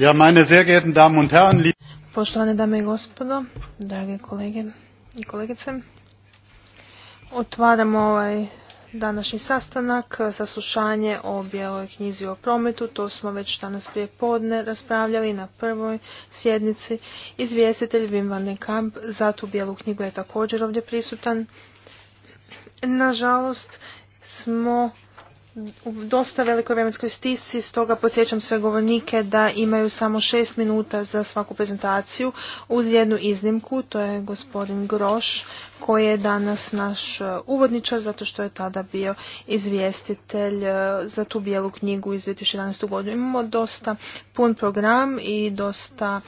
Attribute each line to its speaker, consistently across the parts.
Speaker 1: Ja, meine sehr geehrten Damen und Herren,
Speaker 2: Poštovane dame i gospodo, drage kolege i kolegice, otvaramo ovaj današnji sastanak, saslušanje o bijeloj knjizi o prometu, to smo već danas prije podne raspravljali na prvoj sjednici. Izvjestitelj Wim van den Kamp za tu bijelu knjigu je također ovdje prisutan. Nažalost smo u dosta velikoj vremenskoj stisci, stoga podsjećam sve govornike da imaju samo šest minuta za svaku prezentaciju, uz jednu iznimku, to je gospodin Groš, koji je danas naš uh, uvodničar, zato što je tada bio izvjestitelj uh, za tu bijelu knjigu iz 2011. godinu. Imamo dosta pun program i dosta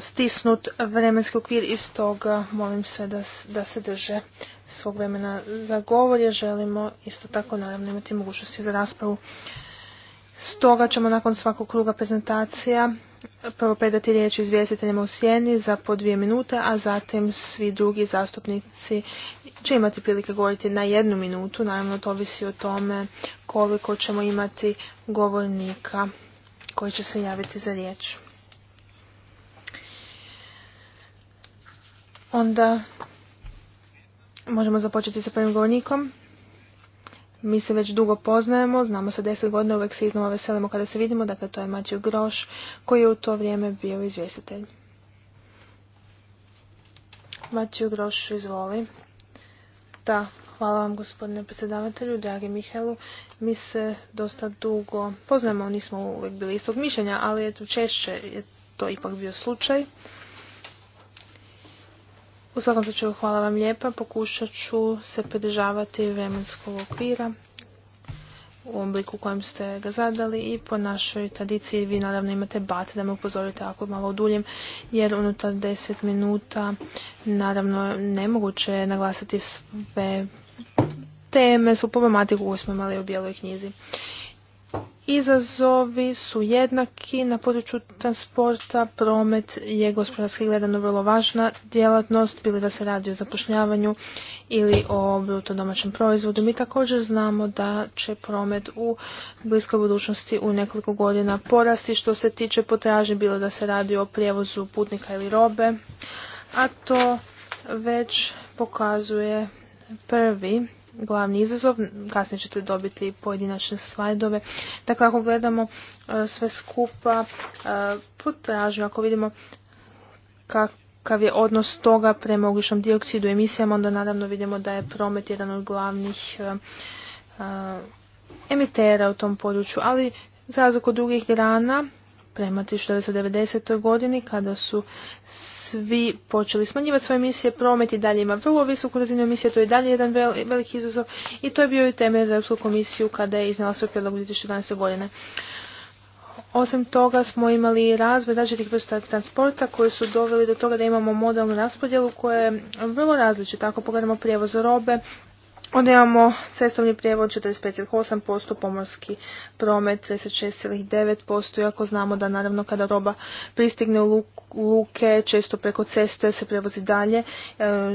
Speaker 2: stisnut vremenski okvir i stoga molim sve da, da se drže svog vremena za govor jer želimo isto tako naravno imati mogućnosti za raspravu. Stoga ćemo nakon svakog kruga prezentacija prvo predati riječ izvjestiteljima u sjeni za po dvije minute, a zatim svi drugi zastupnici će imati prilike govoriti na jednu minutu. Naravno, to ovisi o tome koliko ćemo imati govornika koji će se javiti za riječ. Onda možemo započeti sa prvim govornikom. Mi se već dugo poznajemo, znamo se deset godina, uvijek se iznova veselimo kada se vidimo, dakle to je Matiju Groš koji je u to vrijeme bio izvjestitelj. Matiju Groš, izvoli. Da, hvala vam gospodine predsjedavatelju, dragi Mihelu. Mi se dosta dugo poznajemo, nismo uvijek bili istog mišljenja, ali eto češće je to ipak bio slučaj. U svakom slučaju hvala vam lijepa. Pokušat ću se pridržavati vremenskog okvira u obliku u kojem ste ga zadali i po našoj tradiciji vi naravno imate bat da me upozorite ako malo duljem jer unutar 10 minuta naravno nemoguće je naglasiti sve teme, svu problematiku koju smo imali u bijeloj knjizi. Izazovi su jednaki na području transporta, promet je gospodarski gledano vrlo važna djelatnost, bilo da se radi o zapošljavanju ili o bruto domaćem proizvodu. Mi također znamo da će promet u bliskoj budućnosti u nekoliko godina porasti što se tiče potražnje, bilo da se radi o prijevozu putnika ili robe, a to već pokazuje prvi glavni izazov. Kasnije ćete dobiti pojedinačne slajdove. Dakle, ako gledamo e, sve skupa e, potražnju, ako vidimo kakav je odnos toga prema ugljičnom dioksidu emisijama, onda naravno vidimo da je promet jedan od glavnih e, emitera u tom području. Ali za razliku drugih grana prema 1990. godini kada su svi počeli smanjivati svoje emisije, promet i dalje ima vrlo visoku razinu emisije, to je dalje jedan veliki izazov i to je bio i temelj za Europsku komisiju kada je iznala svoj prijedlog 2011. godine. Osim toga smo imali razvoj različitih vrsta transporta koji su doveli do toga da imamo modelnu raspodjelu koja je vrlo različita. Ako pogledamo prijevoz robe, Onda imamo cestovni prijevod 45,8%, pomorski promet 36,9%, iako znamo da naravno kada roba pristigne u luke, često preko ceste se prevozi dalje, e,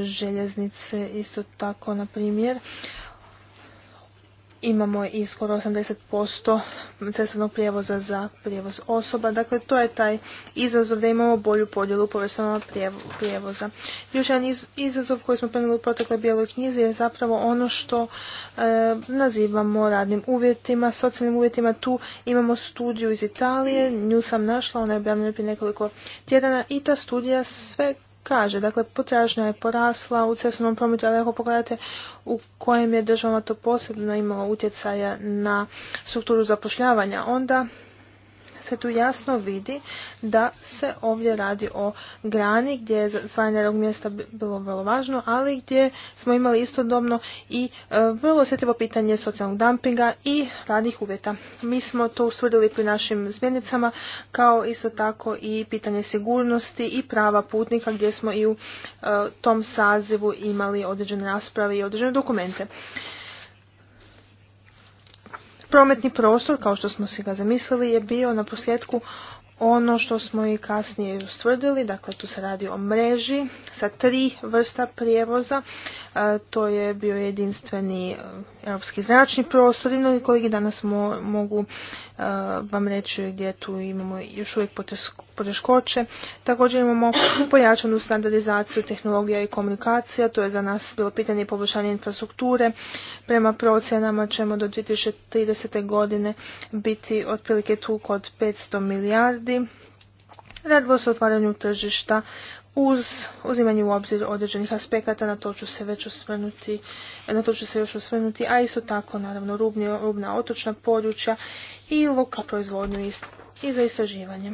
Speaker 2: željeznice isto tako na primjer imamo i skoro 80% cestovnog prijevoza za prijevoz osoba. Dakle, to je taj izazov da imamo bolju podjelu povesanova prijevoza. Još jedan izazov koji smo prenijeli u protekle bijeloj knjizi je zapravo ono što e, nazivamo radnim uvjetima, socijalnim uvjetima. Tu imamo studiju iz Italije, nju sam našla, ona je objavljena prije nekoliko tjedana i ta studija sve kaže. Dakle, potražnja je porasla u cestovnom prometu, ali ako pogledate u kojem je država to posebno imala utjecaja na strukturu zapošljavanja, onda se tu jasno vidi da se ovdje radi o grani gdje je zvajanje radnog mjesta bilo vrlo važno, ali gdje smo imali istodobno i e, vrlo osjetljivo pitanje socijalnog dumpinga i radnih uvjeta. Mi smo to usvrdili pri našim smjernicama kao isto tako i pitanje sigurnosti i prava putnika gdje smo i u e, tom sazivu imali određene rasprave i određene dokumente. Prometni prostor, kao što smo si ga zamislili, je bio na posljedku ono što smo i kasnije ustvrdili, dakle tu se radi o mreži sa tri vrsta prijevoza, e, to je bio jedinstveni e, europski zračni prostor i mnogi kolegi danas mogu vam reći gdje tu imamo još uvijek poteškoće. Također imamo pojačanu standardizaciju tehnologija i komunikacija. To je za nas bilo pitanje poboljšanja infrastrukture. Prema procjenama ćemo do 2030. godine biti otprilike tu kod 500 milijardi. Radilo se o otvaranju tržišta uz uzimanje u obzir određenih aspekata, na to ću se već osvrnuti, na to ću se još osvrnuti, a isto tako naravno rubna otočna područja i luka proizvodnju i za istraživanje.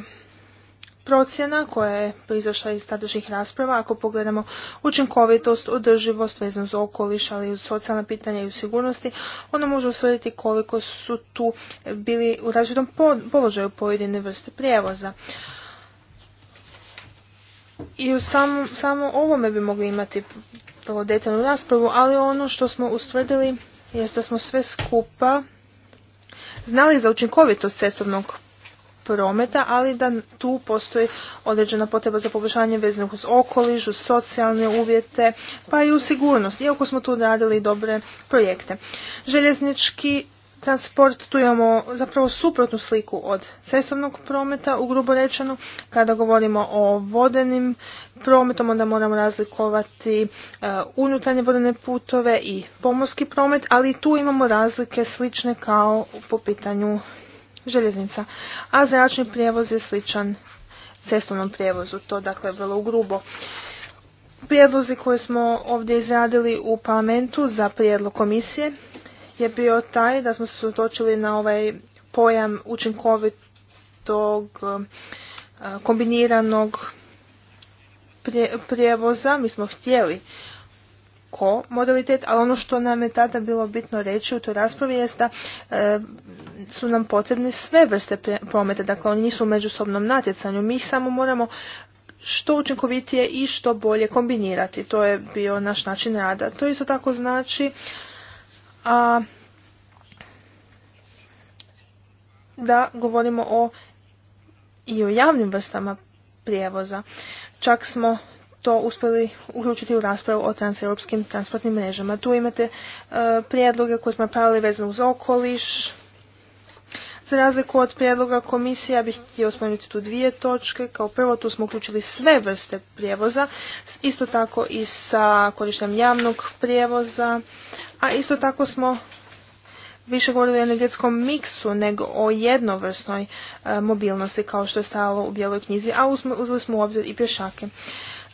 Speaker 2: Procjena koja je proizašla iz tadašnjih rasprava, ako pogledamo učinkovitost, održivost vezano uz okoliš, ali i uz socijalna pitanja i u sigurnosti, ona može usvrditi koliko su tu bili u različitom položaju pojedine vrste prijevoza i u sam, samo ovome bi mogli imati vrlo detaljnu raspravu, ali ono što smo ustvrdili jest da smo sve skupa znali za učinkovitost cestovnog prometa, ali da tu postoji određena potreba za poboljšanje vezanog uz okoliž, socijalne uvjete, pa i u sigurnost, iako smo tu radili dobre projekte. Željeznički transport, tu imamo zapravo suprotnu sliku od cestovnog prometa, u grubo rečeno. Kada govorimo o vodenim prometom, onda moramo razlikovati e, unutarnje vodene putove i pomorski promet, ali tu imamo razlike slične kao po pitanju željeznica. A zračni prijevoz je sličan cestovnom prijevozu, to dakle vrlo grubo. Prijedlozi koje smo ovdje izradili u parlamentu za prijedlog komisije je bio taj da smo se sotočili na ovaj pojam učinkovitog eh, kombiniranog prijevoza. Mi smo htjeli ko modalitet, ali ono što nam je tada bilo bitno reći u toj raspravi je da eh, su nam potrebne sve vrste prometa, dakle oni nisu u međusobnom natjecanju, mi samo moramo što učinkovitije i što bolje kombinirati. To je bio naš način rada. To isto tako znači a da govorimo o i o javnim vrstama prijevoza. Čak smo to uspjeli uključiti u raspravu o transeuropskim transportnim mrežama. Tu imate e, prijedloge koje smo pravili vezano uz okoliš, za razliku od prijedloga komisije, ja bih htio spomenuti tu dvije točke. Kao prvo, tu smo uključili sve vrste prijevoza, isto tako i sa korištenjem javnog prijevoza, a isto tako smo više govorili o energetskom miksu nego o jednovrsnoj e, mobilnosti kao što je stalo u bijeloj knjizi, a uzeli smo u obzir i pješake.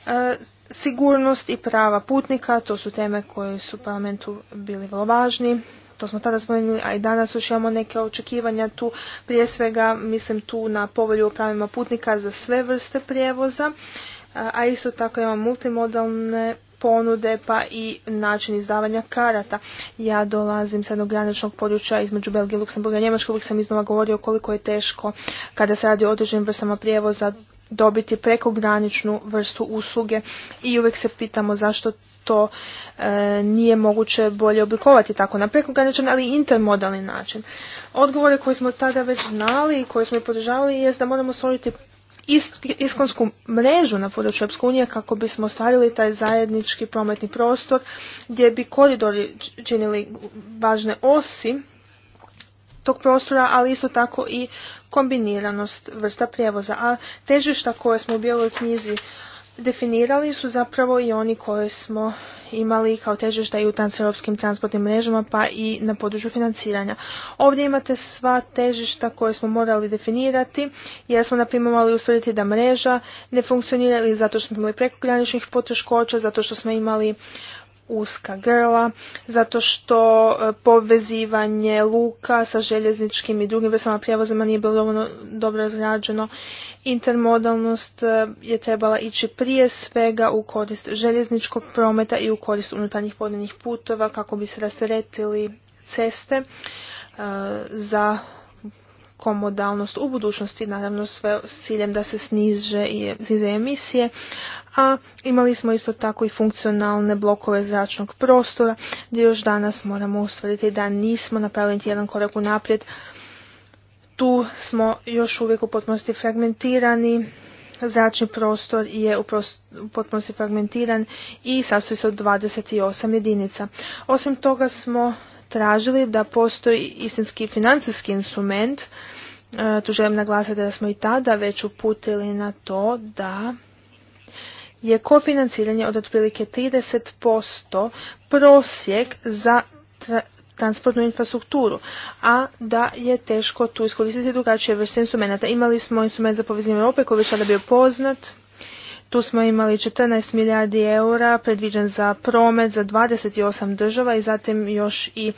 Speaker 2: E, sigurnost i prava putnika, to su teme koje su parlamentu bili vrlo važni to smo tada spomenuli, a i danas još imamo neke očekivanja tu, prije svega mislim tu na povolju o pravima putnika za sve vrste prijevoza, a isto tako imamo multimodalne ponude pa i način izdavanja karata. Ja dolazim sa jednog graničnog područja između Belgije, Luksemburga i Njemačke, uvijek sam iznova govorio koliko je teško kada se radi o određenim vrstama prijevoza dobiti prekograničnu vrstu usluge i uvijek se pitamo zašto to e, nije moguće bolje oblikovati tako na prekograničan, ali i intermodalni način. Odgovore koje smo tada već znali i koje smo i podržavali je da moramo stvoriti iskonsku mrežu na području EU unije kako bismo ostvarili taj zajednički prometni prostor gdje bi koridori činili važne osi tog prostora, ali isto tako i kombiniranost vrsta prijevoza. A težišta koje smo u bijeloj knjizi definirali su zapravo i oni koje smo imali kao težišta i u transeuropskim transportnim mrežama pa i na području financiranja. Ovdje imate sva težišta koje smo morali definirati jer smo primjer morali ustvrditi da mreža ne funkcionira ili zato što smo imali prekograničnih poteškoća, zato što smo imali uska grla, zato što e, povezivanje luka sa željezničkim i drugim vrstama prijevozima nije bilo dovoljno dobro razrađeno. Intermodalnost e, je trebala ići prije svega u korist željezničkog prometa i u korist unutarnjih vodnih putova kako bi se rasteretili ceste e, za komodalnost u budućnosti, naravno sve s ciljem da se sniže i snize emisije, a imali smo isto tako i funkcionalne blokove zračnog prostora, gdje još danas moramo ustvrditi da nismo napravili niti jedan korak unaprijed. Tu smo još uvijek u potpunosti fragmentirani, zračni prostor je u potpunosti fragmentiran i sastoji se od 28 jedinica. Osim toga smo tražili da postoji istinski financijski instrument E, tu želim naglasiti da smo i tada već uputili na to da je kofinanciranje od otprilike 30% prosjek za transportnu infrastrukturu, a da je teško tu iskoristiti drugačije vrste instrumenta. Imali smo instrument za povezivanje Europe koji već sada bio poznat, tu smo imali 14 milijardi eura predviđen za promet za 28 država i zatim još i e,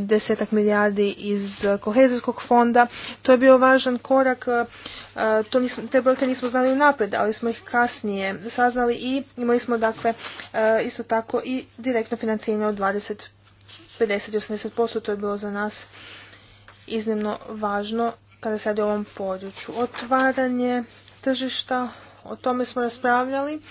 Speaker 2: desetak milijardi iz kohezijskog fonda. To je bio važan korak, e, to nismo, te brojke nismo znali unaprijed, ali smo ih kasnije saznali i imali smo dakle e, isto tako i direktno financiranje od 20, 50 i 80%, to je bilo za nas iznimno važno kada se radi o ovom području. Otvaranje tržišta o tome smo raspravljali,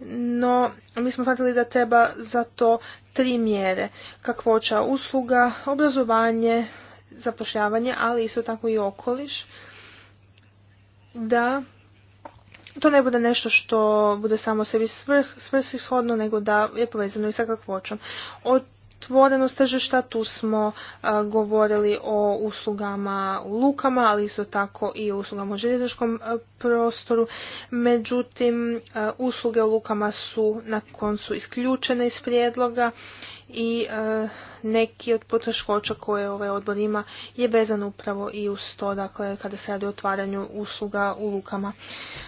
Speaker 2: no mi smo shvatili da treba za to tri mjere. Kakvoća usluga, obrazovanje, zapošljavanje, ali isto tako i okoliš. Da to ne bude nešto što bude samo sebi svrsishodno, nego da je povezano i sa kakvoćom. od otvorenost tržišta, tu smo govorili o uslugama u lukama, ali isto tako i o uslugama u željezničkom prostoru. Međutim, usluge u lukama su na koncu isključene iz prijedloga i e, neki od poteškoća koje ovaj odbor ima je vezan upravo i uz to, dakle, kada se radi o otvaranju usluga u lukama.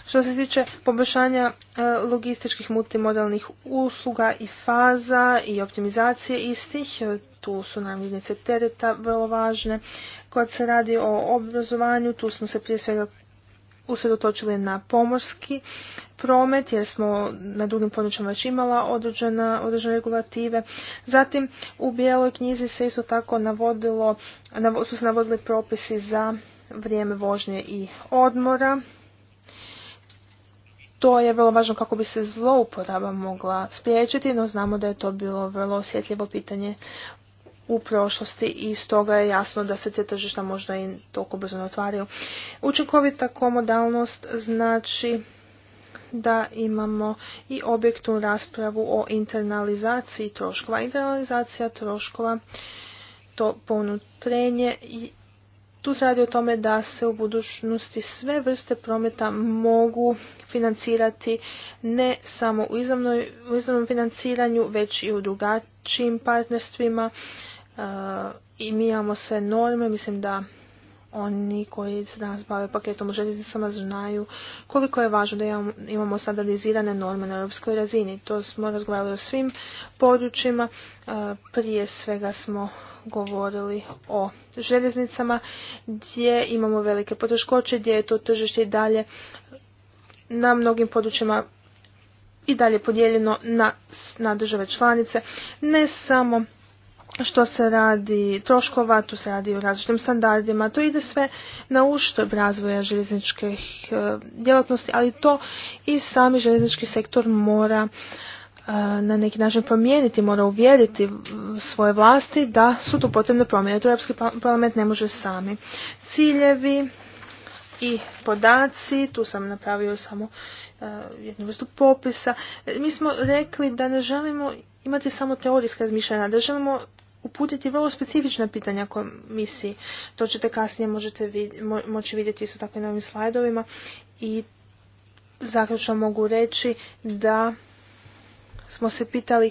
Speaker 2: Što se tiče poboljšanja e, logističkih multimodalnih usluga i faza i optimizacije istih, e, tu su nam jedinice tereta vrlo važne. Kad se radi o obrazovanju, tu smo se prije svega usredotočili na pomorski promet jer smo na drugim područjima već imala određene, određene regulative. Zatim u bijeloj knjizi se isto tako navodilo, su se navodili propisi za vrijeme vožnje i odmora. To je vrlo važno kako bi se zlouporaba mogla spriječiti, no znamo da je to bilo vrlo osjetljivo pitanje u prošlosti i stoga je jasno da se te tržišta možda i toliko brzo ne otvaraju. Učinkovita komodalnost znači da imamo i objektnu raspravu o internalizaciji troškova. Internalizacija troškova, to ponutrenje tu se radi o tome da se u budućnosti sve vrste prometa mogu financirati ne samo u izravnom financiranju, već i u drugačijim partnerstvima i mi imamo sve norme, mislim da oni koji se danas bave paketom u željeznicama znaju koliko je važno da imamo standardizirane norme na europskoj razini. To smo razgovarali o svim područjima. E, prije svega smo govorili o željeznicama gdje imamo velike poteškoće, gdje je to tržište i dalje na mnogim područjima i dalje podijeljeno na, na države članice, ne samo što se radi troškova, tu se radi o različitim standardima, to ide sve na uštob razvoja željezničkih eh, djelatnosti, ali to i sami željeznički sektor mora eh, na neki način promijeniti, mora uvjeriti svoje vlasti da su tu potrebne promjene. To Europski pa-, parlament ne može sami. Ciljevi i podaci, tu sam napravio samo eh, jednu vrstu popisa. Mi smo rekli da ne želimo imati samo teorijska razmišljanja, da želimo uputiti vrlo specifična pitanja komisiji. To ćete kasnije možete vid, moći vidjeti isto tako i na ovim slajdovima. I zaključno mogu reći da smo se pitali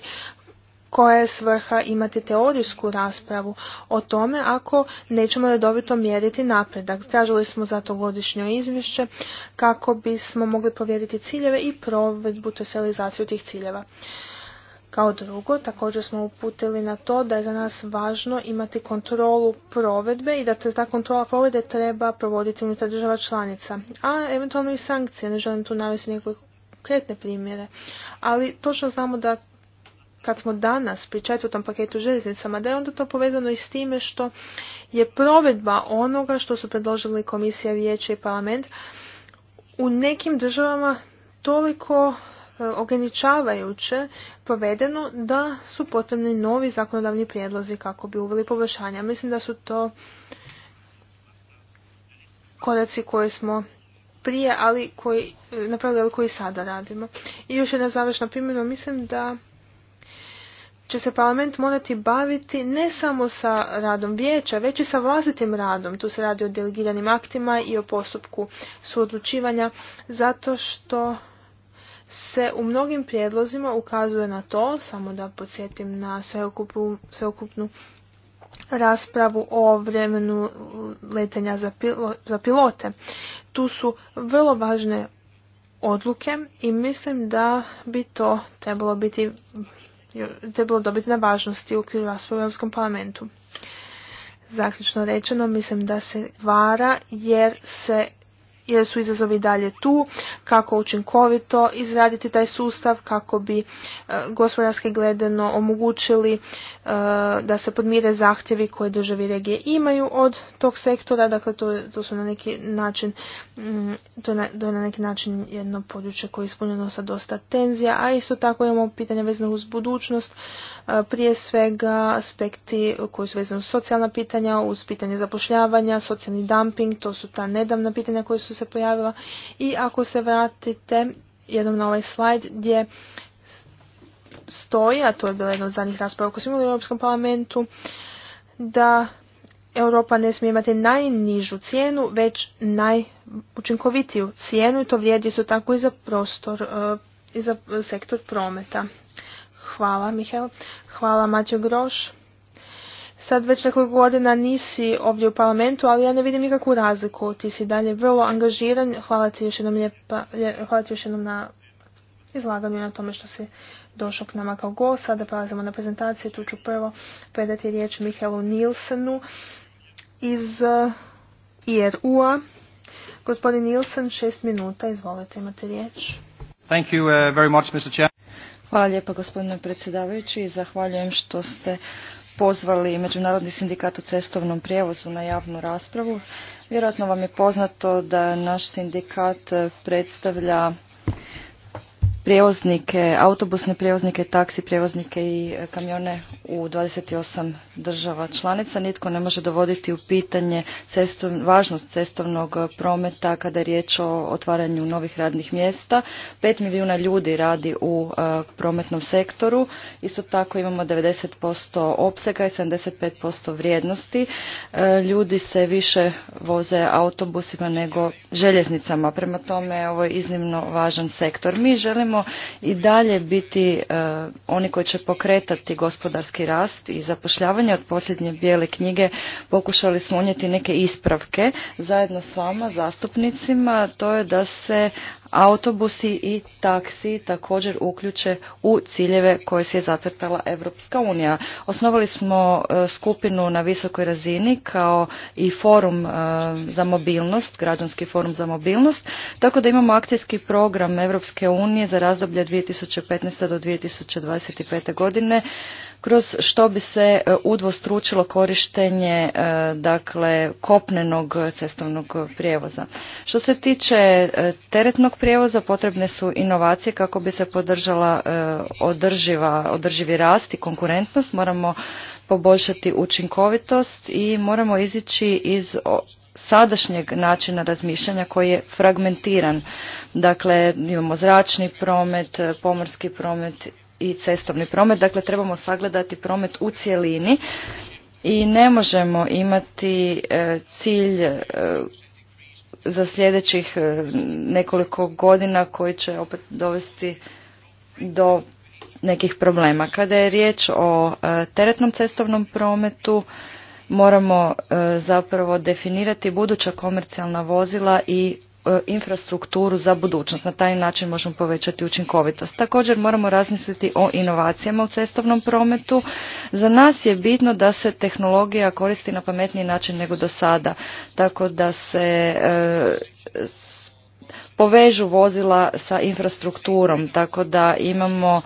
Speaker 2: koja je svrha imati teorijsku raspravu o tome ako nećemo redovito mjeriti napredak. Tražili smo zato godišnje izvješće kako bismo mogli povjeriti ciljeve i provedbu, to tih ciljeva. Kao drugo, također smo uputili na to da je za nas važno imati kontrolu provedbe i da ta kontrola provedbe treba provoditi unutar država članica, a eventualno i sankcije, ne želim tu navesti nekoliko konkretne primjere, ali točno znamo da kad smo danas pri četvrtom paketu željeznicama, da je onda to povezano i s time što je provedba onoga što su predložili komisija, vijeće i parlament u nekim državama toliko ograničavajuće povedeno da su potrebni novi zakonodavni prijedlozi kako bi uveli poboljšanja. Mislim da su to koraci koje smo prije, ali koji napravili, ali koji sada radimo. I još jedna završna primjera, mislim da će se parlament morati baviti ne samo sa radom vijeća, već i sa vlastitim radom. Tu se radi o delegiranim aktima i o postupku suodlučivanja, zato što se u mnogim prijedlozima ukazuje na to, samo da podsjetim na sveukupnu, raspravu o vremenu letenja za, za pilote. Tu su vrlo važne odluke i mislim da bi to trebalo biti trebalo dobiti na važnosti u okviru rasprave u Europskom parlamentu. Zaključno rečeno, mislim da se vara jer se jer su izazovi dalje tu, kako učinkovito izraditi taj sustav, kako bi e, gospodarski gledano omogućili e, da se podmire zahtjevi koje države regije imaju od tog sektora, dakle to, su na neki način mm, to je na, neki način jedno područje koje je ispunjeno sa dosta tenzija, a isto tako imamo pitanja vezano uz budućnost, e, prije svega aspekti koji su vezani uz socijalna pitanja, uz pitanje zapošljavanja, socijalni dumping, to su ta nedavna pitanja koja su se pojavila. I ako se vratite jednom na ovaj slajd gdje stoji, a to je bila jedna od zadnjih rasprava koje smo imali u Europskom parlamentu, da Europa ne smije imati najnižu cijenu, već najučinkovitiju cijenu i to vrijedi su tako i za prostor, e, i za sektor prometa. Hvala, Mihael. Hvala, Matjo Groš sad već nekoliko godina nisi ovdje u parlamentu, ali ja ne vidim nikakvu razliku. Ti si dalje vrlo angažiran. Hvala ti još jednom, jednom na izlaganju na tome što si došao k nama kao gost. Sada prelazimo na prezentaciju. Tu ću prvo predati riječ Mihelu Nilsenu iz eh, IRU-a. Gospodin Nilsen, šest minuta. Izvolite, imate riječ.
Speaker 1: Thank you eh, very much, Mr.
Speaker 2: Hvala lijepa gospodine
Speaker 3: predsjedavajući i zahvaljujem što ste pozvali Međunarodni sindikat u cestovnom prijevozu na javnu raspravu. Vjerojatno vam je poznato da naš sindikat predstavlja prijevoznike, autobusne prijevoznike, taksi prijevoznike i e, kamione u 28 država članica. Nitko ne može dovoditi u pitanje cestov, važnost cestovnog e, prometa kada je riječ o otvaranju novih radnih mjesta. 5 milijuna ljudi radi u e, prometnom sektoru. Isto tako imamo 90% opsega i 75% vrijednosti. Ljudi se više voze autobusima nego željeznicama. Prema tome ovo je iznimno važan sektor. Mi želimo i dalje biti e, oni koji će pokretati gospodarski rast i zapošljavanje. Od posljednje bijele knjige pokušali smo unijeti neke ispravke zajedno s vama, zastupnicima. To je da se autobusi i taksi također uključe u ciljeve koje se je zacrtala Europska unija. Osnovali smo e, skupinu na visokoj razini kao i forum e, za mobilnost, građanski forum za mobilnost, tako da imamo akcijski program Europske unije za razdoblje 2015. do 2025. godine kroz što bi se e, udvostručilo korištenje e, dakle kopnenog cestovnog prijevoza. Što se tiče e, teretnog prijevoza potrebne su inovacije kako bi se podržala održiva, održivi rast i konkurentnost, moramo poboljšati učinkovitost i moramo izići iz sadašnjeg načina razmišljanja koji je fragmentiran. Dakle, imamo zračni promet, pomorski promet i cestovni promet. Dakle, trebamo sagledati promet u cjelini i ne možemo imati e, cilj e, za sljedećih e, nekoliko godina koji će opet dovesti do nekih problema. Kada je riječ o teretnom cestovnom prometu, moramo zapravo definirati buduća komercijalna vozila i E, infrastrukturu za budućnost. Na taj način možemo povećati učinkovitost. Također moramo razmisliti o inovacijama u cestovnom prometu. Za nas je bitno da se tehnologija koristi na pametniji način nego do sada. Tako da se e, povežu vozila sa infrastrukturom. Tako da imamo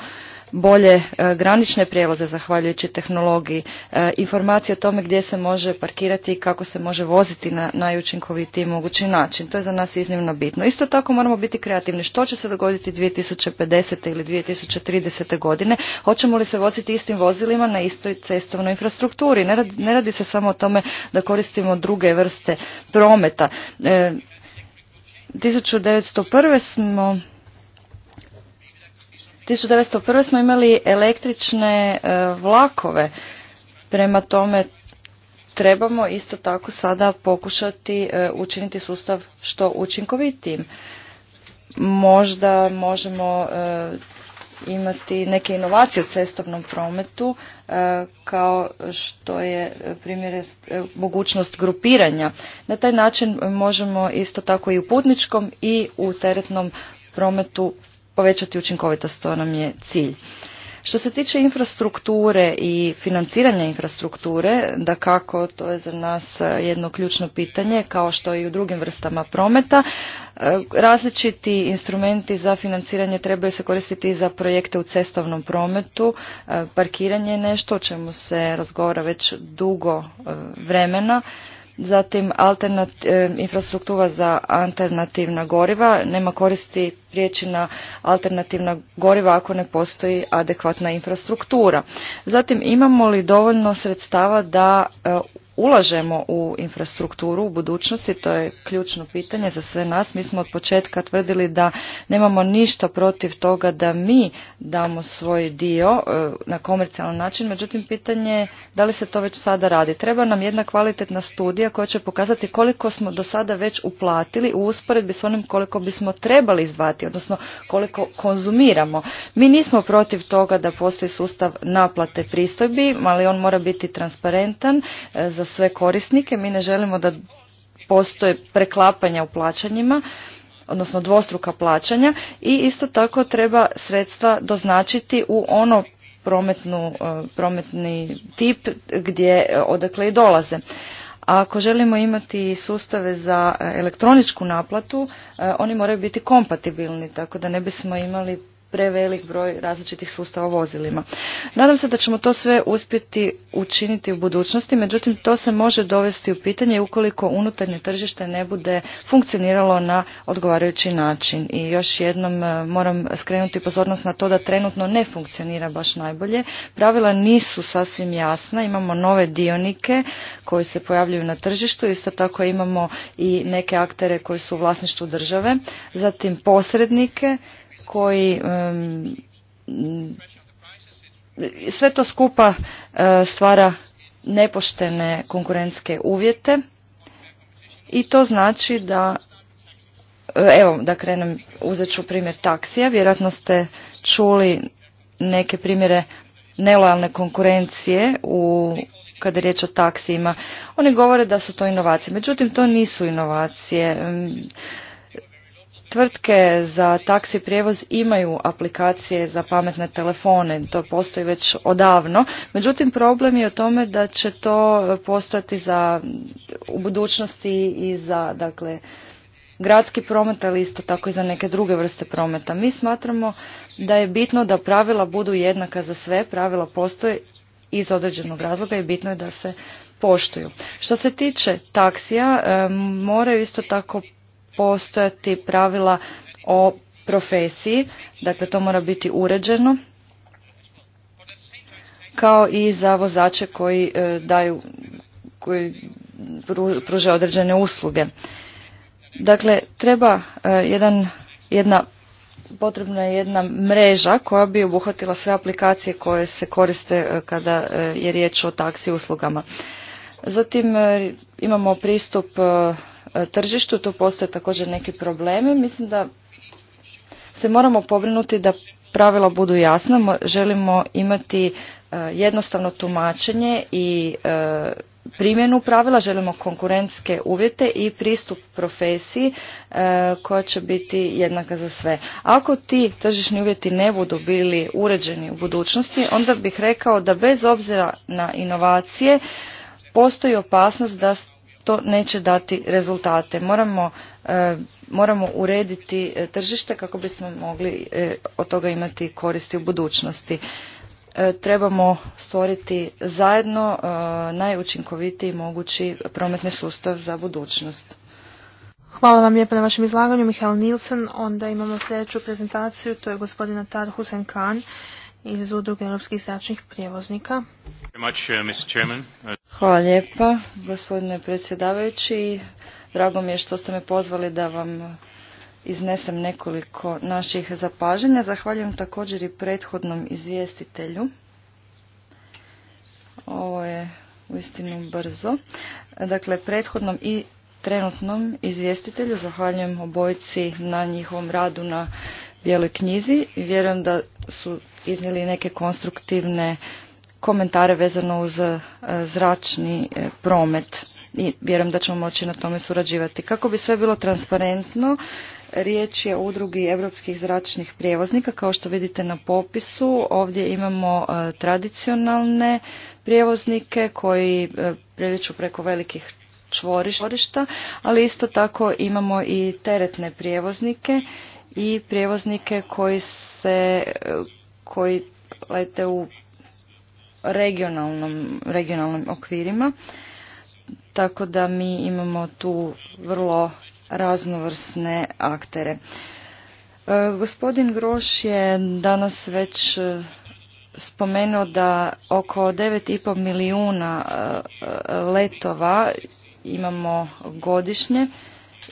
Speaker 3: bolje e, granične prijevoze zahvaljujući tehnologiji, e, informacije o tome gdje se može parkirati i kako se može voziti na najučinkovitiji mogući način. To je za nas iznimno bitno. Isto tako moramo biti kreativni. Što će se dogoditi 2050. ili 2030. godine? Hoćemo li se voziti istim vozilima na istoj cestovnoj infrastrukturi? Ne radi, ne radi se samo o tome da koristimo druge vrste prometa. E, 1901. smo 1901. smo imali električne e, vlakove. Prema tome trebamo isto tako sada pokušati e, učiniti sustav što učinkovitijim. Možda možemo e, imati neke inovacije u cestovnom prometu kao što je primjer mogućnost grupiranja. Na taj način možemo isto tako i u putničkom i u teretnom prometu povećati učinkovitost, to nam je cilj. Što se tiče infrastrukture i financiranja infrastrukture, da kako to je za nas e, jedno ključno pitanje, kao što i u drugim vrstama prometa, e, različiti instrumenti za financiranje trebaju se koristiti i za projekte u cestovnom prometu. E, parkiranje je nešto o čemu se razgovara već dugo vremena zatim e, infrastruktura za alternativna goriva. Nema koristi prijeći na alternativna goriva ako ne postoji adekvatna infrastruktura. Zatim imamo li dovoljno sredstava da e, ulažemo u infrastrukturu u budućnosti, to je ključno pitanje za sve nas. Mi smo od početka tvrdili da nemamo ništa protiv toga da mi damo svoj dio e, na komercijalan način, međutim pitanje je da li se to već sada radi. Treba nam jedna kvalitetna studija koja će pokazati koliko smo do sada već uplatili u usporedbi s onim koliko bismo trebali izdvati, odnosno koliko konzumiramo. Mi nismo protiv toga da postoji sustav naplate pristojbi, ali on mora biti transparentan e, za za sve korisnike. Mi ne želimo da postoje preklapanja u plaćanjima, odnosno dvostruka plaćanja i isto tako treba sredstva doznačiti u ono prometnu, e, prometni tip gdje e, odakle i dolaze. A ako želimo imati sustave za e, elektroničku naplatu, oni moraju biti kompatibilni, tako da ne bismo imali prevelik broj različitih sustava vozilima. Nadam se da ćemo to sve uspjeti učiniti u budućnosti, međutim to se može dovesti u pitanje ukoliko unutarnje tržište ne bude funkcioniralo na odgovarajući način. I još jednom e, moram skrenuti pozornost na to da trenutno ne funkcionira baš najbolje. Pravila nisu sasvim jasna, imamo nove dionike koji se pojavljuju na tržištu, isto tako imamo i neke aktere koji su u vlasništvu države, zatim posrednike koji sve to skupa e, stvara nepoštene konkurentske uvjete i to znači da e, evo da krenem uzet ću primjer taksija vjerojatno ste čuli neke primjere nelojalne konkurencije u kada je riječ o taksijima oni govore da su to inovacije međutim to nisu inovacije Tvrtke za taksi prijevoz imaju aplikacije za pametne telefone, to postoji već odavno. Međutim, problem je u tome da će to postati za, u budućnosti i za dakle, gradski promet, ali isto tako i za neke druge vrste prometa. Mi smatramo da je bitno da pravila budu jednaka za sve, pravila postoje iz određenog razloga i bitno je da se poštuju. Što se tiče taksija, moraju isto tako postojati pravila o profesiji, dakle to mora biti uređeno, kao i za vozače koji e, daju, koji pruže određene usluge. Dakle, treba e, jedan, jedna, potrebna je jedna mreža koja bi obuhvatila sve aplikacije koje se koriste e, kada je riječ o taksi uslugama. Zatim imamo pristup E, tržištu, tu postoje također neki problemi. Mislim da se moramo pobrinuti da pravila budu jasna, želimo imati e, jednostavno tumačenje i e, primjenu pravila, želimo konkurentske uvjete i pristup profesiji koja će biti jednaka za sve. Ako ti tržišni uvjeti ne budu bili uređeni u budućnosti, onda bih rekao da bez obzira na inovacije postoji opasnost da to neće dati rezultate. Moramo, e, moramo urediti e, tržište kako bismo mogli e, od toga imati koristi u budućnosti. Trebamo stvoriti zajedno najučinkovitiji mogući prometni sustav za budućnost.
Speaker 2: Hvala vam lijepa na vašem izlaganju, Mihael Nilsen. Onda imamo sljedeću prezentaciju, to je gospodina Atar Husen Khan iz Udruge europskih zračnih prijevoznika.
Speaker 1: Much, uh,
Speaker 3: Hvala lijepa, gospodine predsjedavajući. Drago mi je što ste me pozvali da vam iznesem nekoliko naših zapaženja. Zahvaljujem također i prethodnom izvjestitelju. Ovo je uistinu brzo. Dakle, prethodnom i trenutnom izvjestitelju zahvaljujem obojci na njihovom radu na bijeloj knjizi. Vjerujem da su iznijeli neke konstruktivne komentare vezano uz e, zračni e, promet i vjerujem da ćemo moći na tome surađivati. Kako bi sve bilo transparentno, riječ je o udrugi europskih zračnih prijevoznika. Kao što vidite na popisu, ovdje imamo e, tradicionalne prijevoznike koji priliču preko velikih čvorišta, ali isto tako imamo i teretne prijevoznike i prijevoznike koji se koji lete u regionalnom, regionalnim okvirima, tako da mi imamo tu vrlo raznovrsne aktere. E, gospodin Groš je danas već e, spomenuo da oko 9,5 milijuna e, letova imamo godišnje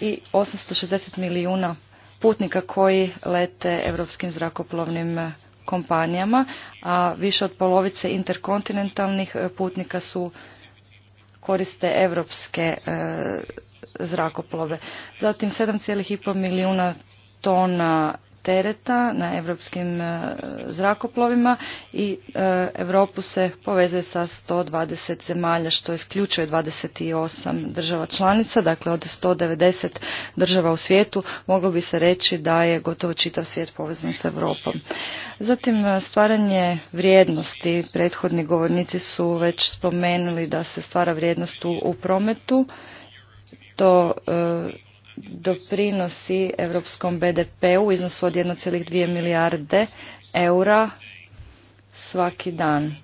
Speaker 3: i 860 milijuna putnika koji lete europskim zrakoplovnim kompanijama, a više od polovice interkontinentalnih e, putnika su koriste evropske e, zrakoplove. Zatim 7,5 milijuna tona tereta na europskim e, zrakoplovima i Europu se povezuje sa 120 zemalja što isključuje 28 država članica, dakle od 190 država u svijetu moglo bi se reći da je gotovo čitav svijet povezan s Europom. Zatim e, stvaranje vrijednosti, prethodni govornici su već spomenuli da se stvara vrijednost u, prometu, to e, doprinosi europskom BDP-u u iznosu od 1,2 milijarde eura svaki dan.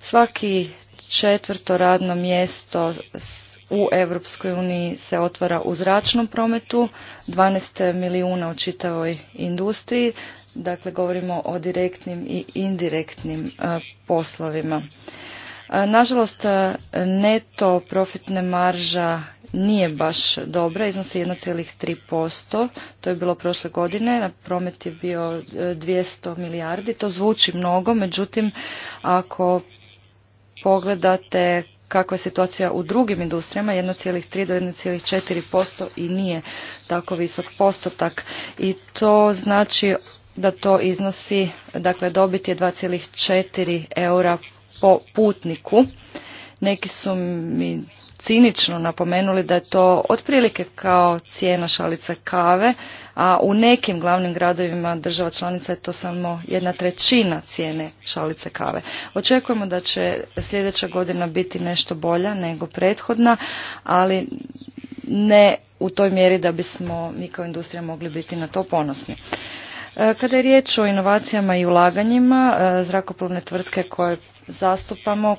Speaker 3: Svaki četvrto radno mjesto u Europskoj uniji se otvara u zračnom prometu, 12 milijuna u čitavoj industriji, dakle govorimo o direktnim i indirektnim e, poslovima. E, nažalost, e, neto profitne marža nije baš dobra, iznosi 1,3%, to je bilo prošle godine, promet je bio 200 e, milijardi, to zvuči mnogo, međutim ako pogledate kakva je situacija u drugim industrijama, 1,3 do 1,4% i nije tako visok postotak. I to znači da to iznosi, dakle dobit je 2,4 eura po putniku neki su mi cinično napomenuli da je to otprilike kao cijena šalice kave, a u nekim glavnim gradovima država članica je to samo jedna trećina cijene šalice kave. Očekujemo da će sljedeća godina biti nešto bolja nego prethodna, ali ne u toj mjeri da bismo mi kao industrija mogli biti na to ponosni. E, kada je riječ o inovacijama i ulaganjima, e, zrakoplovne tvrtke koje zastupamo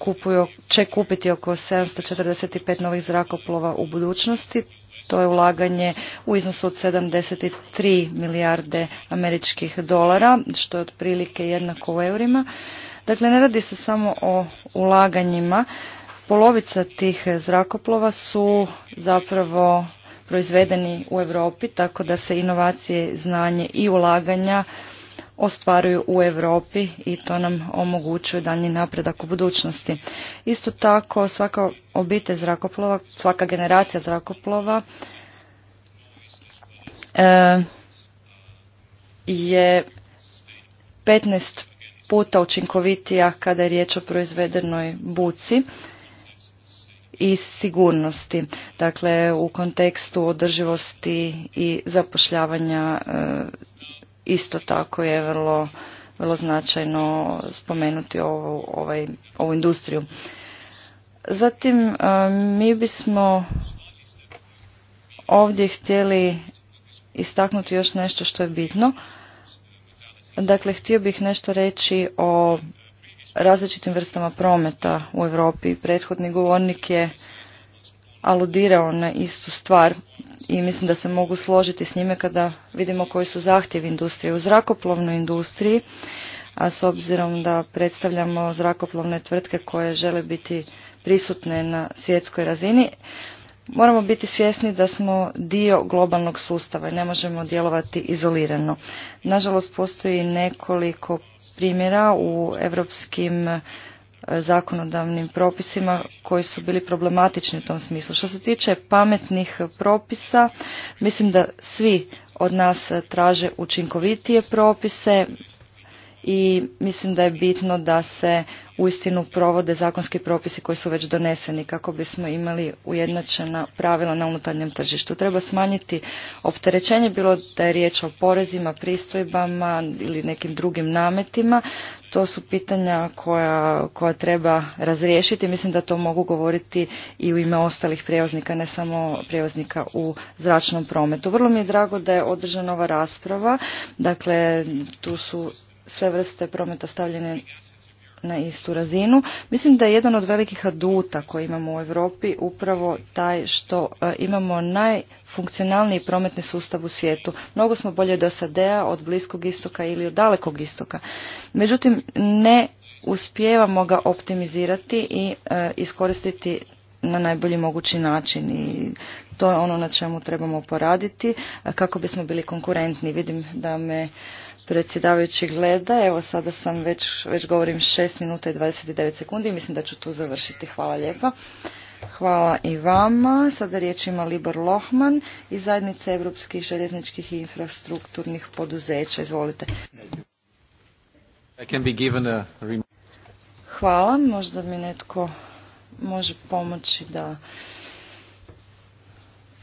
Speaker 3: kupuju, će kupiti oko 745 novih zrakoplova u budućnosti. To je ulaganje u iznosu od 73 milijarde američkih dolara, što je otprilike jednako u eurima. Dakle, ne radi se samo o ulaganjima. Polovica tih zrakoplova su zapravo proizvedeni u Europi, tako da se inovacije, znanje i ulaganja ostvaruju u Europi i to nam omogućuje daljnji napredak u budućnosti. Isto tako svaka obitelj zrakoplova, svaka generacija zrakoplova e, je 15 puta učinkovitija kada je riječ o proizvedenoj buci i sigurnosti. Dakle, u kontekstu održivosti i zapošljavanja e, isto tako je vrlo, vrlo značajno spomenuti ovu, ovaj, ovu industriju. Zatim e, mi bismo ovdje htjeli istaknuti još nešto što je bitno. Dakle, htio bih nešto reći o različitim vrstama prometa u Europi. Prethodni govornik je aludirao na istu stvar i mislim da se mogu složiti s njime kada vidimo koji su zahtjevi industrije. U zrakoplovnoj industriji, a s obzirom da predstavljamo zrakoplovne tvrtke koje žele biti prisutne na svjetskoj razini, moramo biti svjesni da smo dio globalnog sustava i ne možemo djelovati izolirano. Nažalost, postoji nekoliko primjera u europskim zakonodavnim propisima koji su bili problematični u tom smislu. Što se tiče pametnih propisa, mislim da svi od nas traže učinkovitije propise, i mislim da je bitno da se uistinu provode zakonski propisi koji su već doneseni kako bismo imali ujednačena pravila na unutarnjem tržištu. Treba smanjiti opterećenje, bilo da je riječ o porezima, pristojbama ili nekim drugim nametima. To su pitanja koja, koja treba razriješiti. Mislim da to mogu govoriti i u ime ostalih prijevoznika, ne samo prijevoznika u zračnom prometu. Vrlo mi je drago da je održana ova rasprava. Dakle, tu su sve vrste prometa stavljene na istu razinu. Mislim da je jedan od velikih aduta koji imamo u Europi upravo taj što e, imamo najfunkcionalniji prometni sustav u svijetu. Mnogo smo bolje od SAD-a, od Bliskog istoka ili od Dalekog istoka. Međutim, ne uspijevamo ga optimizirati i e, iskoristiti na najbolji mogući način i to je ono na čemu trebamo poraditi e, kako bismo bili konkurentni. Vidim da me predsjedavajući gleda. Evo sada sam već, već govorim 6 minuta i 29 sekundi i mislim da ću tu završiti. Hvala lijepa. Hvala i vama. Sada riječ ima Libor Lohman iz Zajednice europskih željezničkih i infrastrukturnih poduzeća. Izvolite. Hvala. Možda mi netko može pomoći da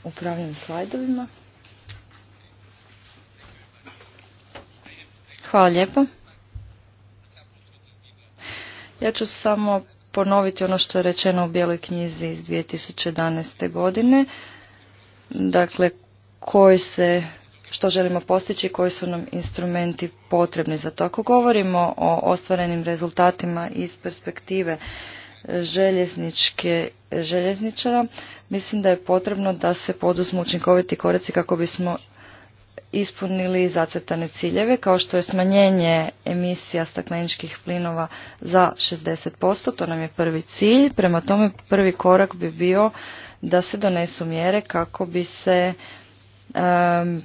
Speaker 3: upravljam slajdovima. Hvala lijepo. Ja ću samo ponoviti ono što je rečeno u Bijeloj knjizi iz 2011. godine. Dakle, koji se, što želimo postići, koji su nam instrumenti potrebni za to. Ako govorimo o ostvarenim rezultatima iz perspektive željezničke željezničara, Mislim da je potrebno da se poduzmu učinkoviti koraci kako bismo ispunili zacrtane ciljeve kao što je smanjenje emisija stakleničkih plinova za 60%, to nam je prvi cilj. Prema tome prvi korak bi bio da se donesu mjere kako bi se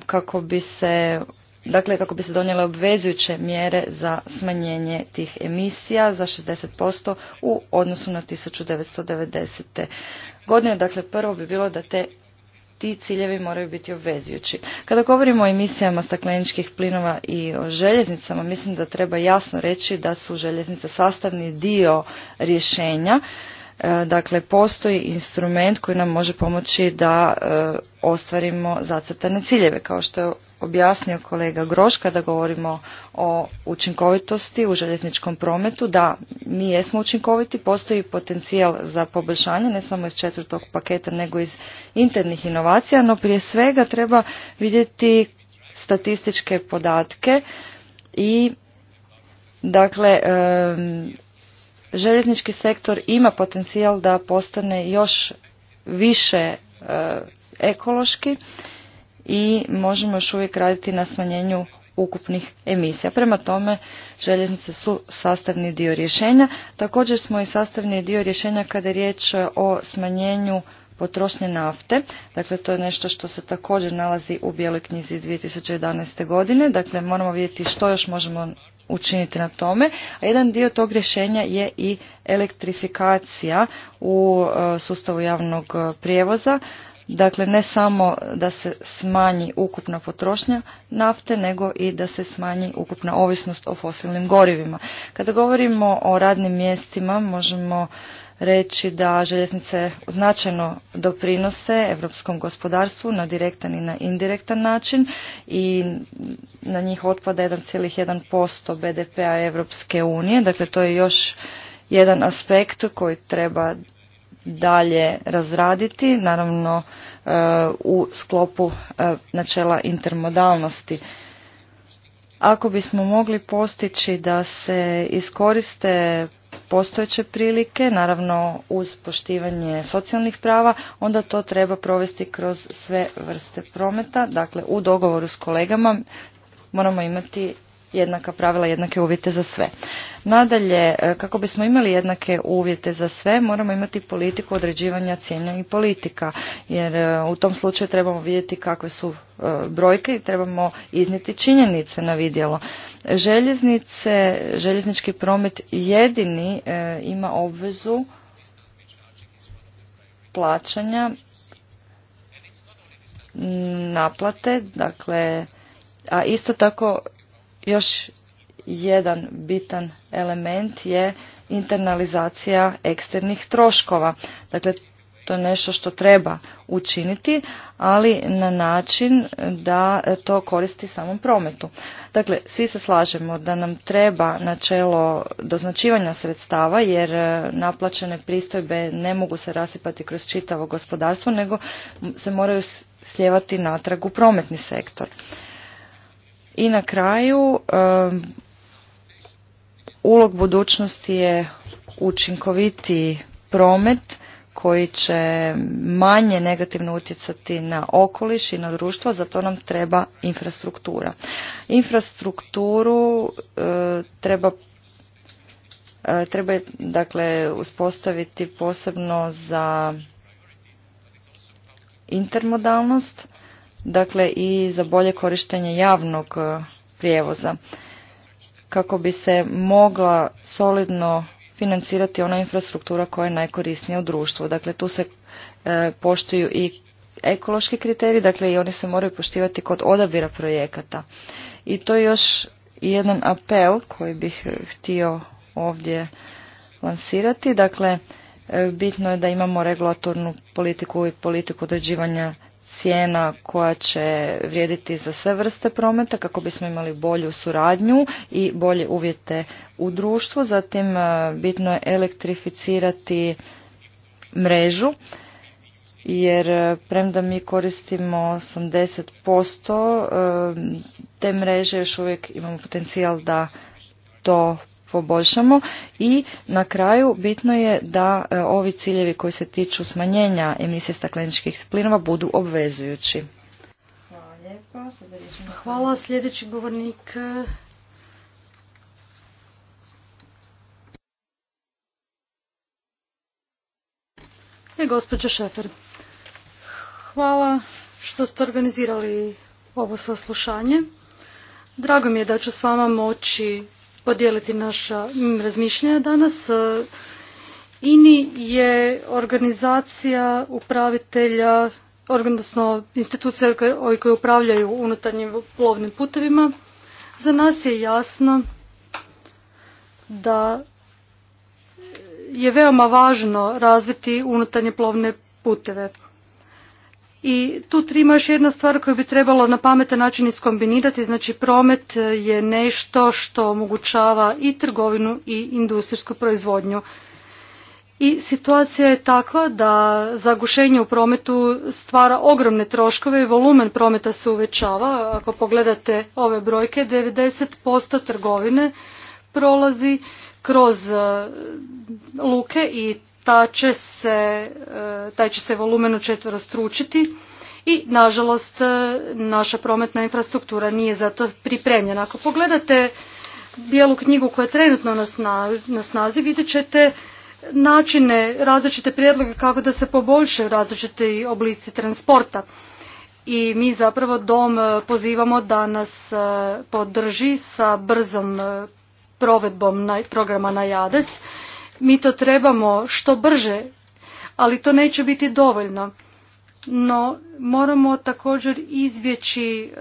Speaker 3: kako bi se Dakle, kako bi se donijele obvezujuće mjere za smanjenje tih emisija za 60% u odnosu na 1990 godine. Dakle, prvo bi bilo da te ti ciljevi moraju biti obvezujući. Kada govorimo o emisijama stakleničkih plinova i o željeznicama, mislim da treba jasno reći da su željeznice sastavni dio rješenja. E, dakle, postoji instrument koji nam može pomoći da e, ostvarimo zacrtane ciljeve, kao što je objasnio kolega Groš kada govorimo o učinkovitosti u željezničkom prometu. Da, mi jesmo učinkoviti, postoji potencijal za poboljšanje ne samo iz četvrtog paketa nego iz internih inovacija, no prije svega treba vidjeti statističke podatke i dakle željeznički sektor ima potencijal da postane još više e, ekološki i možemo još uvijek raditi na smanjenju ukupnih emisija. Prema tome, željeznice su sastavni dio rješenja. Također smo i sastavni dio rješenja kada je riječ o smanjenju potrošnje nafte. Dakle, to je nešto što se također nalazi u Bijeloj knjizi iz 2011. godine. Dakle, moramo vidjeti što još možemo učiniti na tome. A jedan dio tog rješenja je i elektrifikacija u e, sustavu javnog e, prijevoza. Dakle, ne samo da se smanji ukupna potrošnja nafte, nego i da se smanji ukupna ovisnost o fosilnim gorivima. Kada govorimo o radnim mjestima, možemo reći da željeznice značajno doprinose europskom gospodarstvu na direktan i na indirektan način i na njih otpada 1,1% BDP-a Evropske unije. Dakle, to je još jedan aspekt koji treba dalje razraditi, naravno e, u sklopu e, načela intermodalnosti. Ako bismo mogli postići da se iskoriste postojeće prilike, naravno uz poštivanje socijalnih prava, onda to treba provesti kroz sve vrste prometa. Dakle, u dogovoru s kolegama moramo imati jednaka pravila, jednake uvjete za sve. Nadalje, e, kako bismo imali jednake uvjete za sve, moramo imati politiku određivanja cijena i politika, jer e, u tom slučaju trebamo vidjeti kakve su e, brojke i trebamo iznijeti činjenice na vidjelo. Željeznice, željeznički promet jedini ima obvezu plaćanja naplate, dakle, a isto tako još jedan bitan element je internalizacija eksternih troškova. Dakle, to je nešto što treba učiniti, ali na način da to koristi samom prometu. Dakle, svi se slažemo da nam treba načelo doznačivanja sredstava, jer naplaćene pristojbe ne mogu se rasipati kroz čitavo gospodarstvo, nego se moraju sljevati natrag u prometni sektor. I na kraju, ulog budućnosti je učinkoviti promet koji će manje negativno utjecati na okoliš i na društvo, zato nam treba infrastruktura. Infrastrukturu e, treba e, treba dakle uspostaviti posebno za intermodalnost, dakle i za bolje korištenje javnog e, prijevoza kako bi se mogla solidno financirati ona infrastruktura koja je najkorisnija u društvu. Dakle, tu se e, poštuju i ekološki kriteriji, dakle i oni se moraju poštivati kod odabira projekata. I to je još jedan apel koji bih e, htio ovdje lansirati. Dakle, bitno je da imamo regulatornu politiku i politiku određivanja cijena koja će vrijediti za sve vrste prometa kako bismo imali bolju suradnju i bolje uvjete u društvu. Zatim e, bitno je elektrificirati mrežu jer e, premda mi koristimo 80% e, te mreže još uvijek imamo potencijal da to poboljšamo i na kraju bitno je da e, ovi ciljevi koji se tiču smanjenja emisije stakleničkih plinova budu obvezujući.
Speaker 4: Hvala Hvala. Sljedeći govornik je gospođa Šefer. Hvala što ste organizirali ovo saslušanje. Drago mi je da ću s vama moći podijeliti naša mm, razmišljanja danas. E, INI je organizacija upravitelja, odnosno institucija koje upravljaju unutarnjim plovnim putevima. Za nas je jasno da je veoma važno razviti unutarnje plovne puteve. I tu ima još jedna stvar koju bi trebalo na pametan način iskombinirati, znači promet je nešto što omogućava i trgovinu i industrijsku proizvodnju. I situacija je takva da zagušenje u prometu stvara ogromne troškove i volumen prometa se uvećava. Ako pogledate ove brojke, 90% trgovine prolazi kroz e, luke i ta će se, e, taj će se volumen stručiti i nažalost e, naša prometna infrastruktura nije za to pripremljena. Ako pogledate bijelu knjigu koja je trenutno na snazi, vidjet ćete načine, različite prijedloge kako da se poboljšaju različiti oblici transporta. I mi zapravo dom e, pozivamo da nas podrži sa brzom provedbom programa na JADES mi to trebamo što brže, ali to neće biti dovoljno. No moramo također izbjeći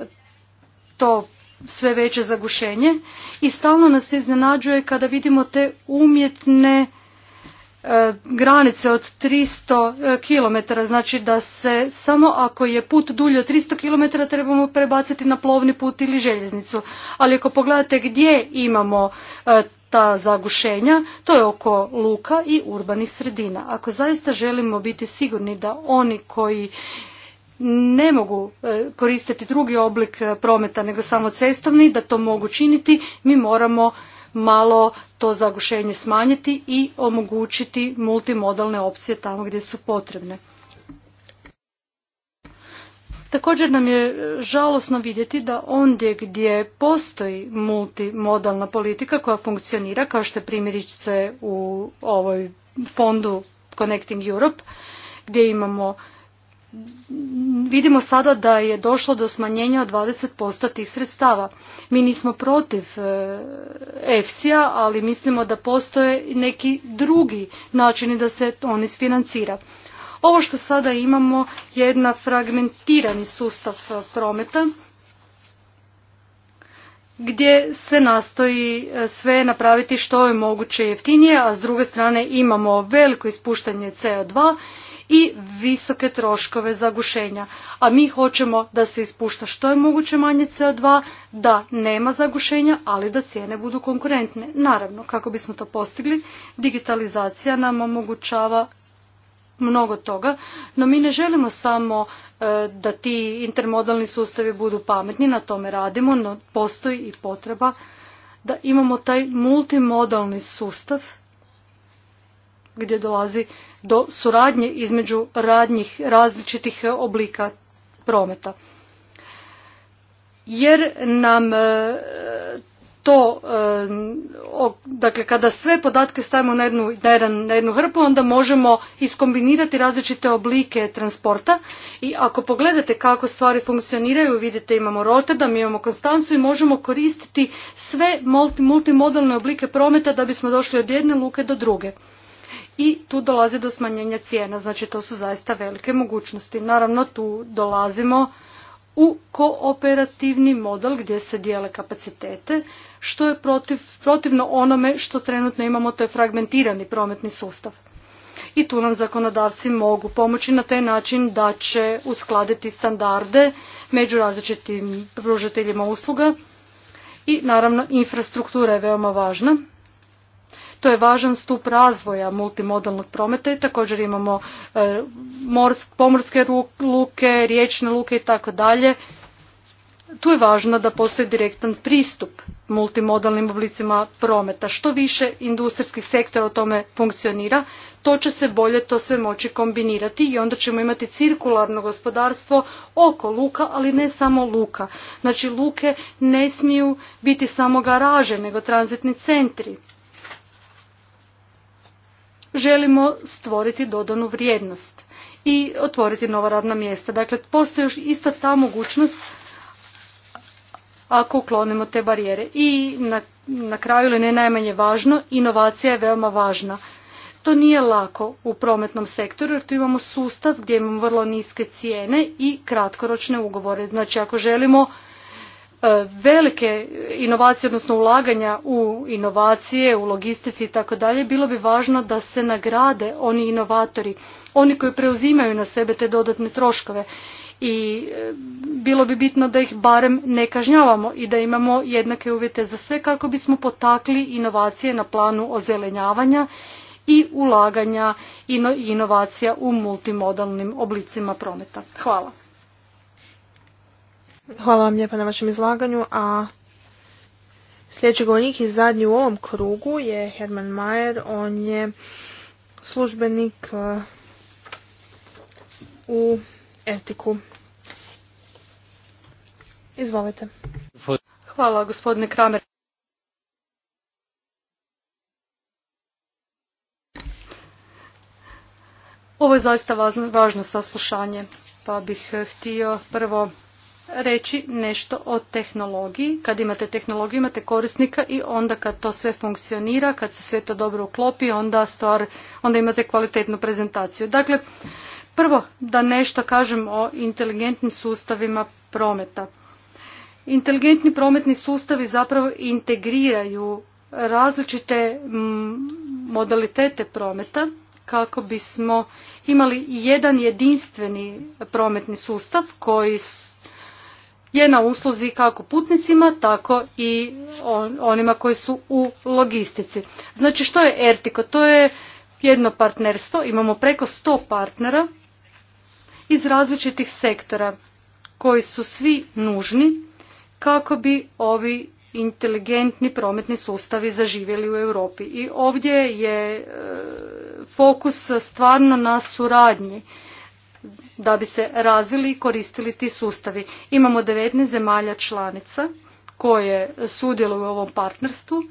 Speaker 4: to sve veće zagušenje i stalno nas iznenađuje kada vidimo te umjetne e, granice od 300 e, km, znači da se samo ako je put dulji od 300 km trebamo prebaciti na plovni put ili željeznicu. Ali ako pogledate gdje imamo e, ta zagušenja, to je oko luka i urbanih sredina. Ako zaista želimo biti sigurni da oni koji ne mogu e, koristiti drugi oblik e, prometa nego samo cestovni, da to mogu činiti, mi moramo malo to zagušenje smanjiti i omogućiti multimodalne opcije tamo gdje su potrebne. Također nam je e, žalosno vidjeti da ondje gdje postoji multimodalna politika koja funkcionira, kao što je primjerice u ovoj fondu Connecting Europe, gdje imamo vidimo sada da je došlo do smanjenja od 20% tih sredstava. Mi nismo protiv EFSI-a, ali mislimo da postoje neki drugi načini da se on isfinancira. Ovo što sada imamo je jedna fragmentirani sustav e, prometa gdje se nastoji e, sve napraviti što je moguće jeftinije, a s druge strane imamo veliko ispuštanje CO2 i visoke troškove zagušenja. A mi hoćemo da se ispušta što je moguće manje CO2, da nema zagušenja, ali da cijene budu konkurentne. Naravno, kako bismo to postigli, digitalizacija nam omogućava mnogo toga, no mi ne želimo samo e, da ti intermodalni sustavi budu pametni, na tome radimo, no postoji i potreba da imamo taj multimodalni sustav gdje dolazi do suradnje između radnjih različitih oblika prometa. Jer nam e, to, eh, dakle kada sve podatke stavimo na jednu, na, jedan, na jednu hrpu, onda možemo iskombinirati različite oblike transporta i ako pogledate kako stvari funkcioniraju, vidite imamo mi imamo Konstancu i možemo koristiti sve multimodalne oblike prometa da bismo došli od jedne luke do druge i tu dolazi do smanjenja cijena. Znači to su zaista velike
Speaker 1: mogućnosti.
Speaker 4: Naravno tu dolazimo u kooperativni model gdje se dijele kapacitete što je protiv, protivno onome što trenutno imamo, to je fragmentirani prometni sustav. I tu nam zakonodavci mogu pomoći na taj način da će uskladiti standarde među različitim pružateljima usluga i naravno infrastruktura je veoma važna. To je važan stup razvoja multimodalnog prometa i također imamo e, pomorske luke, riječne luke i tako dalje tu je važno da postoji direktan pristup multimodalnim oblicima prometa. Što više industrijski sektora o tome funkcionira, to će se bolje to sve moći kombinirati i onda ćemo imati cirkularno gospodarstvo oko luka, ali ne samo luka. Znači luke ne smiju biti samo garaže, nego tranzitni centri. Želimo stvoriti dodanu vrijednost i otvoriti nova radna mjesta. Dakle, postoji još isto ta mogućnost ako uklonimo te barijere. I na, kraju ili ne najmanje važno, inovacija je veoma važna. To nije lako u prometnom sektoru jer tu imamo sustav gdje imamo vrlo niske cijene i kratkoročne ugovore. Znači ako želimo e, velike inovacije, odnosno ulaganja u inovacije, u logistici i tako dalje, bilo bi važno da se nagrade oni inovatori, oni koji preuzimaju na sebe te dodatne troškove i e, bilo bi bitno da ih barem ne kažnjavamo i da imamo jednake uvjete za sve kako bismo potakli inovacije na planu ozelenjavanja i ulaganja i inovacija u multimodalnim oblicima
Speaker 2: prometa. Hvala. Hvala vam lijepa na vašem izlaganju, a sljedeći govornik i zadnji u ovom krugu je Herman Mayer, on je službenik e, u Etiku. Izvolite. Hvala gospodine Kramer.
Speaker 4: Ovo je zaista važno saslušanje, pa bih eh, htio prvo reći nešto o tehnologiji. Kad imate tehnologiju, imate korisnika i onda kad to sve funkcionira, kad se sve to dobro uklopi, onda, stvar, onda imate kvalitetnu prezentaciju. Dakle, prvo da nešto kažem o inteligentnim sustavima prometa. Inteligentni prometni sustavi zapravo integriraju različite modalitete prometa kako bismo imali jedan jedinstveni prometni sustav koji je na usluzi kako putnicima, tako i onima koji su u logistici. Znači što je Ertiko? To je jedno partnerstvo, imamo preko 100 partnera iz različitih sektora koji su svi nužni kako bi ovi inteligentni prometni sustavi zaživjeli u Europi. I ovdje je e, fokus stvarno na suradnji da bi se razvili i koristili ti sustavi. Imamo 19 zemalja članica koje sudjeluju u ovom partnerstvu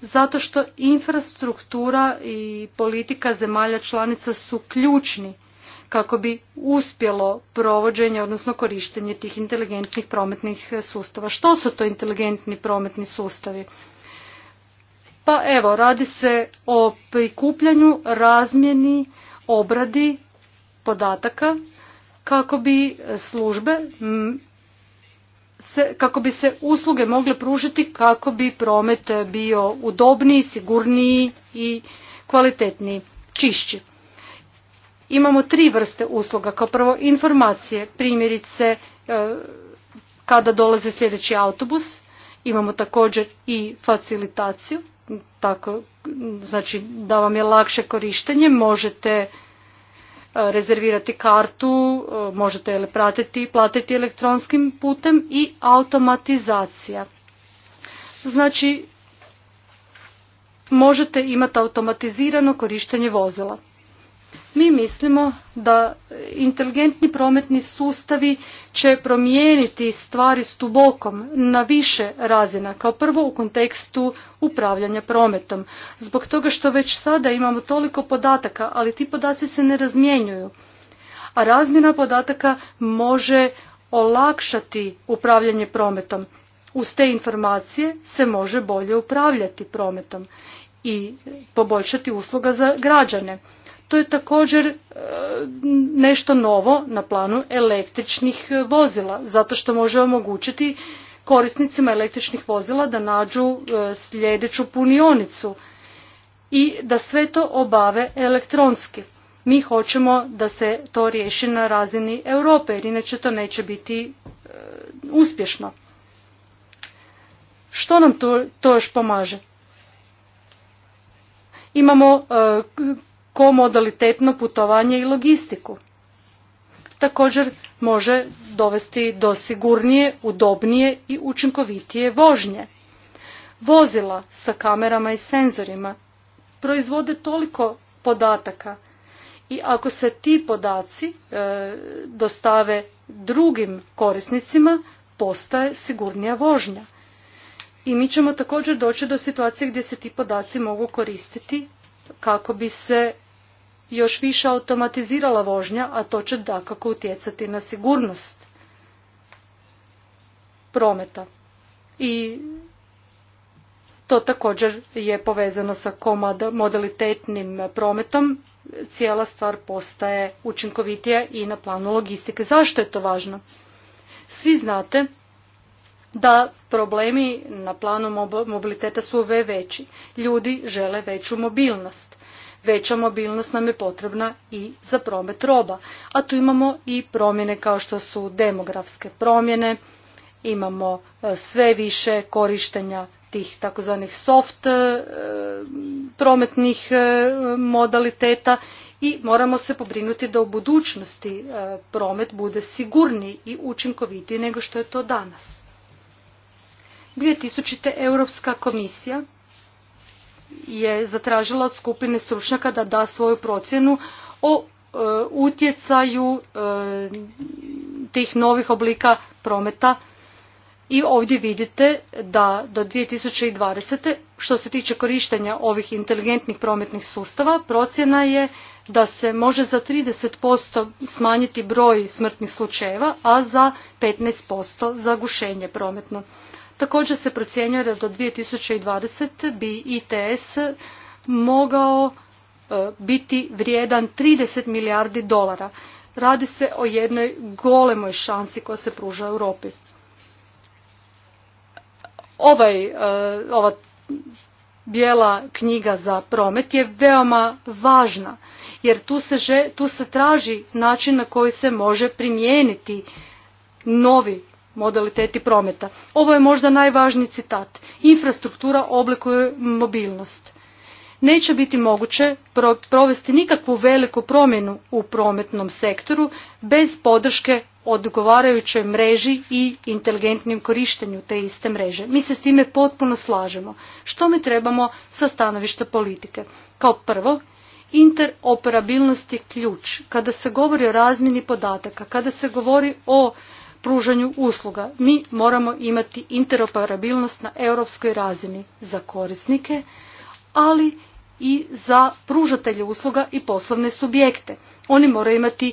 Speaker 4: zato što infrastruktura i politika zemalja članica su ključni kako bi uspjelo provođenje, odnosno korištenje tih inteligentnih prometnih sustava. Što su to inteligentni prometni sustavi? Pa evo, radi se o prikupljanju, razmjeni, obradi podataka kako bi službe se, kako bi se usluge mogle pružiti kako bi promet bio udobniji, sigurniji i kvalitetniji, čišći. Imamo tri vrste usluga. Kao prvo informacije, primjerice e, kada dolazi sljedeći autobus. Imamo također i facilitaciju, tako, znači da vam je lakše korištenje, možete e, rezervirati kartu, e, možete je pratiti, platiti elektronskim putem i automatizacija. Znači, možete imati automatizirano korištenje vozila. Mi mislimo da inteligentni prometni sustavi će promijeniti stvari s tubokom na više razina, kao prvo u kontekstu upravljanja prometom. Zbog toga što već sada imamo toliko podataka, ali ti podaci se ne razmjenjuju. A razmjena podataka može olakšati upravljanje prometom. Uz te informacije se može bolje upravljati prometom i poboljšati usluga za građane to je također e, nešto novo na planu električnih e, vozila zato što može omogućiti korisnicima električnih vozila da nađu e, sljedeću punionicu i da sve to obave elektronski. Mi hoćemo da se to riješi na razini Europe jer inače to neće biti uspješno. Što nam to, to još pomaže? Imamo modalitetno putovanje i logistiku. Također može dovesti do sigurnije, udobnije i učinkovitije vožnje. Vozila sa kamerama i senzorima proizvode toliko podataka i ako se ti podaci e, dostave drugim korisnicima, postaje sigurnija vožnja. I mi ćemo također doći do situacije gdje se ti podaci mogu koristiti kako bi se još više automatizirala vožnja, a to će dakako utjecati na sigurnost prometa. I to također je povezano sa modalitetnim prometom. Cijela stvar postaje učinkovitija i na planu logistike. Zašto je to važno? Svi znate da problemi na planu mobiliteta su sve veći. Ljudi žele veću mobilnost. Veća mobilnost nam je potrebna i za promet roba. A tu imamo i promjene kao što su demografske promjene, imamo e, sve više korištenja tih takozvanih soft e, prometnih e, modaliteta i moramo se pobrinuti da u budućnosti promet bude sigurniji i učinkovitiji nego što je to danas. 2000. Europska komisija je zatražila od skupine stručnjaka da da svoju procjenu o e, utjecaju e, tih novih oblika prometa i ovdje vidite da do 2020. što se tiče korištenja ovih inteligentnih prometnih sustava procjena je da se može za 30% smanjiti broj smrtnih slučajeva, a za 15% zagušenje prometno. Također se procjenjuje da do 2020. bi ITS mogao e, biti vrijedan 30 milijardi dolara. Radi se o jednoj golemoj šansi koja se pruža Europi. Ovaj, e, ova bijela knjiga za promet je veoma važna jer tu se, tu se traži način na koji se može primijeniti novi modaliteti prometa. Ovo je možda najvažniji citat. Infrastruktura oblikuje mobilnost. Neće biti moguće provesti nikakvu veliku promjenu u prometnom sektoru bez podrške odgovarajućoj mreži i inteligentnim korištenju te iste mreže. Mi se s time potpuno slažemo. Što mi trebamo sa stanovišta politike? Kao prvo, interoperabilnost je ključ. Kada se govori o razmjeni podataka, kada se govori o pružanju usluga. Mi moramo imati interoperabilnost na europskoj razini za korisnike, ali i za pružatelje usluga i poslovne subjekte. Oni moraju imati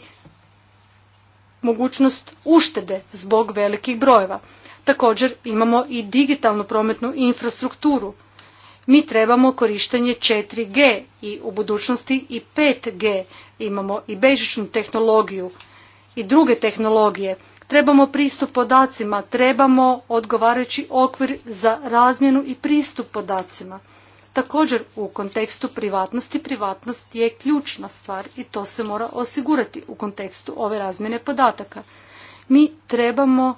Speaker 4: mogućnost uštede zbog velikih brojeva. Također imamo i digitalnu prometnu infrastrukturu. Mi trebamo korištenje 4G i u budućnosti i 5G. Imamo i bežičnu tehnologiju i druge tehnologije Trebamo pristup podacima, trebamo odgovarajući okvir za razmjenu i pristup podacima. Također u kontekstu privatnosti, privatnost je ključna stvar i to se mora osigurati u kontekstu ove razmjene podataka. Mi trebamo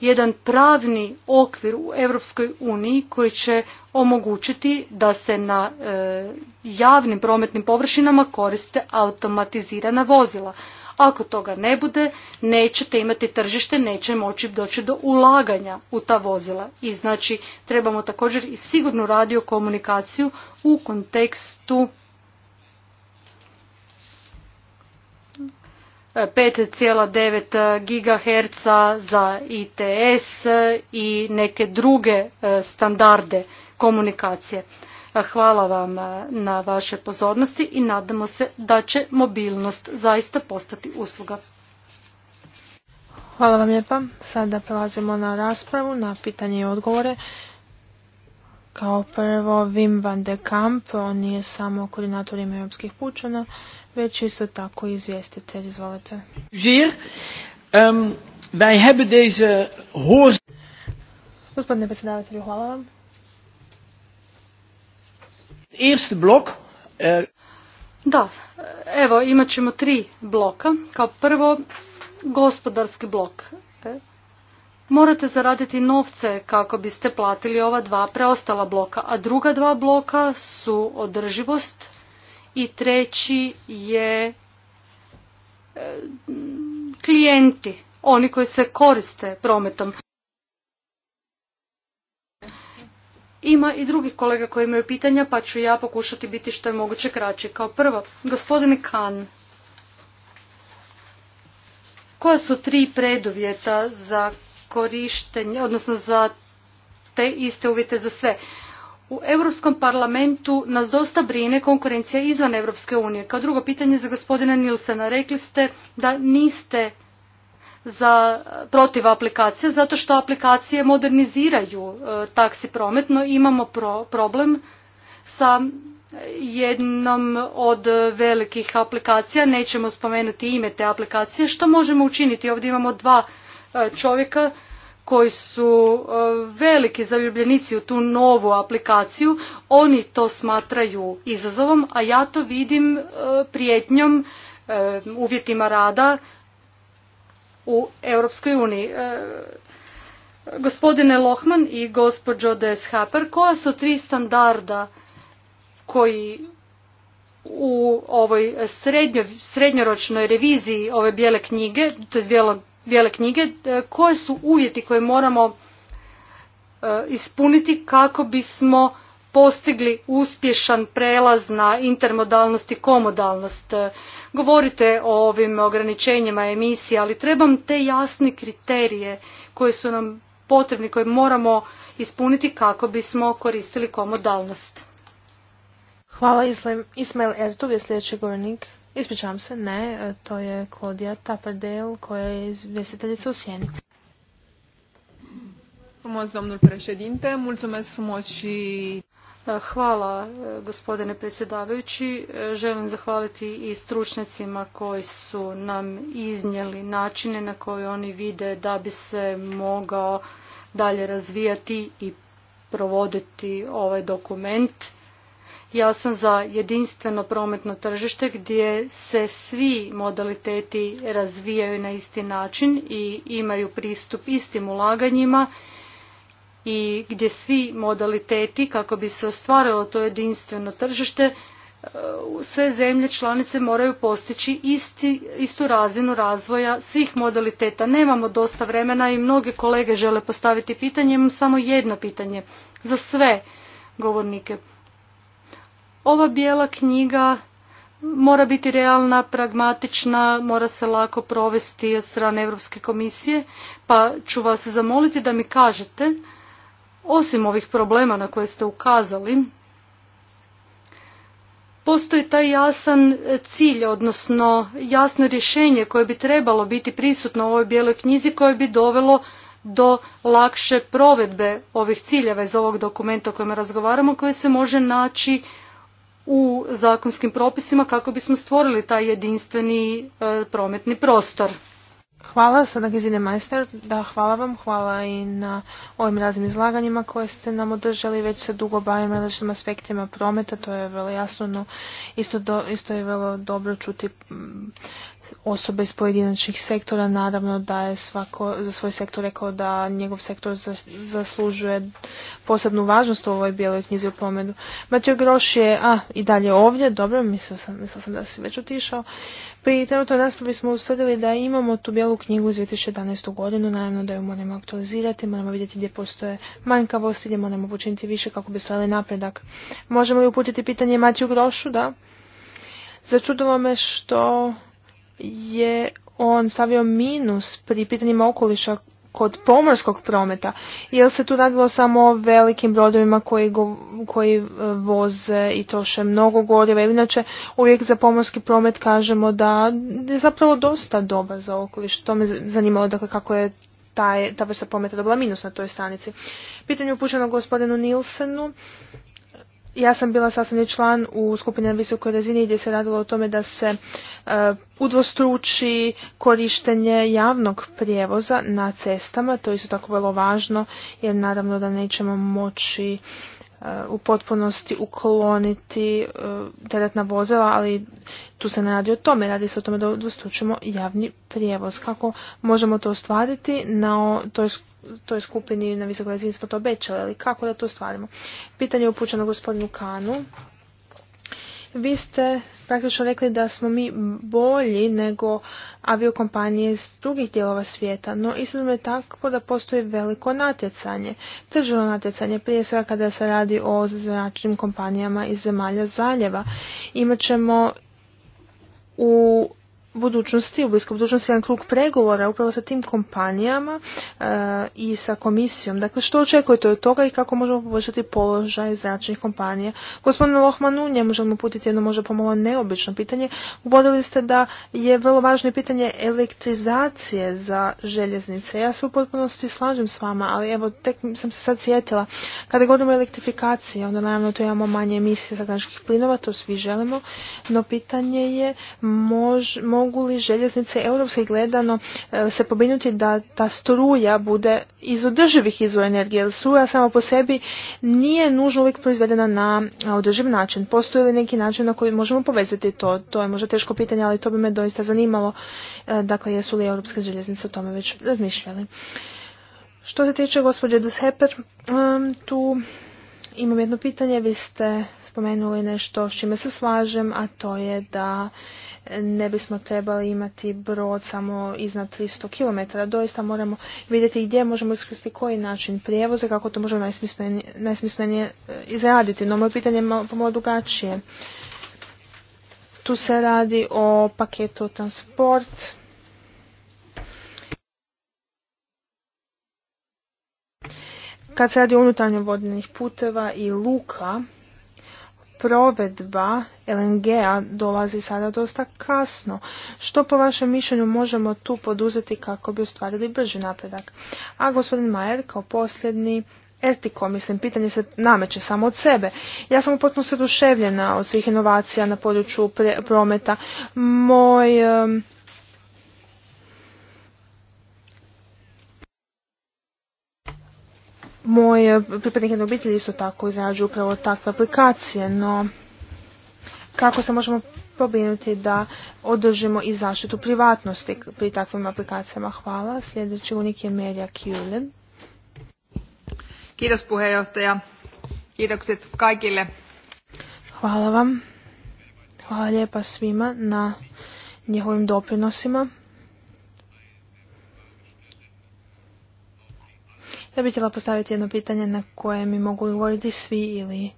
Speaker 4: jedan pravni okvir u Europskoj uniji koji će omogućiti da se na e, javnim prometnim površinama koriste automatizirana vozila. Ako toga ne bude, nećete imati tržište, neće moći doći do ulaganja u ta vozila. I znači trebamo također i sigurnu radiokomunikaciju komunikaciju u kontekstu 5,9 e, GHz za ITS i neke druge e, standarde komunikacije. Pa hvala vam eh, na vašoj pozornosti i nadamo se da će mobilnost zaista postati usluga.
Speaker 2: Hvala vam lijepa. Sada prelazimo na raspravu, na pitanje i odgovore. Kao prvo Wim van de Kamp, on nije samo koordinator ime europskih pučana, već isto tako i izvjestitelj. Izvolite. Žir, ehm, wij deze Gospodine predsjedavatelju, hvala vam eerste blok...
Speaker 1: Eh,
Speaker 4: da, evo imat ćemo tri bloka. Kao prvo, gospodarski blok. E, morate zaraditi novce kako biste platili ova dva preostala bloka, a druga dva bloka su održivost i treći je e, klijenti, oni koji se koriste prometom. Ima i drugih kolega koji imaju pitanja, pa ću ja pokušati biti što je moguće kraći. Kao prvo, gospodine Kahn, koja su tri preduvjeta za korištenje, odnosno za te iste uvjete za sve? U Europskom parlamentu nas dosta brine konkurencija izvan Europske unije. Kao drugo pitanje za gospodina Nilsena, rekli ste da niste za, protiv aplikacije zato što aplikacije moderniziraju e, taksi prometno imamo problem sa jednom od velikih aplikacija, nećemo spomenuti ime te aplikacije, što možemo učiniti? Ovdje imamo dva e, čovjeka koji su e, veliki zaljubljenici u tu novu aplikaciju, oni to smatraju izazovom, a ja to vidim prijetnjom uvjetima rada, u Europskoj uniji. E, gospodine Lohman i gospođo Deshaper, koja su tri standarda koji u ovoj srednjoročnoj reviziji ove bijele knjige, to je bijele, knjige, e, koje su uvjeti koje moramo e, ispuniti kako bismo postigli uspješan prelaz na intermodalnost i komodalnost Govorite o ovim ograničenjima emisija, ali trebam te jasne kriterije koji su nam potrebni, koje moramo ispuniti kako bismo koristili komodalnost.
Speaker 2: Hvala Ismail Ertug je sljedeći govornik. Ispričavam se, ne, e, to je Klodija Taperdale koja je izvjestiteljica u Sjeni. Frumos, domnul președinte, mulțumesc frumos și... Hvala e, gospodine predsjedavajući.
Speaker 4: E, želim zahvaliti i stručnjacima koji su nam iznijeli načine na koje oni vide da bi se mogao dalje razvijati i provoditi ovaj dokument. Ja sam za jedinstveno prometno tržište gdje se svi modaliteti razvijaju na isti način i imaju pristup istim ulaganjima i gdje svi modaliteti kako bi se ostvarilo to jedinstveno tržište e, sve zemlje članice moraju postići isti, istu razinu razvoja svih modaliteta. Nemamo dosta vremena i mnoge kolege žele postaviti pitanje, imam samo jedno pitanje za sve govornike. Ova bijela knjiga mora biti realna, pragmatična, mora se lako provesti od strane Europske komisije, pa ću vas zamoliti da mi kažete osim ovih problema na koje ste ukazali, postoji taj jasan cilj, odnosno jasno rješenje koje bi trebalo biti prisutno u ovoj bijeloj knjizi koje bi dovelo do lakše provedbe ovih ciljeva iz ovog dokumenta o kojem razgovaramo koji se može naći u zakonskim propisima kako bismo stvorili taj jedinstveni e, prometni prostor.
Speaker 2: Hvala, sada Gizine Majster. Da, hvala vam, hvala i na ovim raznim izlaganjima koje ste nam održali. Već se dugo bavim različitim aspektima prometa, to je vrlo jasno, no isto, isto je vrlo dobro čuti osobe iz pojedinačnih sektora. Naravno da je svako za svoj sektor rekao da njegov sektor zaslužuje posebnu važnost u ovoj bijeloj knjizi o pomenu. Mateo Groš je a, i dalje ovdje, dobro, mislio sam, sam da si već otišao. Pri trenutnoj raspravi smo ustvrdili da imamo tu bijelu knjigu iz 2011. godinu, naravno da ju moramo aktualizirati, moramo vidjeti gdje postoje manjkavosti, gdje moramo počiniti više kako bi stvarali napredak. Možemo li uputiti pitanje Matiju Grošu, da? Začudilo me što je on stavio minus pri pitanjima okoliša kod pomorskog prometa. Jel se tu radilo samo o velikim brodovima koji, go, koji e, voze i troše mnogo goriva? Inače, uvijek za pomorski promet kažemo da je zapravo dosta dobar za okoliš. To me zanimalo dakle, kako je taj, ta vrsta prometa dobila minus na toj stanici. Pitanje upućeno gospodinu Nilsenu ja sam bila sastavni član u skupini na visokoj razini gdje se radilo o tome da se e, udvostruči korištenje javnog prijevoza na cestama. To je isto tako vrlo važno jer naravno da nećemo moći e, u potpunosti ukloniti e, teretna vozila, ali tu se ne radi o tome. Radi se o tome da udvostručimo javni prijevoz. Kako možemo to ostvariti? Na, to toj skupini na visokoj razini smo to obećali, ali kako da to stvarimo? Pitanje je upućeno gospodinu Kanu. Vi ste praktično rekli da smo mi bolji nego aviokompanije iz drugih dijelova svijeta, no istodobno je tako da postoji veliko natjecanje, tržno natjecanje, prije svega kada se radi o zračnim kompanijama iz zemalja zaljeva. Imaćemo u budućnosti, u bliskoj budućnosti jedan krug pregovora upravo sa tim kompanijama e, i sa komisijom. Dakle, što očekujete od toga i kako možemo poboljšati položaj zračnih kompanija? Gospodine Lohmanu, njemu možemo putiti jedno možda pomalo neobično pitanje. Uvodili ste da je vrlo važno pitanje elektrizacije za željeznice. Ja se u potpunosti slažem s vama, ali evo, tek sam se sad sjetila. Kada govorimo o elektrifikaciji, onda naravno tu imamo manje emisije stakleničkih plinova, to svi želimo, no pitanje je mož, mogu li željeznice europski gledano e, se pobinuti da ta struja bude iz održivih izvora energije, jer struja samo po sebi nije nužno uvijek proizvedena na e, održiv način. Postoji li neki način na koji možemo povezati to? To je možda teško pitanje, ali to bi me doista zanimalo. E, dakle, jesu li europske željeznice o tome već razmišljali? Što se tiče gospođe Desheper, tu imam jedno pitanje. Vi ste spomenuli nešto s čime se slažem, a to je da ne bismo trebali imati brod samo iznad 300 km. Doista moramo vidjeti gdje možemo iskoristiti koji način prijevoza, kako to možemo najsmislenije, e, izraditi. No moje pitanje je malo, drugačije. Tu se radi o paketu transport. Kad se radi o unutarnjim vodnih puteva i luka, provedba LNG-a dolazi sada dosta kasno. Što po vašem mišljenju možemo tu poduzeti kako bi ostvarili brži napredak? A gospodin Majer kao posljednji etiko, mislim, pitanje se nameće samo od sebe. Ja sam potpuno oduševljena od svih inovacija na području prometa. Moj moje jedne obitelji isto tako izrađuju upravo takve aplikacije, no kako se možemo pobrinuti da održimo i zaštitu privatnosti pri takvim aplikacijama. Hvala. Sljedeći unik je Merja Kjulen. Kiitos puheenjohtaja. Kiitokset kaikille. Hvala vam. Hvala lijepa svima na njihovim doprinosima. Ja bih htjela postaviti jedno pitanje na koje mi mogu odgovoriti svi ili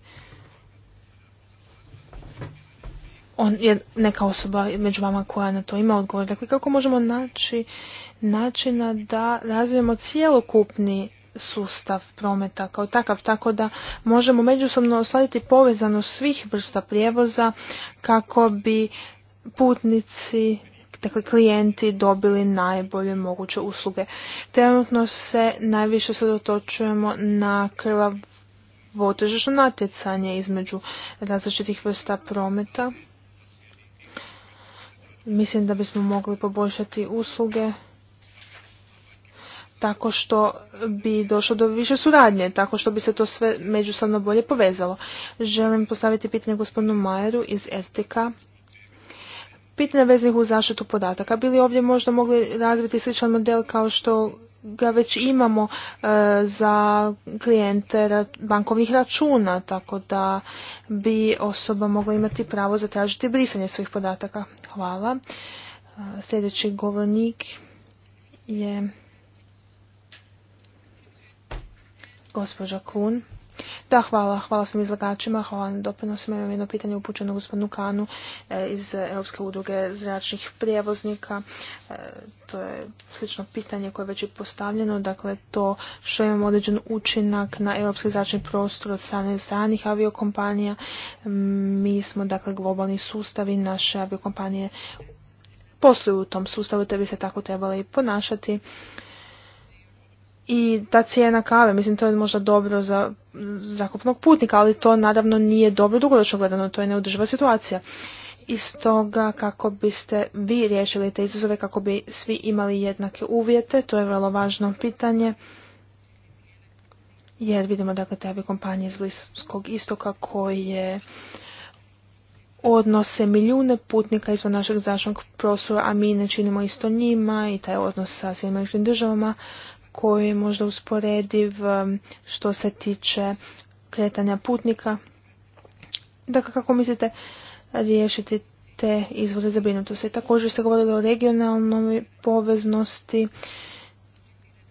Speaker 2: on, je neka osoba među vama koja na to ima odgovor. Dakle, kako možemo naći načina da razvijemo cjelokupni sustav prometa kao takav, tako da možemo međusobno uskladiti povezanost svih vrsta prijevoza kako bi putnici dakle, klijenti dobili najbolje moguće usluge. Trenutno se najviše sredotočujemo na krvavo tržišno natjecanje između različitih vrsta prometa. Mislim da bismo mogli poboljšati usluge tako što bi došlo do više suradnje, tako što bi se to sve međusobno bolje povezalo. Želim postaviti pitanje gospodinu Majeru iz RTK pitanja vezanih u zaštitu podataka. Bili ovdje možda mogli razviti sličan model kao što ga već imamo e, za klijente bankovnih računa, tako da bi osoba mogla imati pravo zatražiti brisanje svojih podataka. Hvala. E, sljedeći govornik je gospođa Kun. Da, hvala. Hvala svim izlagačima, hvala na doprinosima. Imam jedno pitanje upućeno gospodinu Kanu e, iz Europske udruge zračnih prijevoznika. E, to je slično pitanje koje je već i postavljeno. Dakle, to što imamo određen učinak na europski zračni prostor od strane stranih aviokompanija. Mi smo, dakle, globalni sustav i naše aviokompanije posluju u tom sustavu, te bi se tako trebali ponašati i ta cijena kave, mislim to je možda dobro za zakupnog putnika, ali to naravno nije dobro dugoročno gledano, to je neodrživa situacija. I toga kako biste vi riješili te izazove, kako bi svi imali jednake uvjete, to je vrlo važno pitanje. Jer vidimo dakle te kompanije iz Bliskog istoka koje odnose milijune putnika izvan našeg zračnog prostora, a mi ne činimo isto njima i taj odnos sa svim državama koji je možda usporediv um, što se tiče kretanja putnika. Dakle, kako mislite riješiti te izvore zabrinutosti? Također ste govorili o regionalnoj poveznosti,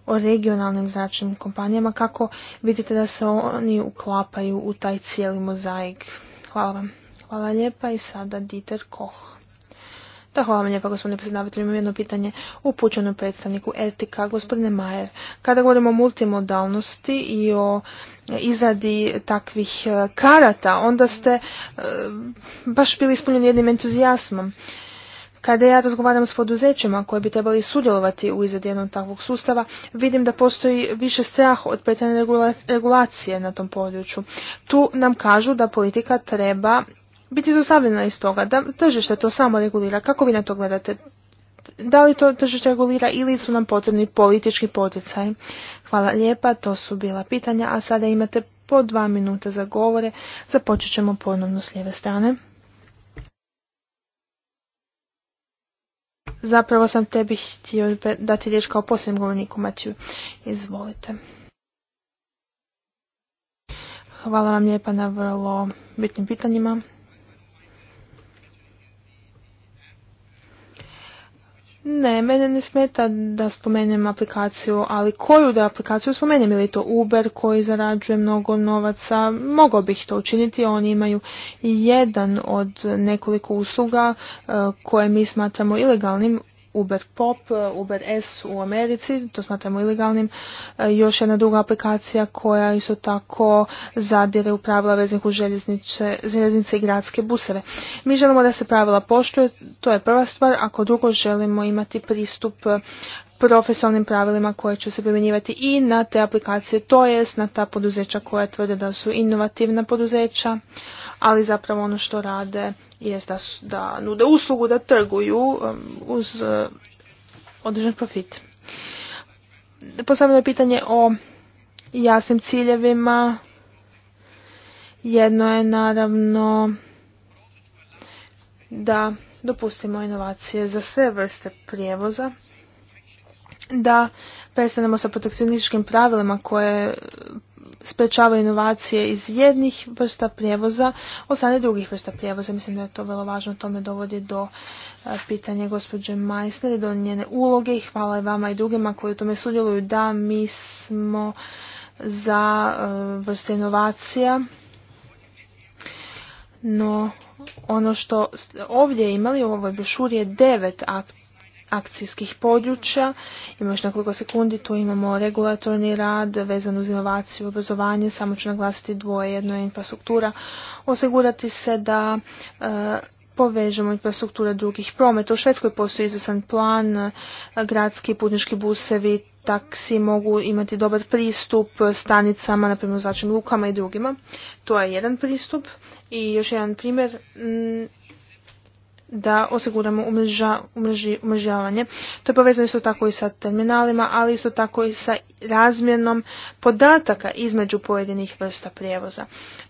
Speaker 2: o regionalnim značnim kompanijama. Kako vidite da se oni uklapaju u taj cijeli mozaik? Hvala vam. Hvala lijepa i sada Dieter Koch. Da, hvala vam lijepa gospodine predsjedavatelju. Imam jedno pitanje upućeno predstavniku Etika, gospodine Majer. Kada govorimo o multimodalnosti i o izradi takvih e, karata, onda ste e, baš bili ispunjeni jednim entuzijasmom. Kada ja razgovaram s poduzećima koji bi trebali sudjelovati u izradi jednog takvog sustava, vidim da postoji više strah od pretjene regulacije na tom području. Tu nam kažu da politika treba biti izostavljena iz toga, da tržište to samo regulira. Kako vi na to gledate? Da li to tržište regulira ili su nam potrebni politički poticaj? Hvala lijepa, to su bila pitanja, a sada imate po dva minuta za govore. Započet ćemo ponovno s lijeve strane. Zapravo sam tebi htio dati riječ kao posljednjem govorniku, Matiju. Izvolite. Hvala vam lijepa na vrlo bitnim pitanjima. Ne, mene ne smeta da spomenem aplikaciju, ali koju da aplikaciju spomenem, ili to Uber koji zarađuje mnogo novaca, mogao bih to učiniti, oni imaju jedan od nekoliko usluga e, koje mi smatramo ilegalnim Uber Pop, Uber S u Americi, to smatramo ilegalnim. E, još jedna druga aplikacija koja isto tako zadire u pravila veznih u željeznice i gradske buseve. Mi želimo da se pravila poštuje, to je prva stvar, ako drugo želimo imati pristup e, profesionalnim pravilima koje će se primjenjivati i na te aplikacije, to jest na ta poduzeća koja tvrde da su inovativna poduzeća, ali zapravo ono što rade jest da, da nude uslugu, da trguju um, uz uh, određen profit. Posebno je pitanje o jasnim ciljevima. Jedno je naravno da dopustimo inovacije za sve vrste prijevoza, da prestanemo sa protekcionističkim pravilima koje sprečavaju inovacije iz jednih vrsta prijevoza od strane drugih vrsta prijevoza. Mislim da je to vrlo važno, to me dovodi do e, pitanja gospođe Majsner i do njene uloge hvala i vama i drugima koji u tome sudjeluju da mi smo za e, vrste inovacija. No, ono što ovdje imali u ovoj brošuri je devet akt akcijskih područja. Ima još nekoliko sekundi, tu imamo regulatorni rad vezan uz inovaciju i obrazovanje, samo ću naglasiti dvoje, jedno je infrastruktura, osigurati se da e, povežemo infrastrukture drugih prometa. U Švedskoj postoji izvesan plan, e, gradski putnički busevi, taksi mogu imati dobar pristup stanicama, na primjer zračnim lukama i drugima. To je jedan pristup. I još jedan primjer, da osiguramo umrežavanje. To je povezano isto tako i sa terminalima, ali isto tako i sa razmjenom podataka između pojedinih vrsta prijevoza.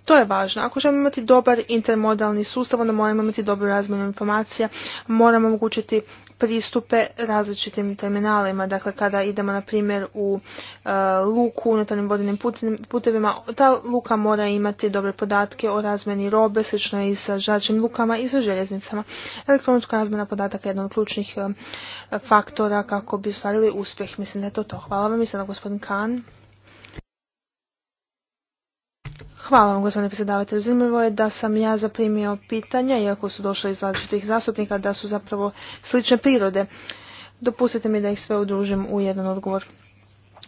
Speaker 2: To je važno. Ako želimo imati dobar intermodalni sustav, onda moramo imati dobru razmjenu informacija, moramo omogućiti pristupe različitim terminalima. Dakle, kada idemo, na primjer, u e, luku unutarnjim vodinim putevima, ta luka mora imati dobre podatke o razmeni robe, slično i sa žačim lukama i sa željeznicama. Elektronička razmena podataka je jedna od ključnih e, faktora kako bi ostvarili uspjeh. Mislim da je to to. Hvala vam i sada gospodin Kahn. Hvala vam, gospodine predsjedavatelju. Zanimljivo je da sam ja zaprimio pitanja, iako su došle iz različitih zastupnika, da su zapravo slične prirode. Dopustite mi da ih sve udružim u jedan odgovor.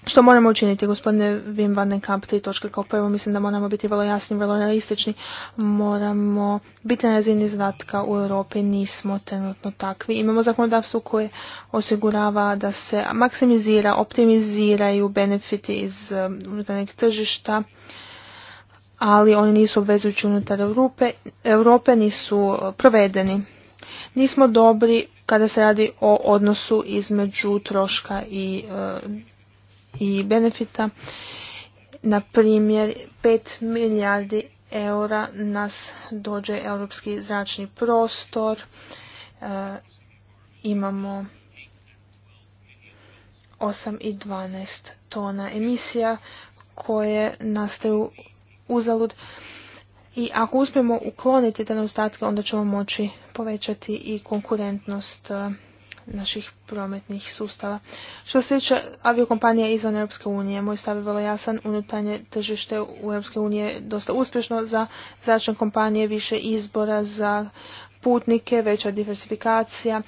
Speaker 2: Što moramo učiniti, gospodine Wim van den Kamp, tri točke kao prvo, mislim da moramo biti vrlo jasni, vrlo realistični, moramo biti na razini zadatka u Europi, nismo trenutno takvi. Imamo zakonodavstvo koje osigurava da se maksimizira, optimiziraju benefiti iz um, unutarnjeg tržišta, ali oni nisu obvezujući unutar Europe, Europe nisu e, provedeni. Nismo dobri kada se radi o odnosu između troška i, e, i benefita. Na primjer, 5 milijardi eura nas dođe europski zračni prostor. E, imamo 8 i 12 tona emisija koje nastaju uzalud. I ako uspijemo ukloniti te nedostatke, onda ćemo moći povećati i konkurentnost e, naših prometnih sustava. Što se tiče aviokompanija izvan Europske unije, moj stav je vrlo jasan, unutarnje tržište u Europske unije je dosta uspješno za zračne kompanije, više izbora za putnike, veća diversifikacija,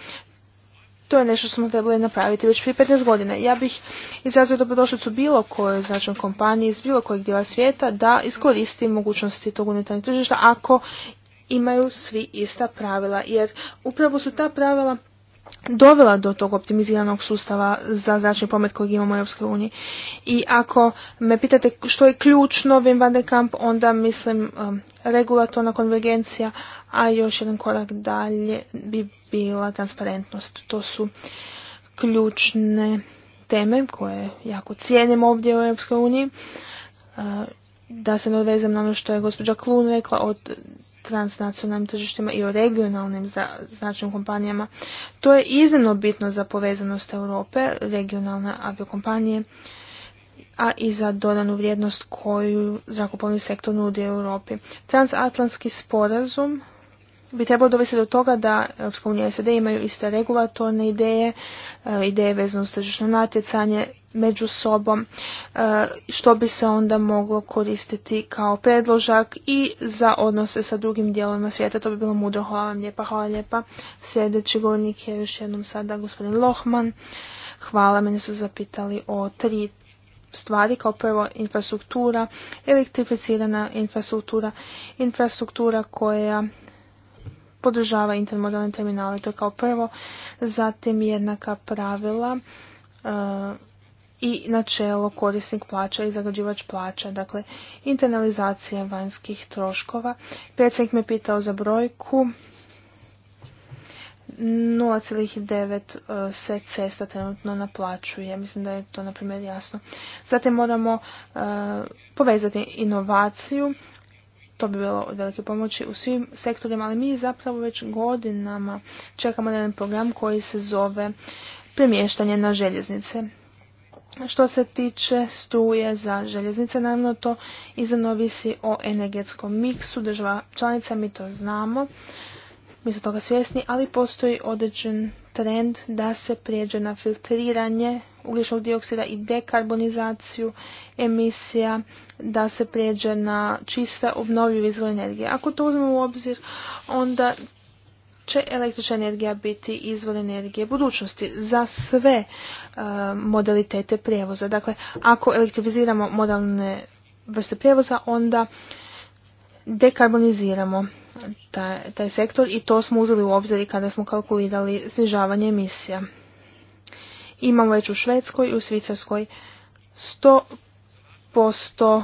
Speaker 2: to je nešto što smo trebali napraviti već prije 15 godina. Ja bih izrazio dobrodošlicu bilo koje značnom kompaniji iz bilo kojeg dijela svijeta da iskoristi mogućnosti tog unutarnjeg tržišta ako imaju svi ista pravila. Jer upravo su ta pravila dovela do tog optimiziranog sustava za zračni promet kojeg imamo u Europskoj uniji. I ako me pitate što je ključno Wim van de Kamp, onda mislim um, regulatorna konvergencija, a još jedan korak dalje bi bila transparentnost. To su ključne teme koje jako cijenim ovdje u Europskoj uniji. Uh, da se nadovezam na ono što je gospođa Klun rekla o transnacionalnim tržištima i o regionalnim značnim kompanijama. To je iznimno bitno za povezanost Europe, regionalne aviokompanije, a i za dodanu vrijednost koju zakupovni sektor nudi Europi. Transatlantski sporazum bi trebalo dovesti do toga da Europska unija i SAD imaju iste regulatorne ideje, e, ideje vezano s tržišno natjecanje među sobom, e, što bi se onda moglo koristiti kao predložak i za odnose sa drugim dijelovima svijeta. To bi bilo mudro. Hvala vam lijepa. Hvala lijepa. Sljedeći govornik je još jednom sada gospodin Lohman. Hvala, mene su zapitali o tri stvari kao prvo infrastruktura, elektrificirana infrastruktura, infrastruktura koja podržava intermodalne terminale, to kao prvo, zatim jednaka pravila e, i načelo korisnik plaća i zagađivač plaća, dakle internalizacija vanjskih troškova. Predsjednik me pitao za brojku, 0,9 e, se cesta trenutno naplaćuje. Mislim da je to na primjer jasno. Zatim moramo e, povezati inovaciju to bi bilo od velike pomoći u svim sektorima, ali mi zapravo već godinama čekamo na jedan program koji se zove premještanje na željeznice. Što se tiče struje za željeznice, naravno to izravno ovisi o energetskom miksu država članica, mi to znamo, mi smo toga svjesni, ali postoji određen trend da se prijeđe na filtriranje ugljičnog dioksida i dekarbonizaciju emisija, da se prijeđe na čiste obnovljive izvore energije. Ako to uzmemo u obzir, onda će električna energija biti izvor energije budućnosti za sve e, modalitete prijevoza. Dakle, ako elektriziramo modalne vrste prijevoza, onda dekarboniziramo taj, taj sektor i to smo uzeli u obzir kada smo kalkulirali snižavanje emisija. Imamo već u Švedskoj i u Švicarskoj 100%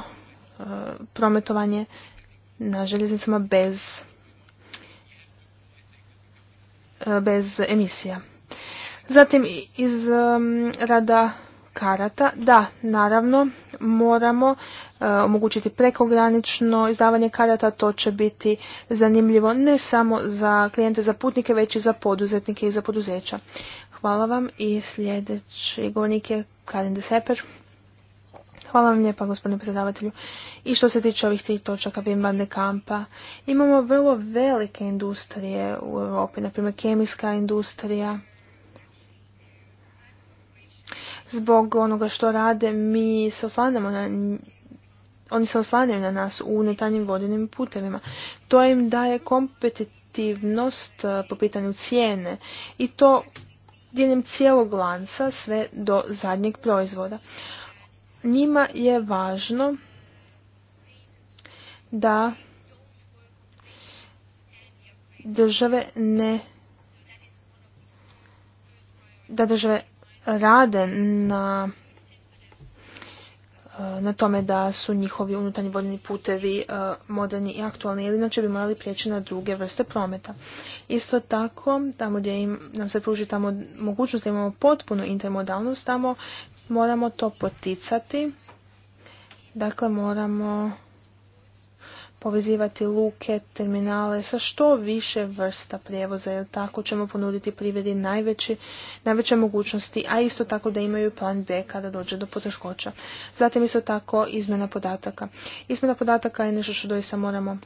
Speaker 2: e, prometovanje na željeznicama bez, e, bez emisija. Zatim iz e, rada karata, da, naravno, moramo e, omogućiti prekogranično izdavanje karata, to će biti zanimljivo ne samo za klijente, za putnike, već i za poduzetnike i za poduzeća. Hvala vam i sljedeći govornik je Karin Deseper. Hvala vam lijepa gospodine predsjedavatelju. I što se tiče ovih tri točaka Wim kampa, imamo vrlo velike industrije u Europi, na primjer kemijska industrija, zbog onoga što rade, mi se oslanjamo na oni se oslanjaju na nas u unutarnjim vodenim putevima. To im daje kompetitivnost eh, po pitanju cijene i to diljem cijelog lanca sve do zadnjeg proizvoda. Njima je važno da države ne da države rade na e, na tome da su njihovi unutarnji vodni putevi e, moderni i aktualni, jer inače bi morali prijeći na druge vrste prometa. Isto tako, tamo gdje nam se pruži tamo mogućnost da imamo potpunu intermodalnost, tamo moramo to poticati. Dakle, moramo povezivati luke, terminale sa što više vrsta prijevoza, jer tako ćemo ponuditi privredi najveće, najveće mogućnosti, a isto tako da imaju plan B kada dođe do poteškoća. Zatim isto tako izmjena podataka. Izmjena podataka je nešto što doista moramo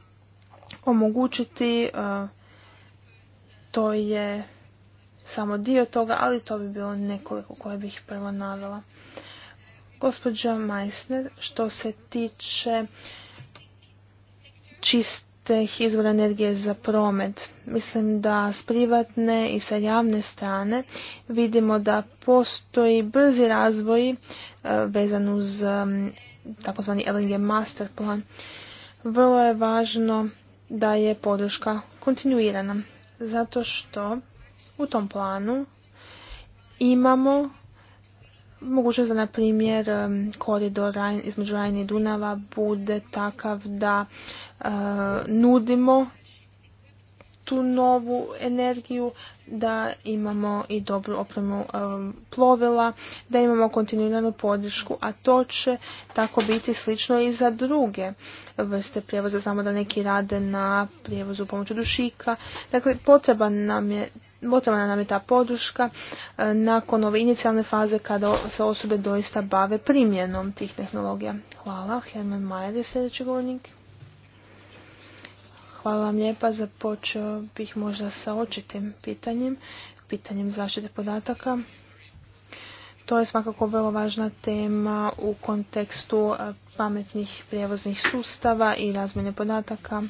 Speaker 2: omogućiti, e, to je samo dio toga, ali to bi bilo nekoliko koje bih prvo navela. Gospođa Meissner, što se tiče čistih izvora energije za promet. Mislim da s privatne i sa javne strane vidimo da postoji brzi razvoj e, vezan uz e, takozvani LNG master plan. Vrlo je važno da je podrška kontinuirana, zato što u tom planu imamo mogućnost da, na primjer, e, koridor između Rajne i Dunava bude takav da E, nudimo tu novu energiju, da imamo i dobru opremu e, plovila, da imamo kontinuiranu podršku, a to će tako biti slično i za druge vrste prijevoza. Znamo da neki rade na prijevozu pomoću dušika. Dakle, potreba nam je Potrebna nam je ta podrška e, nakon ove inicijalne faze kada se osobe doista bave primjenom tih tehnologija. Hvala. Herman Majer je sljedeći govornik. Hvala vam lijepa. Započeo bih možda sa očitim pitanjem, pitanjem zaštite podataka. To je svakako vrlo važna tema u kontekstu e, pametnih prijevoznih sustava i razmjene podataka.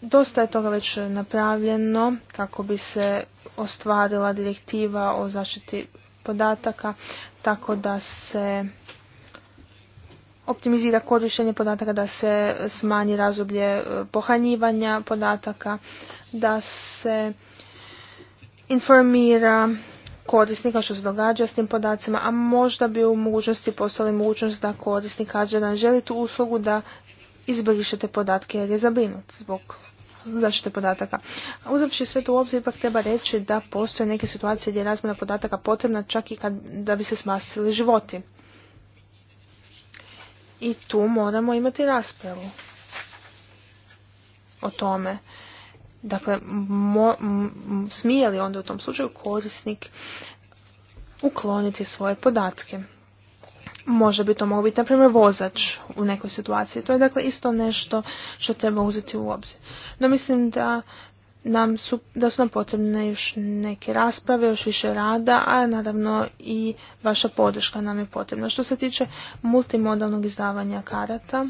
Speaker 2: Dosta je toga već napravljeno kako bi se ostvarila direktiva o zaštiti podataka, tako da se optimizira korištenje podataka, da se smanji razoblje e, pohranjivanja podataka, da se informira korisnika što se događa s tim podacima, a možda bi u mogućnosti postali mogućnost da korisnik kaže da želi tu uslugu da izbrišete podatke jer je zabrinut zbog zaštite podataka. Uzavši sve to u obzir, ipak treba reći da postoje neke situacije gdje je razmjena podataka potrebna čak i kad, da bi se smasili životi i tu moramo imati raspravu o tome. Dakle, mo, smije li onda u tom slučaju korisnik ukloniti svoje podatke? Može bi to moglo biti, na primjer, vozač u nekoj situaciji. To je dakle isto nešto što treba uzeti u obzir. No mislim da nam su, da su nam potrebne još neke rasprave, još više rada, a naravno i vaša podrška nam je potrebna. Što se tiče multimodalnog izdavanja karata,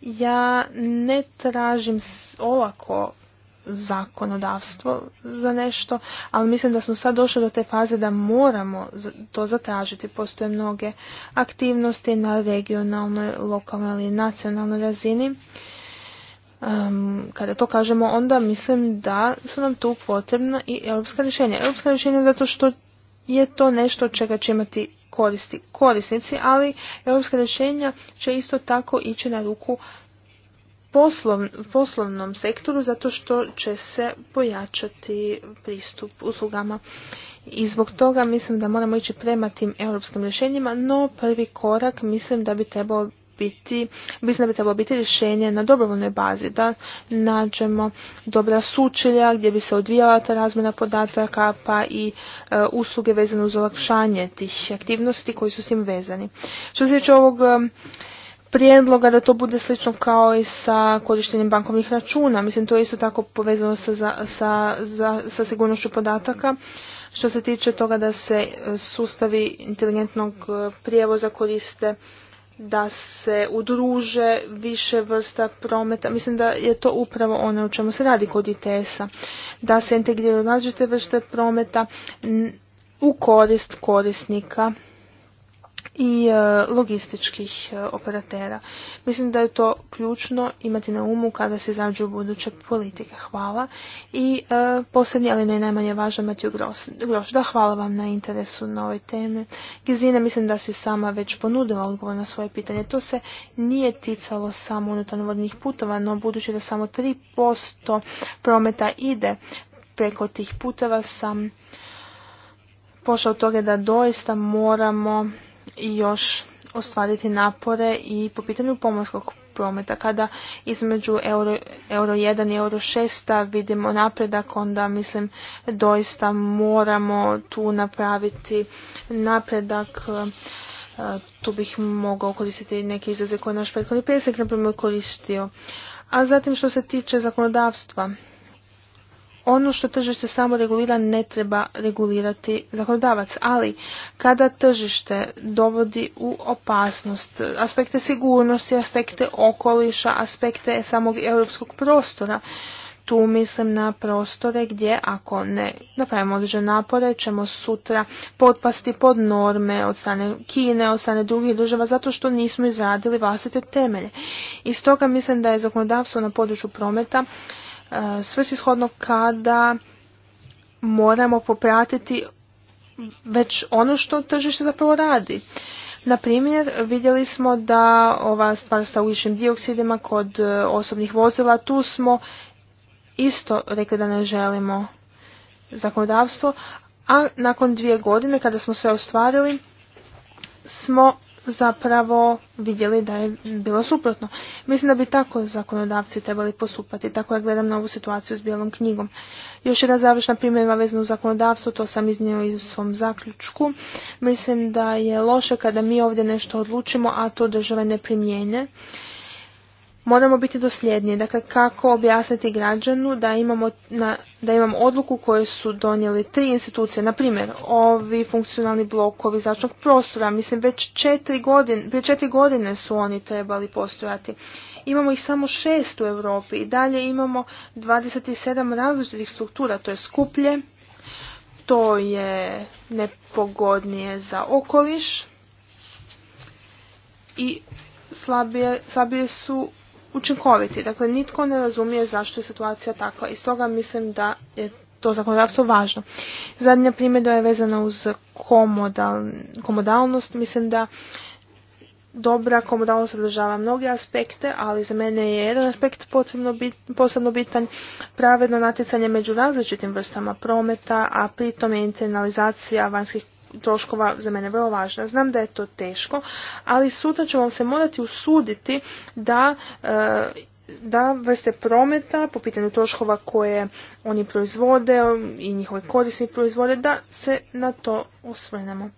Speaker 2: ja ne tražim ovako zakonodavstvo za nešto, ali mislim da smo sad došli do te faze da moramo to zatražiti. Postoje mnoge aktivnosti na regionalnoj, lokalnoj ili nacionalnoj razini kada to kažemo onda mislim da su nam tu potrebna i europska rješenja. Europska rješenja zato što je to nešto od čega će imati koristi korisnici, ali europska rješenja će isto tako ići na ruku poslov, poslovnom sektoru zato što će se pojačati pristup uslugama. I zbog toga mislim da moramo ići prema tim europskim rješenjima, no prvi korak mislim da bi trebao biti, mislim da bi trebalo biti rješenje na dobrovoljnoj bazi, da nađemo dobra sučelja gdje bi se odvijala ta razmjena podataka pa i e, usluge vezane uz olakšanje tih aktivnosti koji su s tim vezani. Što se tiče ovog e, prijedloga da to bude slično kao i sa korištenjem bankovnih računa, mislim to je isto tako povezano sa, za, sa, sa sigurnošću podataka. Što se tiče toga da se e, sustavi inteligentnog prijevoza koriste da se udruže više vrsta prometa. Mislim da je to upravo ono u čemu se radi kod ITS-a. Da se integriraju različite vrste prometa u korist korisnika i e, logističkih e, operatera. Mislim da je to ključno imati na umu kada se izrađuju buduće politike. Hvala. I e, posljednji, ali ne najmanje važan, Matiju Groš. Da, hvala vam na interesu na ovoj teme. Gizina, mislim da si sama već ponudila odgovor na svoje pitanje. To se nije ticalo samo vodnih putova, no budući da samo 3% prometa ide preko tih puteva sam pošao toga da doista moramo još ostvariti napore i po pitanju pomorskog prometa. Kada između euro, 1 i euro 6 vidimo napredak, onda mislim doista moramo tu napraviti napredak. E, tu bih mogao koristiti neke izraze koje naš prethodni pesek na koristio. A zatim što se tiče zakonodavstva, ono što tržište samo regulira ne treba regulirati zakonodavac, ali kada tržište dovodi u opasnost aspekte sigurnosti, aspekte okoliša, aspekte samog europskog prostora, tu mislim na prostore gdje ako ne napravimo određene napore ćemo sutra potpasti pod norme od strane Kine, od strane drugih država zato što nismo izradili vlastite temelje. I stoga mislim da je zakonodavstvo na području prometa svrsishodno kada moramo popratiti već ono što tržište zapravo radi. Na primjer, vidjeli smo da ova stvar sa ugljičnim dioksidima kod e, osobnih vozila, tu smo isto rekli da ne želimo zakonodavstvo, a nakon dvije godine kada smo sve ostvarili smo zapravo vidjeli da je bilo suprotno. Mislim da bi tako zakonodavci trebali postupati, tako ja gledam na ovu situaciju s bijelom knjigom. Još jedna završna primjena vezana u zakonodavstvo, to sam iznio i u svom zaključku. Mislim da je loše kada mi ovdje nešto odlučimo, a to države ne primijene moramo biti dosljedniji. Dakle, kako objasniti građanu da imamo, na, da imamo odluku koju su donijeli tri institucije, na primjer, ovi funkcionalni blokovi zračnog prostora, mislim već četiri godine, prije četiri godine su oni trebali postojati. Imamo ih samo šest u Europi i dalje imamo 27 različitih struktura, to je skuplje, to je nepogodnije za okoliš i slabije, slabije su učinkoviti. Dakle, nitko ne razumije zašto je situacija takva i stoga mislim da je to zakonodavstvo važno. Zadnja primjedba je vezana uz komodal, komodalnost. Mislim da dobra komodalnost održava mnoge aspekte, ali za mene je jedan aspekt posebno bitan pravedno natjecanje među različitim vrstama prometa, a pritom je internalizacija vanjskih troškova za mene vrlo važna. Znam da je to teško, ali sutra ću vam se morati usuditi da e, da vrste prometa po pitanju troškova koje oni proizvode i njihove korisni proizvode, da se na to osvrnemo.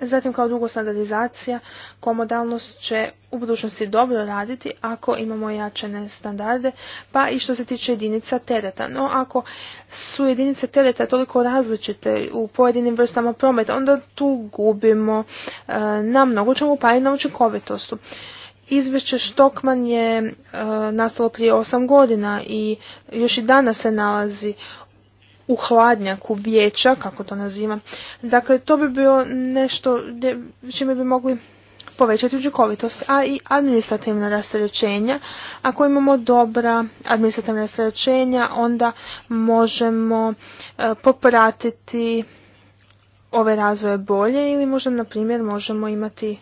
Speaker 2: Zatim kao drugo standardizacija, komodalnost će u budućnosti dobro raditi ako imamo jačene standarde, pa i što se tiče jedinica tereta. No ako su jedinice tereta toliko različite u pojedinim vrstama prometa, onda tu gubimo e, na mnogo čemu pa i na učinkovitostu. Izvješće Štokman je e, nastalo prije osam godina i još i danas se nalazi u hladnjaku vijeća, kako to naziva. Dakle, to bi bilo nešto čime bi mogli povećati učinkovitost, a i administrativna rasterećenja. Ako imamo dobra administrativna rasterećenja, onda možemo e, popratiti ove razvoje bolje ili možda, na primjer, možemo imati e,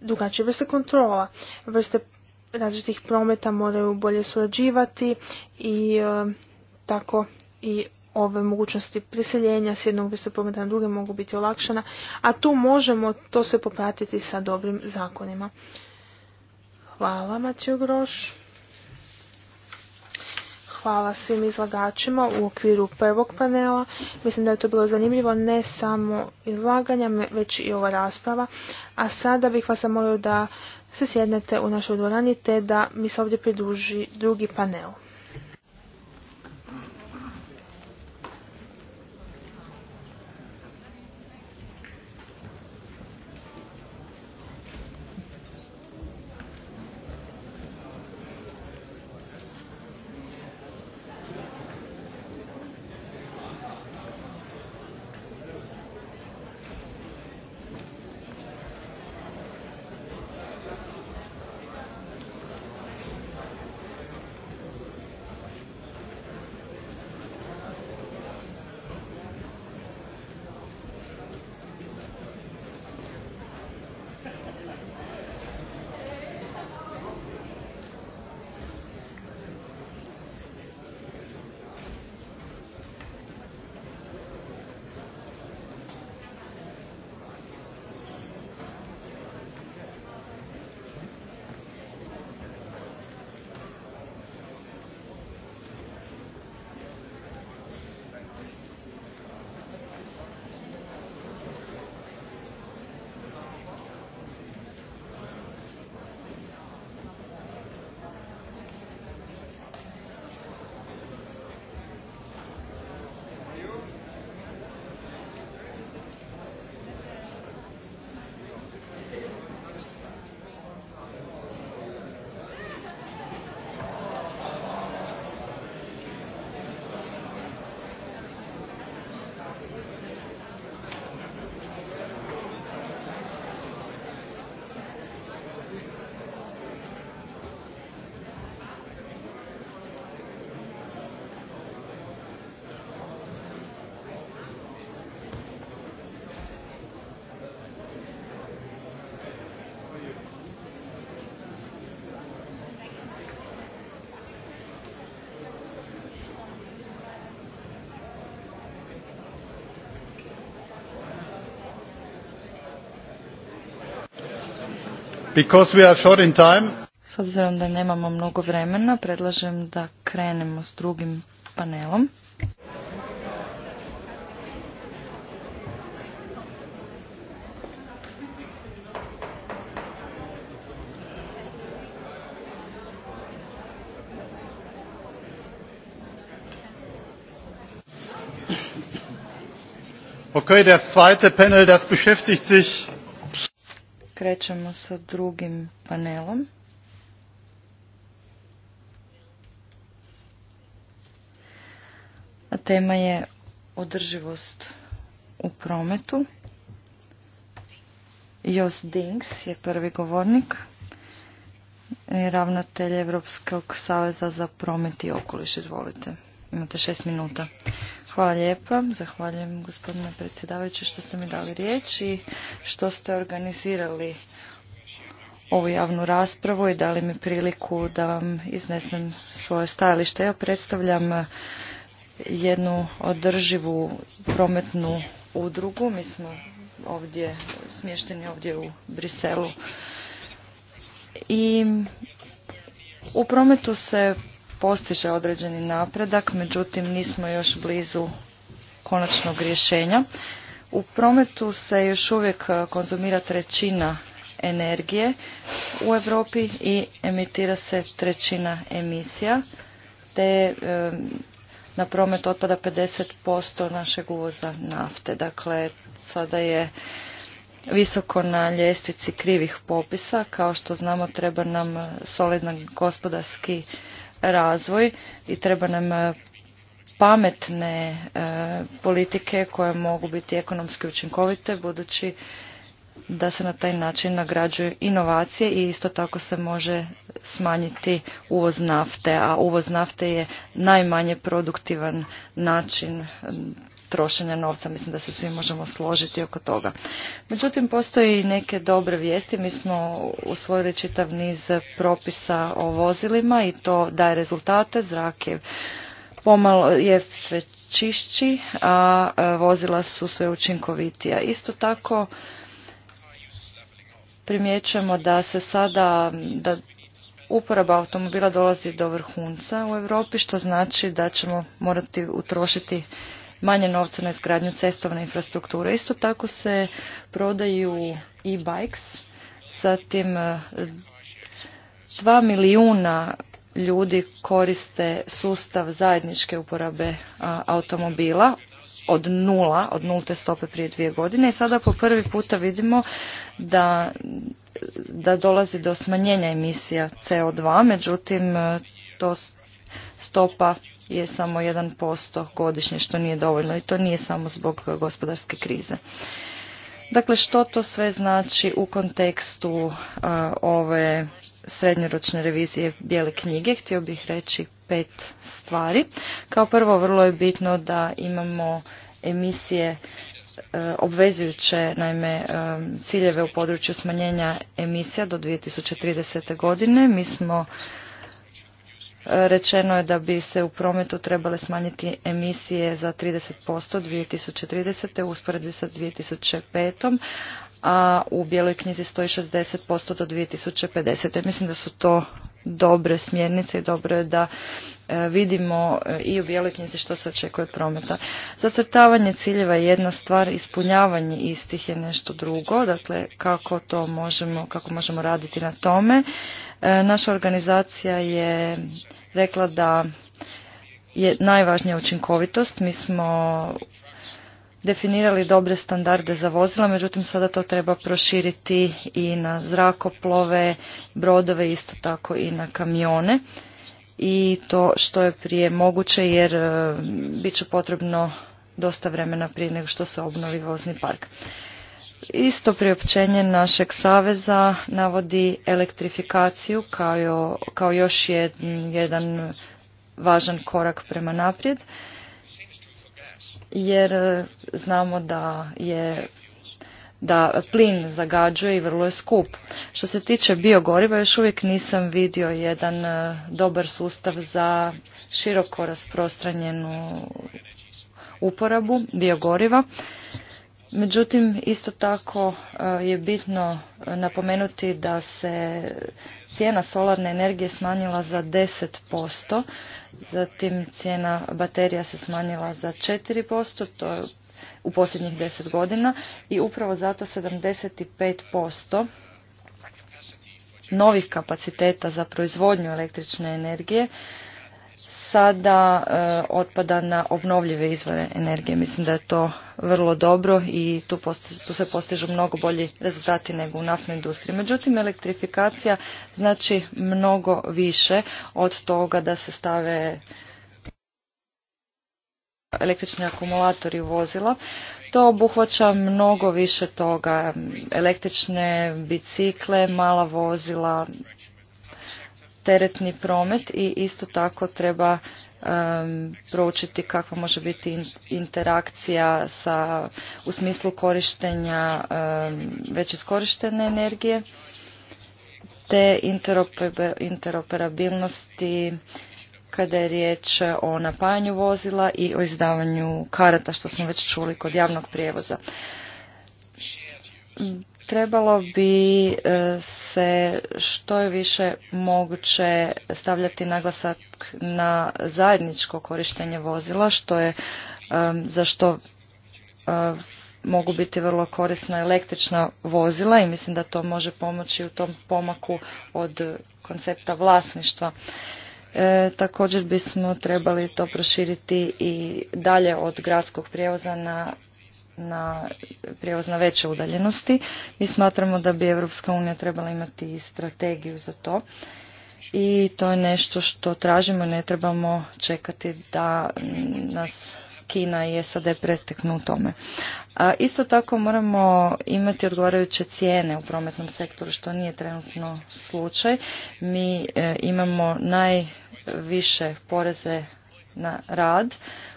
Speaker 2: drugačije vrste kontrola. Vrste različitih prometa moraju bolje surađivati i e, tako i ove mogućnosti priseljenja s jednog vrsta prometa na druge mogu biti olakšana, a tu možemo to sve popratiti sa dobrim zakonima. Hvala Matiju Groš. Hvala svim izlagačima u okviru prvog panela. Mislim da je to bilo zanimljivo, ne samo izlaganja, već i ova rasprava. A sada bih vas zamolio da se sjednete u našoj dvorani te da mi se ovdje pridruži drugi panel.
Speaker 1: Because we are short in time.
Speaker 3: S obzirom da nemamo mnogo vremena, predlažem da krenemo s drugim panelom.
Speaker 1: Okay, das zweite Panel, das beschäftigt sich Krećemo
Speaker 3: sa drugim panelom. A tema je održivost u prometu. Jos Dings je prvi govornik, e, ravnatelj Europskog saveza za promet i okoliš. Izvolite, imate šest minuta. Hvala lijepa. Zahvaljujem gospodine predsjedavajući što ste mi dali riječ i što ste organizirali ovu javnu raspravu i dali mi priliku da vam iznesem svoje stajalište. Ja predstavljam jednu održivu prometnu udrugu. Mi smo ovdje smješteni ovdje u Briselu. I u prometu se postiže određeni napredak, međutim nismo još blizu konačnog rješenja. U prometu se još uvijek e, konzumira trećina energije u Europi i emitira se trećina emisija, te e, na promet otpada 50% našeg uvoza nafte. Dakle, sada je visoko na ljestvici krivih popisa. Kao što znamo, treba nam e, solidan gospodarski razvoj i treba nam e, pametne e, politike koje mogu biti ekonomski učinkovite budući da se na taj način nagrađuju inovacije i isto tako se može smanjiti uvoz nafte, a uvoz nafte je najmanje produktivan način trošenja novca. Mislim da se svi možemo složiti oko toga. Međutim, postoji i neke dobre vijesti. Mi smo usvojili čitav niz propisa o vozilima i to daje rezultate. Zrak je pomalo je sve čišći, a e, vozila su sve učinkovitija. Isto tako primjećujemo da se sada, da uporaba automobila dolazi do vrhunca u Europi, što znači da ćemo morati utrošiti manje novca na izgradnju cestovne infrastrukture. Isto tako se prodaju e-bikes, zatim e, dva milijuna ljudi koriste sustav zajedničke uporabe e, automobila od nula, od nulte stope prije dvije godine i sada po prvi puta vidimo da, da dolazi do smanjenja emisija CO2, međutim e, to stopa je samo 1% godišnje, što nije dovoljno i to nije samo zbog gospodarske krize. Dakle, što to sve znači u kontekstu e, ove srednjoročne revizije Bijele knjige? Htio bih reći pet stvari. Kao prvo, vrlo je bitno da imamo emisije e, obvezujuće, naime, e, ciljeve u području smanjenja emisija do 2030. godine. Mi smo Rečeno je da bi se u prometu trebale smanjiti emisije za 30% 2030. u usporedbi sa 2005. A u Bijeloj knjizi stoji 60% do 2050. Mislim da su to dobre smjernice i dobro je da e, vidimo e, i u bijeloj knjizi što se očekuje prometa. Zacrtavanje ciljeva je jedna stvar, ispunjavanje istih je nešto drugo, dakle kako to možemo, kako možemo raditi na tome. E, naša organizacija je rekla da je najvažnija učinkovitost. Mi smo definirali dobre standarde za vozila, međutim sada to treba proširiti i na zrakoplove, brodove, isto tako i na kamione i to što je prije moguće jer e, bit će potrebno dosta vremena prije nego što se obnovi vozni park. Isto priopćenje našeg saveza navodi elektrifikaciju kao, kao još jedan važan korak prema naprijed jer e, znamo da je da plin zagađuje i vrlo je skup. Što se tiče biogoriva, još uvijek nisam vidio jedan e, dobar sustav za široko rasprostranjenu uporabu biogoriva. Međutim, isto tako e, je bitno napomenuti da se cijena solarne energije smanjila za 10%, zatim cijena baterija se smanjila za 4%, to je u posljednjih 10 godina i upravo zato 75% novih kapaciteta za proizvodnju električne energije sada e, otpada na obnovljive izvore energije. Mislim da je to vrlo dobro i tu, se postižu mnogo bolji rezultati nego u naftnoj industriji. Međutim, elektrifikacija znači mnogo više od toga da se stave električni akumulatori vozila. To obuhvaća mnogo više toga. Električne bicikle, mala vozila, teretni promet i isto tako treba proučiti kakva može biti interakcija u smislu korištenja već iskorištene energije te interoperabilnosti kada je riječ o napajanju vozila i o izdavanju karata što smo već čuli kod javnog prijevoza trebalo bi e, se što je više moguće stavljati naglasak na zajedničko korištenje vozila, što je za što e, mogu biti vrlo korisna električna vozila i mislim da to može pomoći u tom pomaku od koncepta vlasništva. E, također bismo trebali to proširiti i dalje od gradskog prijevoza na na prijevoz na veće udaljenosti. Mi smatramo da bi Europska unija trebala imati strategiju za to i to je nešto što tražimo, i ne trebamo čekati da nas Kina i SAD preteknu u tome. isto tako moramo imati odgovarajuće cijene u prometnom sektoru, što nije trenutno slučaj. Mi e, imamo najviše poreze na rad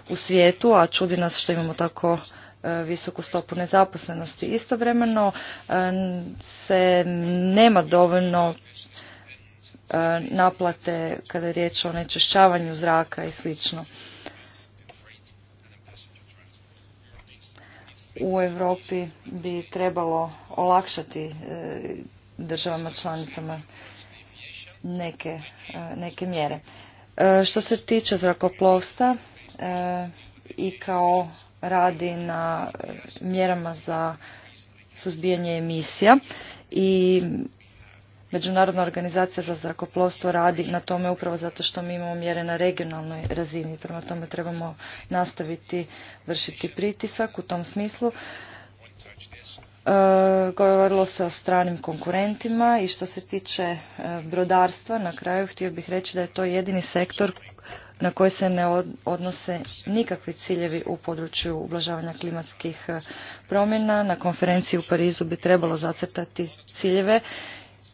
Speaker 3: u svijetu, a čudi nas što imamo tako E, visoku stopu nezaposlenosti. Istovremeno e, se nema dovoljno e, naplate kada je riječ o nečešćavanju zraka i sl. u Europi bi trebalo olakšati državama članicama neke, neke mjere. Što se tiče zrakoplovstva i kao radi na eh, mjerama za suzbijanje emisija i Međunarodna organizacija za zrakoplovstvo radi na tome upravo zato što mi imamo mjere na regionalnoj razini. Prema tome trebamo nastaviti vršiti pritisak u tom smislu. E, govorilo se o stranim konkurentima i što se tiče eh, brodarstva, na kraju htio bih reći da je to jedini sektor na koje se ne odnose nikakvi ciljevi u području ublažavanja klimatskih e, promjena. Na konferenciji u Parizu bi trebalo zacrtati ciljeve,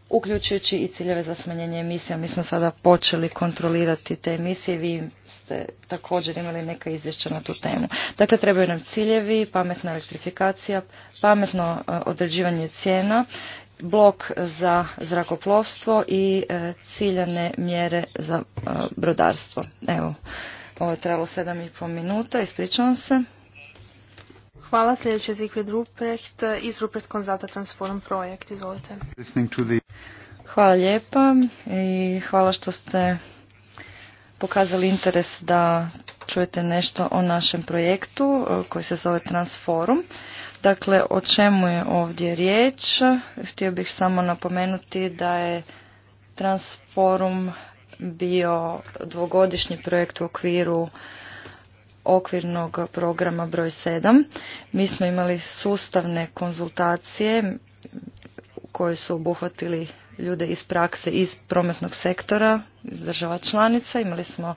Speaker 3: uključujući i ciljeve za smanjenje emisija. Mi smo sada počeli kontrolirati te emisije, vi ste također imali neka izvješća na tu temu. Dakle, trebaju nam ciljevi, pametna elektrifikacija, pametno e, određivanje cijena blok za zrakoplovstvo i e, ciljane mjere za e, brodarstvo. Evo, ovo je trebalo 7,5 minuta, ispričavam se.
Speaker 2: Hvala, sljedeći je Zikvid Ruprecht iz Ruprecht Konzata Transform Projekt, izvolite.
Speaker 3: Hvala lijepa i hvala što ste pokazali interes da čujete nešto o našem projektu e, koji se zove Transforum. Dakle, o čemu je ovdje riječ? Htio bih samo napomenuti da je Transforum bio dvogodišnji projekt u okviru okvirnog programa broj 7. Mi smo imali sustavne konzultacije koje su obuhvatili ljude iz prakse iz prometnog sektora, iz država članica. Imali smo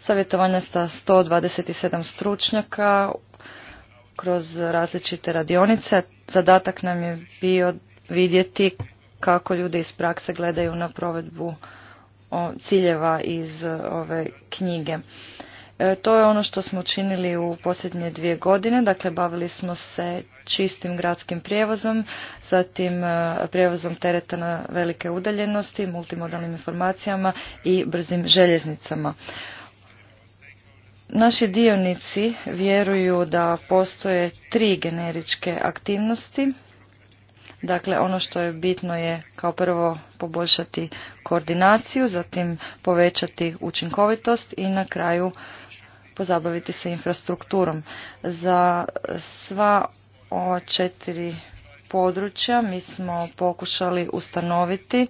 Speaker 3: savjetovanja sa 127 stručnjaka kroz različite radionice. Zadatak nam je bio vidjeti kako ljudi iz prakse gledaju na provedbu ciljeva iz ove knjige. E, to je ono što smo činili u posljednje dvije godine, dakle bavili smo se čistim gradskim prijevozom, zatim e, prijevozom tereta na velike udaljenosti, multimodalnim informacijama i brzim željeznicama. Naši dionici vjeruju da postoje tri generičke aktivnosti. Dakle, ono što je bitno je kao prvo poboljšati koordinaciju, zatim povećati učinkovitost i na kraju pozabaviti se infrastrukturom. Za sva ova četiri područja mi smo pokušali ustanoviti e,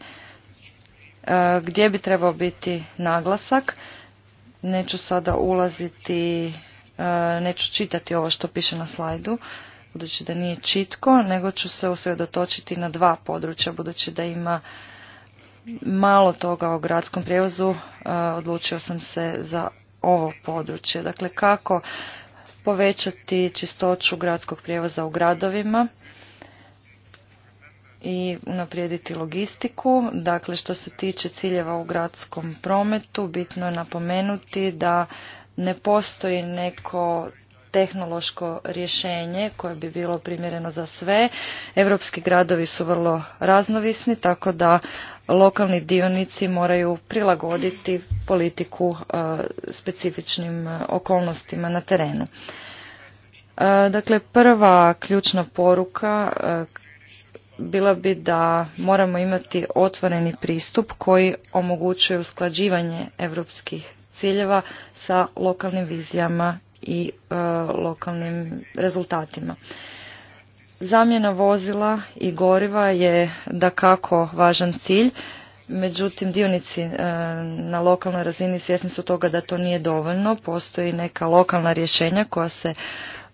Speaker 3: gdje bi trebao biti naglasak Neću sada ulaziti, e, neću čitati ovo što piše na slajdu, budući da nije čitko, nego ću se usredotočiti na dva područja, budući da ima malo toga o gradskom prijevozu, e, odlučio sam se za ovo područje. Dakle, kako povećati čistoću gradskog prijevoza u gradovima, i naprijediti logistiku. Dakle, što se tiče ciljeva u gradskom prometu, bitno je napomenuti da ne postoji neko tehnološko rješenje koje bi bilo primjereno za sve. Europski gradovi su vrlo raznovisni, tako da lokalni dionici moraju prilagoditi politiku e, specifičnim e, okolnostima na terenu. E, dakle, prva ključna poruka bila bi da moramo imati otvoreni pristup koji omogućuje usklađivanje europskih ciljeva sa lokalnim vizijama i e, lokalnim rezultatima. Zamjena vozila i goriva je da kako važan cilj, međutim dionici e, na lokalnoj razini svjesni su toga da to nije dovoljno, postoji neka lokalna rješenja koja se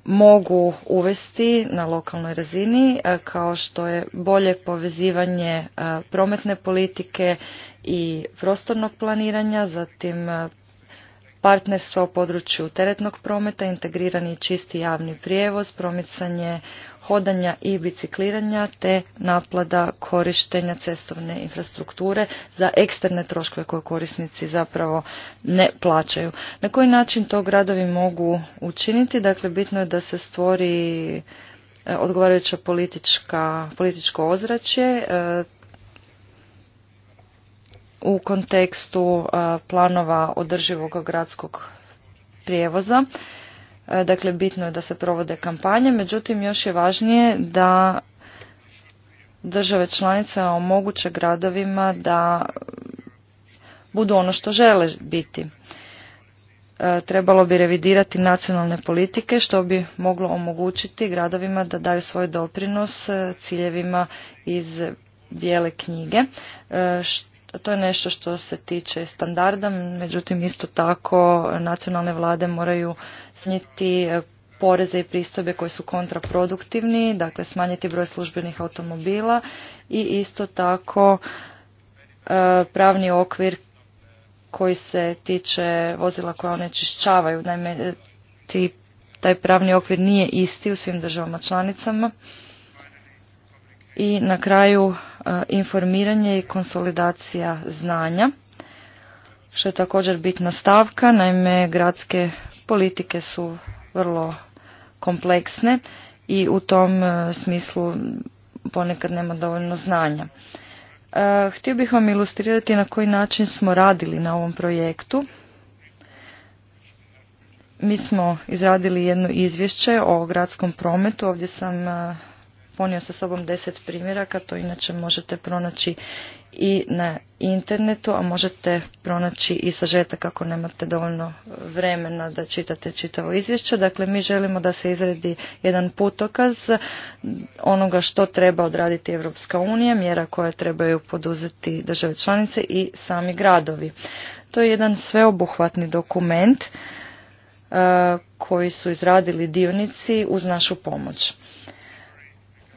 Speaker 3: mogu uvesti na lokalnoj razini e, kao što je bolje povezivanje e, prometne politike i prostornog planiranja, zatim e, partnerstvo u području teretnog prometa, integrirani i čisti javni prijevoz, promicanje hodanja i bicikliranja te naplada korištenja cestovne infrastrukture za eksterne troškove koje korisnici zapravo ne plaćaju. Na koji način to gradovi mogu učiniti? Dakle, bitno je da se stvori e, odgovarajuća politička, političko ozračje e, u kontekstu e, planova održivog gradskog prijevoza E, dakle, bitno je da se provode kampanje, međutim još je važnije da države članice omoguće gradovima da budu ono što žele biti. E, trebalo bi revidirati nacionalne politike što bi moglo omogućiti gradovima da daju svoj doprinos e, ciljevima iz bijele knjige, to je nešto što se tiče standarda, međutim isto tako nacionalne vlade moraju snijeti e, poreze i pristojbe koji su kontraproduktivni, dakle smanjiti broj službenih automobila i isto tako e, pravni okvir koji se tiče vozila koja onečišćavaju. Naime, e, ti, taj pravni okvir nije isti u svim državama članicama i na kraju e, informiranje i konsolidacija znanja, što je također bitna stavka. Naime, gradske politike su vrlo kompleksne i u tom e, smislu ponekad nema dovoljno znanja. E, htio bih vam ilustrirati na koji način smo radili na ovom projektu. Mi smo izradili jedno izvješće o gradskom prometu. Ovdje sam ponio sa sobom deset primjeraka, to inače možete pronaći i na internetu, a možete pronaći i sažetak ako nemate dovoljno vremena da čitate čitavo izvješće. Dakle, mi želimo da se izredi jedan putokaz onoga što treba odraditi Europska unija, mjera koja trebaju poduzeti države članice i sami gradovi. To je jedan sveobuhvatni dokument e, koji su izradili dionici uz našu pomoć.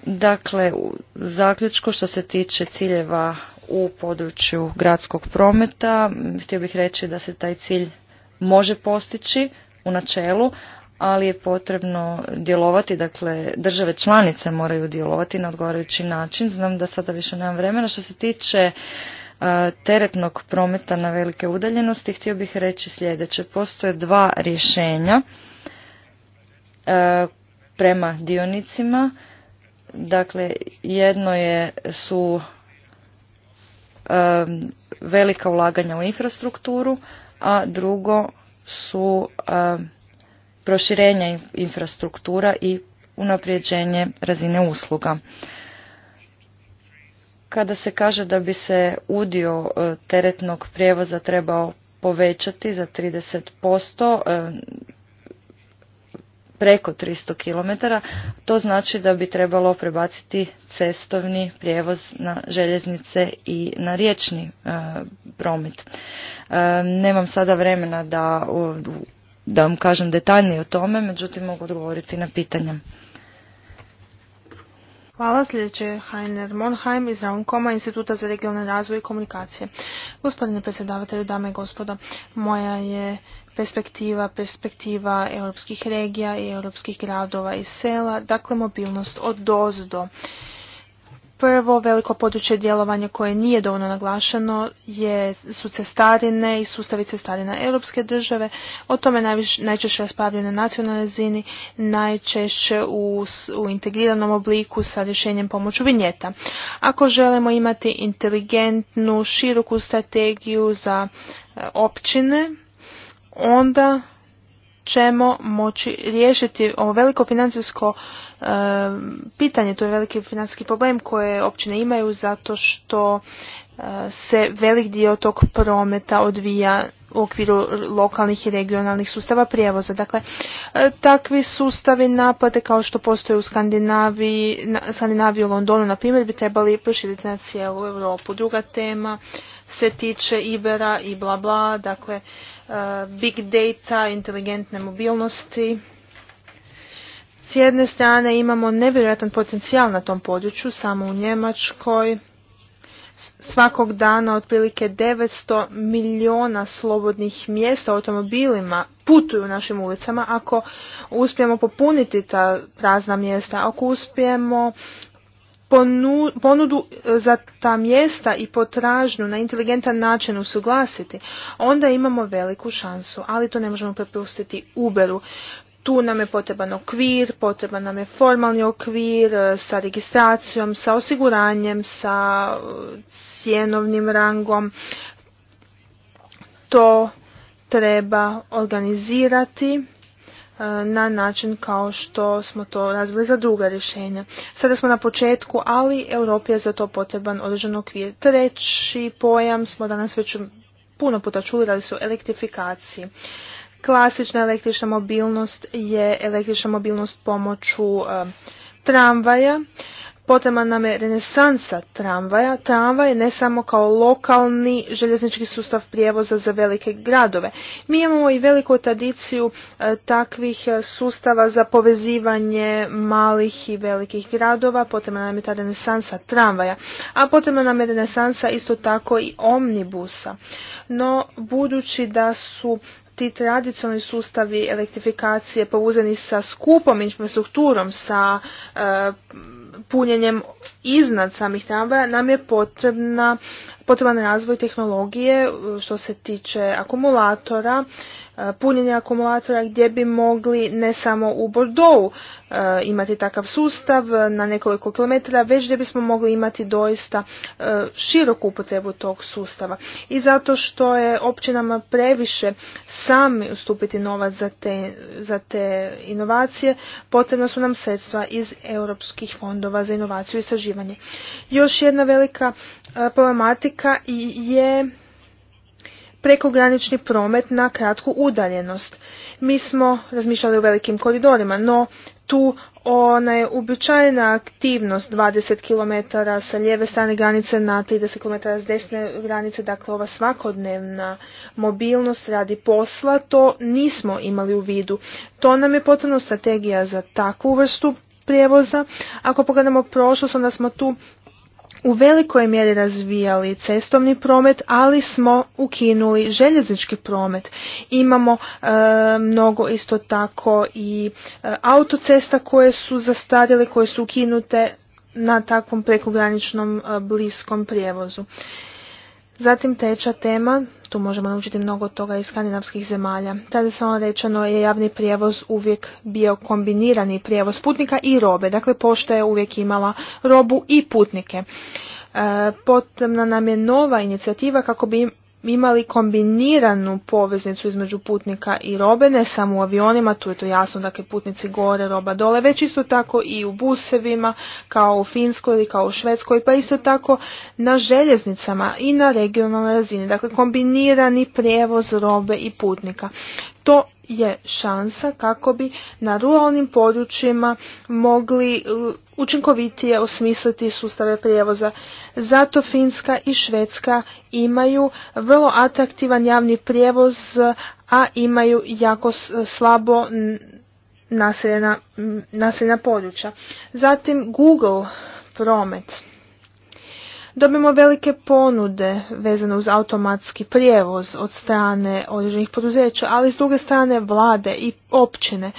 Speaker 3: Dakle, u zaključku što se tiče ciljeva u području gradskog prometa, htio bih reći da se taj cilj može postići u načelu, ali je potrebno djelovati, dakle države članice moraju djelovati na odgovarajući način. Znam da sada više nemam vremena. Što se tiče e, teretnog prometa na velike udaljenosti, htio bih reći sljedeće. Postoje dva rješenja e, prema dionicima Dakle, jedno je su velika ulaganja u infrastrukturu, a drugo su um, proširenja infrastruktura i unaprijeđenje razine usluga. Kada se kaže da bi se udio e, teretnog prijevoza trebao povećati za 30%, preko 300 km, to znači da bi trebalo prebaciti cestovni prijevoz na željeznice i na riječni e, promet. E, nemam sada vremena da, da vam kažem detaljnije o tome, međutim mogu odgovoriti na pitanja.
Speaker 2: Hvala. Sljedeće je Heiner Monheim iz Raunkoma, Instituta za regionalni razvoj i komunikacije. Gospodine predsjedavatelju, dame i gospodo, moja je perspektiva, perspektiva europskih regija i europskih gradova i sela, dakle mobilnost od dozdo. Prvo veliko područje djelovanja koje nije dovoljno naglašeno je, su cestarine i sustavi cestarina europske države. O tome najviš, najčešće raspravljaju na nacionalnoj razini, najčešće u, u integriranom obliku sa rješenjem pomoću vinjeta. Ako želimo imati inteligentnu, široku strategiju za e, općine, onda ćemo moći riješiti ovo veliko financijsko e, pitanje, to je veliki financijski problem koje općine imaju zato što e, se velik dio tog prometa odvija u okviru lokalnih i regionalnih sustava prijevoza. Dakle, e, takvi sustavi naplate kao što postoje u Skandinaviji, na, Skandinaviji u Londonu, na primjer, bi trebali proširiti na cijelu Europu. Druga tema se tiče Ibera i bla bla, dakle, big data, inteligentne mobilnosti. S jedne strane imamo nevjerojatan potencijal na tom području, samo u Njemačkoj. Svakog dana otprilike 900 milijuna slobodnih mjesta automobilima putuju našim ulicama. Ako uspijemo popuniti ta prazna mjesta, ako uspijemo ponudu e, za ta mjesta i potražnju na inteligentan način usuglasiti, onda imamo veliku šansu, ali to ne možemo prepustiti Uberu. Tu nam je potreban okvir, potreban nam je formalni okvir e, sa registracijom, sa osiguranjem, sa e, cjenovnim rangom. To treba organizirati E, na način kao što smo to razvili za druga rješenja. Sada smo na početku, ali Europi je za to potreban određen okvir. Treći pojam smo danas već puno puta čuli, radi su elektrifikaciji. Klasična električna mobilnost je električna mobilnost pomoću e, tramvaja. Potreban nam je renesansa tramvaja. Tramvaj ne samo kao lokalni željeznički sustav prijevoza za velike gradove. Mi imamo i veliku tradiciju e, takvih e, sustava za povezivanje malih i velikih gradova. Potrebna nam je ta renesansa tramvaja. A potrebna nam je renesansa isto tako i omnibusa. No, budući da su ti tradicionalni sustavi elektrifikacije povuzeni sa skupom infrastrukturom, sa e, punjenjem iznad samih tramvaja, nam je potrebna, potreban razvoj tehnologije e, što se tiče akumulatora E, punjenja akumulatora gdje bi mogli ne samo u Bordeaux e, imati takav sustav na nekoliko kilometara, već gdje bismo mogli imati doista e, široku upotrebu tog sustava. I zato što je općinama previše sami ustupiti novac za te, za te inovacije, potrebna su nam sredstva iz europskih fondova za inovaciju i istraživanje. Još jedna velika problematika je prekogranični promet na kratku udaljenost. Mi smo razmišljali o velikim koridorima, no tu ona je uobičajena aktivnost 20 km sa lijeve strane granice na 30 km s desne granice, dakle ova svakodnevna mobilnost radi posla, to nismo imali u vidu. To nam je potrebno strategija za takvu vrstu prijevoza. Ako pogledamo prošlost, onda smo tu u velikoj mjeri razvijali cestovni promet, ali smo ukinuli željeznički promet. Imamo e, mnogo isto tako i e, autocesta koje su zastarjele, koje su ukinute na takvom prekograničnom e, bliskom prijevozu. Zatim treća tema, tu možemo naučiti mnogo toga iz skandinavskih zemalja. samo rečeno je javni prijevoz uvijek bio kombinirani prijevoz putnika i robe. Dakle, pošta je uvijek imala robu i putnike. E, potrebna nam je nova inicijativa kako bi imali kombiniranu poveznicu između putnika i robe, ne samo u avionima, tu je to jasno, dakle putnici gore, roba dole, već isto tako i u busevima, kao u Finskoj ili kao u Švedskoj, pa isto tako na željeznicama i na regionalnoj razini, dakle kombinirani prijevoz robe i putnika. To je šansa kako bi na ruralnim područjima mogli uh, učinkovitije osmisliti sustave prijevoza. Zato Finska i Švedska imaju vrlo atraktivan javni prijevoz, a imaju jako slabo naseljena, područja. Zatim Google promet dobijemo velike ponude vezane uz automatski prijevoz od strane određenih poduzeća, ali s druge strane vlade i općine.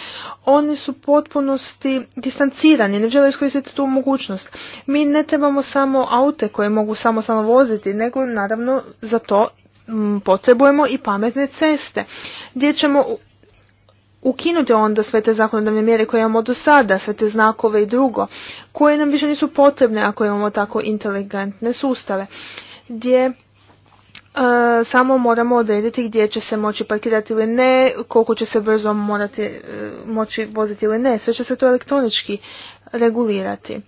Speaker 2: Oni su potpunosti distancirani, ne žele iskoristiti tu mogućnost. Mi ne trebamo samo aute koje mogu samostalno voziti, nego naravno za to mm, potrebujemo i pametne ceste gdje ćemo Ukinuti onda sve te zakonodavne mjere koje imamo do sada, sve te znakove i drugo, koje nam više nisu potrebne ako imamo tako inteligentne sustave, gdje e, samo moramo odrediti gdje će se moći parkirati ili ne, koliko će se brzo e, moći voziti ili ne. Sve će se to elektronički regulirati.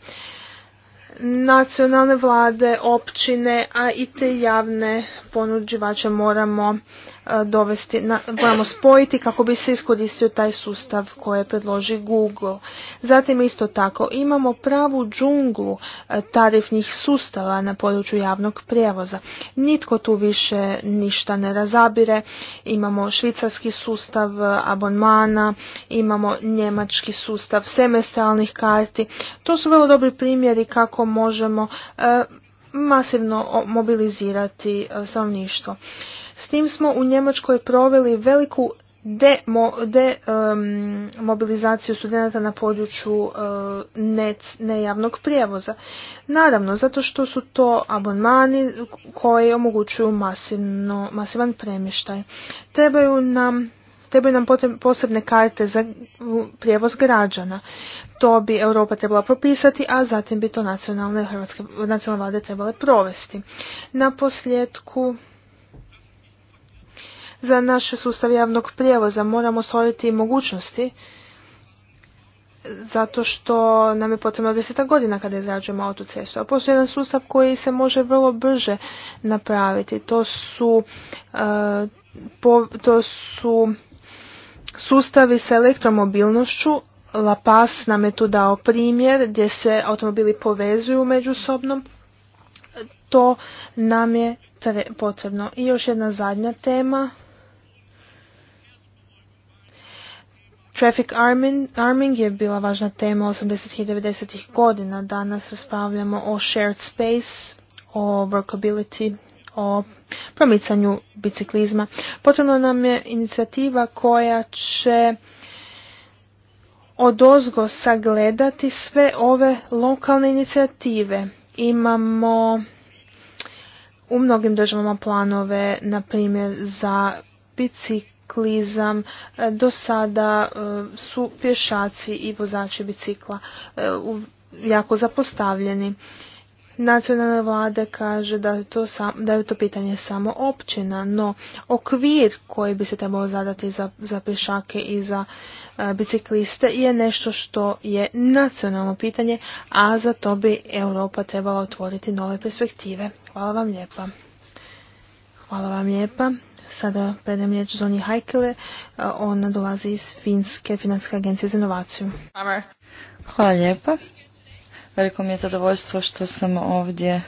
Speaker 2: Nacionalne vlade, općine, a i te javne ponuđivače moramo E, dovesti, moramo spojiti kako bi se iskoristio taj sustav koje predloži Google. Zatim isto tako imamo pravu džunglu e, tarifnih sustava na području javnog prijevoza. Nitko tu više ništa ne razabire. Imamo švicarski sustav e, abonmana, imamo njemački sustav semestralnih karti. To su vrlo dobri primjeri kako možemo masivno mobilizirati stanovništvo. S tim smo u Njemačkoj proveli veliku demobilizaciju de, um, studenta na području uh, nejavnog prijevoza. Naravno, zato što su to abonmani koji omogućuju masivno, masivan premještaj. Trebaju nam trebaju nam posebne karte za prijevoz građana. To bi Europa trebala propisati, a zatim bi to nacionalne, hrvatske, nacionalne vlade trebale provesti. Na posljedku za naš sustav javnog prijevoza. Moramo stvoriti mogućnosti zato što nam je potrebno deseta godina kada izrađujemo autocestu. A postoji jedan sustav koji se može vrlo brže napraviti. To su, e, to su sustavi sa elektromobilnošću. La Paz nam je tu dao primjer gdje se automobili povezuju međusobno. To nam je potrebno. I još jedna zadnja tema Traffic arming, arming je bila važna tema 80. i 90. godina. Danas raspravljamo o shared space, o workability, o promicanju biciklizma. Potrebno nam je inicijativa koja će odozgo sagledati sve ove lokalne inicijative. Imamo u mnogim državama planove, na primjer, za bicik klizam e, Do sada e, su pješaci i vozači bicikla e, jako zapostavljeni. Nacionalna vlada kaže da je, to da je to pitanje samo općina, no okvir koji bi se trebalo zadati za, za pješake i za bicikliste je nešto što je nacionalno pitanje, a za to bi Europa trebala otvoriti nove perspektive. Hvala vam lijepa. Hvala vam lijepa. Sada predajem riječ Zoni Hajkele, ona dolazi iz Finske financijske agencije za inovaciju.
Speaker 3: Hvala lijepa. Veliko mi je zadovoljstvo što sam ovdje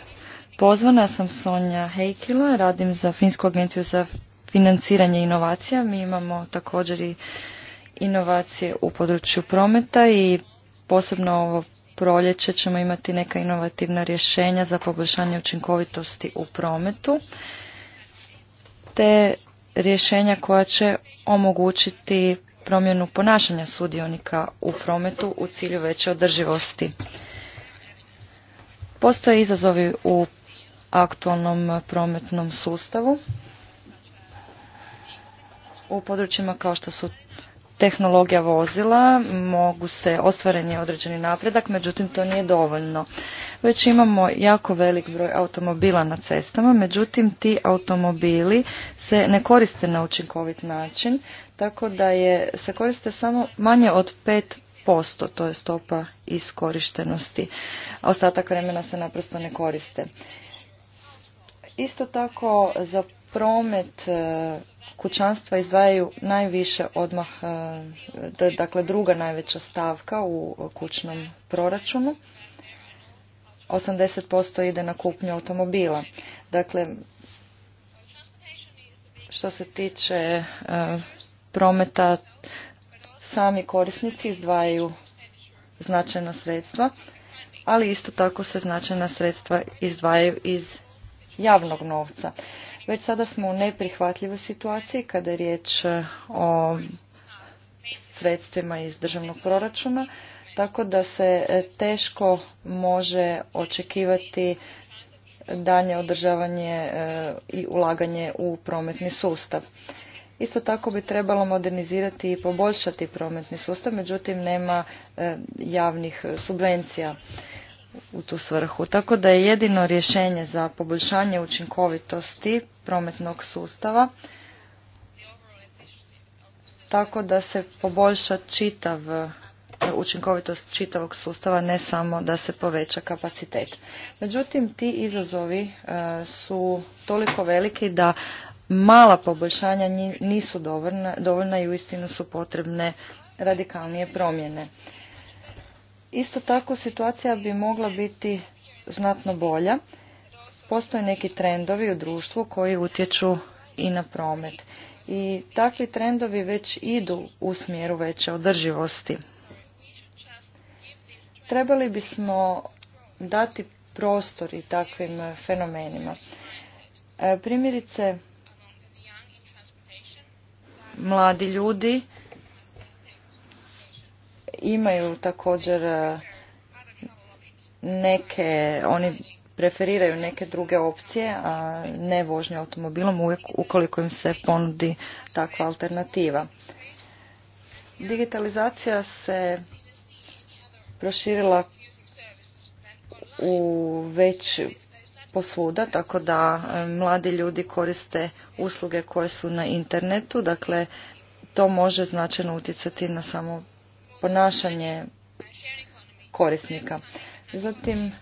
Speaker 3: pozvana. Ja sam Sonja Hejkila, radim za Finsku agenciju za financiranje inovacija. Mi imamo također i inovacije u području prometa i posebno ovo proljeće ćemo imati neka inovativna rješenja za poboljšanje učinkovitosti u prometu te rješenja koja će omogućiti promjenu ponašanja sudionika u prometu u cilju veće održivosti. Postoje izazovi u aktualnom prometnom sustavu u područjima kao što su tehnologija vozila, mogu se ostvaren je određeni napredak, međutim to nije dovoljno već imamo jako velik broj automobila na cestama, međutim ti automobili se ne koriste na učinkovit način, tako da je, se koriste samo manje od 5%, to je stopa iskorištenosti, a ostatak vremena se naprosto ne koriste. Isto tako za promet e, kućanstva izdvajaju najviše odmah, e, dakle druga najveća stavka u kućnom proračunu. 80% ide na kupnju automobila. Dakle, što se tiče e, prometa, sami korisnici izdvajaju značajna sredstva, ali isto tako se značajna sredstva izdvajaju iz javnog novca. Već sada smo u neprihvatljivoj situaciji kada je riječ e, o sredstvima iz državnog proračuna tako da se e, teško može očekivati danje održavanje e, i ulaganje u prometni sustav. Isto tako bi trebalo modernizirati i poboljšati prometni sustav, međutim nema e, javnih subvencija u tu svrhu. Tako da je jedino rješenje za poboljšanje učinkovitosti prometnog sustava tako da se poboljša čitav učinkovitost čitavog sustava, ne samo da se poveća kapacitet. Međutim, ti izazovi e, su toliko veliki da mala poboljšanja nisu dovoljna, dovoljna i uistinu su potrebne radikalnije promjene. Isto tako situacija bi mogla biti znatno bolja. Postoje neki trendovi u društvu koji utječu i na promet. I takvi trendovi već idu u smjeru veće održivosti Trebali bismo dati prostor i takvim fenomenima. E, primjerice, mladi ljudi imaju također e, neke, oni preferiraju neke druge opcije, a ne vožnje automobilom ukoliko im se ponudi takva alternativa. Digitalizacija se proširila u već posvuda, tako da e, mladi ljudi koriste usluge koje su na internetu, dakle to može značajno utjecati na samo ponašanje korisnika. Zatim, e,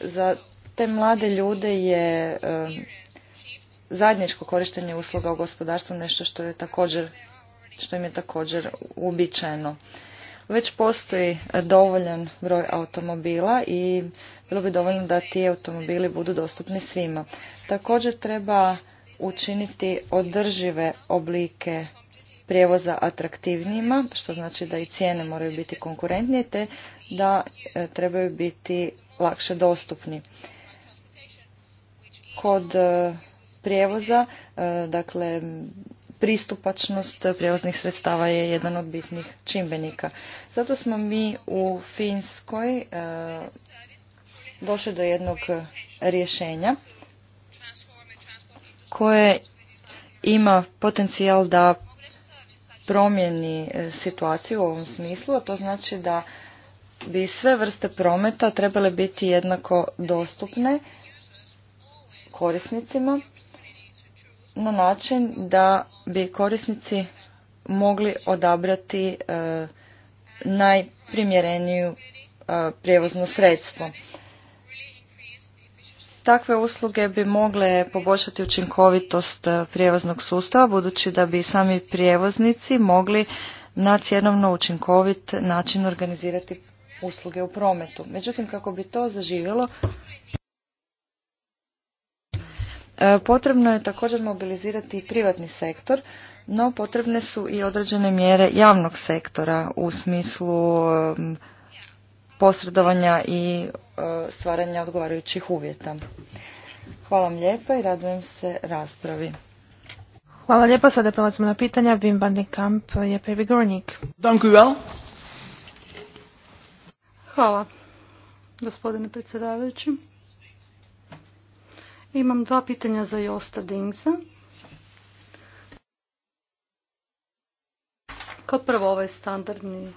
Speaker 3: za te mlade ljude je e, zajedničko korištenje usluga u gospodarstvu nešto što je također što im je također uobičajeno. Već postoji dovoljan broj automobila i bilo bi dovoljno da ti automobili budu dostupni svima. Također treba učiniti održive oblike prijevoza atraktivnijima, što znači da i cijene moraju biti konkurentnije te da e, trebaju biti lakše dostupni. Kod e, prijevoza, e, dakle, pristupačnost prijevoznih sredstava je jedan od bitnih čimbenika. Zato smo mi u Finskoj e, došli do jednog rješenja koje ima potencijal da promijeni e, situaciju u ovom smislu, a to znači da bi sve vrste prometa trebale biti jednako dostupne korisnicima na način da bi korisnici mogli odabrati e, najprimjereniju e, prijevozno sredstvo. Takve usluge bi mogle poboljšati učinkovitost e, prijevoznog sustava budući da bi sami prijevoznici mogli na cjenovno učinkovit način organizirati usluge u prometu. Međutim, kako bi to zaživjelo, E, potrebno je također mobilizirati i privatni sektor, no potrebne su i određene mjere javnog sektora u smislu posredovanja i e, stvaranja odgovarajućih uvjeta. Hvala vam lijepa i radujem se raspravi.
Speaker 2: Hvala lijepa, sada prelazimo na pitanja. je prvi
Speaker 4: Hvala, gospodine predsjedavajući. Imam dva pitanja za Josta Dinca. Kao prvo ovaj standardni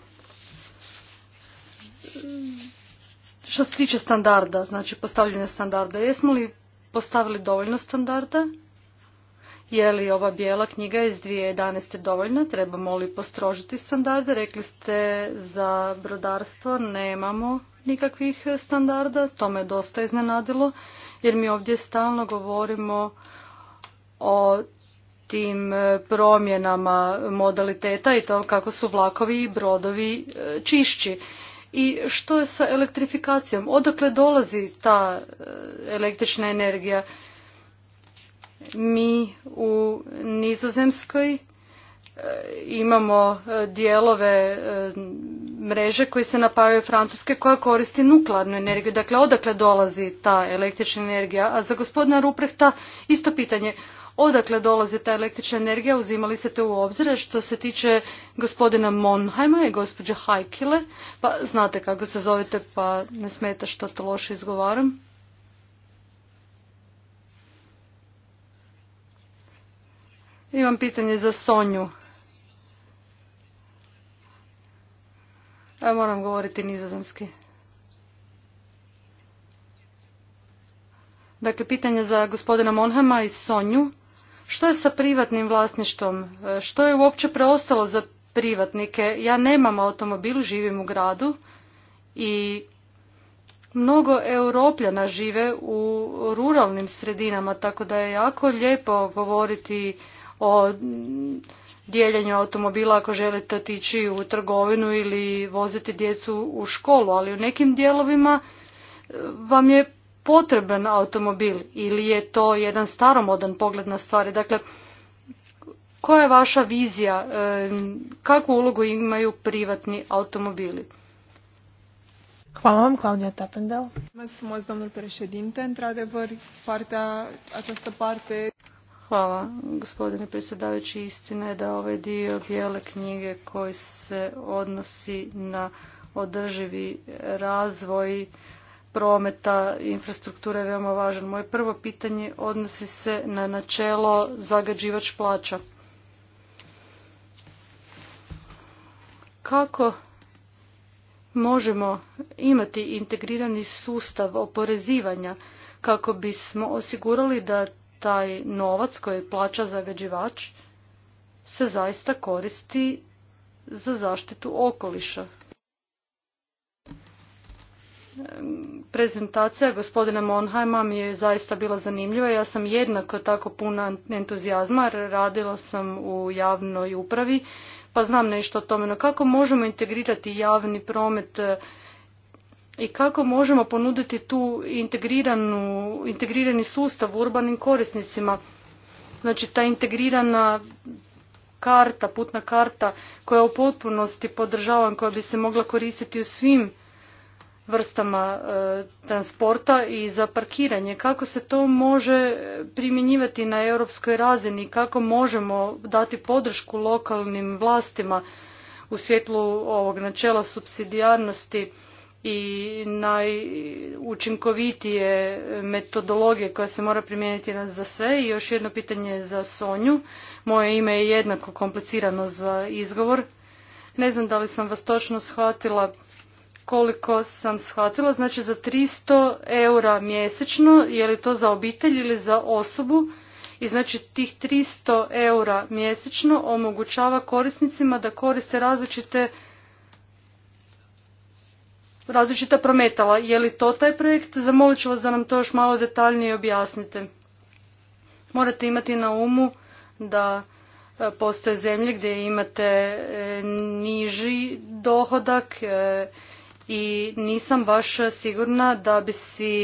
Speaker 4: što se tiče standarda, znači postavljanja standarda, jesmo li postavili dovoljno standarda? Je li ova bijela knjiga iz 2011. dovoljna? Trebamo li postrožiti standarde? Rekli ste za brodarstvo nemamo nikakvih standarda, to me dosta iznenadilo jer mi ovdje stalno govorimo o tim e, promjenama modaliteta i to kako su vlakovi i brodovi e, čišći. I što je sa elektrifikacijom? Odakle dolazi ta e, električna energija? Mi u Nizozemskoj E, imamo e, dijelove e, mreže koji se napajaju Francuske koja koristi nuklearnu energiju. Dakle, odakle dolazi ta električna energija? A za gospodina Ruprehta isto pitanje. Odakle dolazi ta električna energija? Uzimali se to u obzir što se tiče gospodina Monheima i gospođe Hajkile. Pa znate kako se zovete pa ne smeta što to loše izgovaram. Imam pitanje za Sonju. Moram govoriti nizozemski. Dakle, pitanje za gospodina Monhama i Sonju. Što je sa privatnim vlasništvom? E, što je uopće preostalo za privatnike? Ja nemam automobil, živim u gradu i mnogo europljana žive u ruralnim sredinama, tako da je jako lijepo govoriti o dijeljenju automobila ako želite otići u trgovinu ili voziti djecu u školu, ali u nekim dijelovima e, vam je potreban automobil ili je to jedan staromodan pogled na stvari. Dakle, koja je vaša vizija, e, kakvu ulogu imaju
Speaker 2: privatni automobili? Hvala vam, Claudia Tapendel. Hvala,
Speaker 4: gospodine predsjedavajući. Istina je da ovaj dio bijele knjige koji se odnosi na održivi razvoj prometa i infrastrukture je veoma važan. Moje prvo pitanje odnosi se na načelo zagađivač plaća. Kako možemo imati integrirani sustav oporezivanja kako bismo osigurali da taj novac koji plaća zagađivač se zaista koristi za zaštitu okoliša. Prezentacija gospodina Monheima mi je zaista bila zanimljiva. Ja sam jednako tako puna entuzijazma, radila sam u javnoj upravi, pa znam nešto o tome. No kako možemo integrirati javni promet i kako možemo ponuditi tu integriranu, integrirani sustav urbanim korisnicima. Znači ta integrirana karta, putna karta koja u potpunosti podržavam, koja bi se mogla koristiti u svim vrstama e, transporta i za parkiranje. Kako se to može primjenjivati na europskoj razini? Kako možemo dati podršku lokalnim vlastima u svjetlu ovog načela supsidijarnosti i najučinkovitije metodologije koja se mora primijeniti nas za sve. I još jedno pitanje za Sonju. Moje ime je jednako komplicirano za izgovor. Ne znam da li sam vas točno shvatila koliko sam shvatila. Znači za 300 eura mjesečno, je li to za obitelj ili za osobu? I znači tih 300 eura mjesečno omogućava korisnicima da koriste različite različita prometala. Je li to taj projekt? Zamolit ću vas da nam to još malo detaljnije objasnite. Morate imati na umu da e, postoje zemlje gdje imate e, niži dohodak e, i nisam baš sigurna da bi si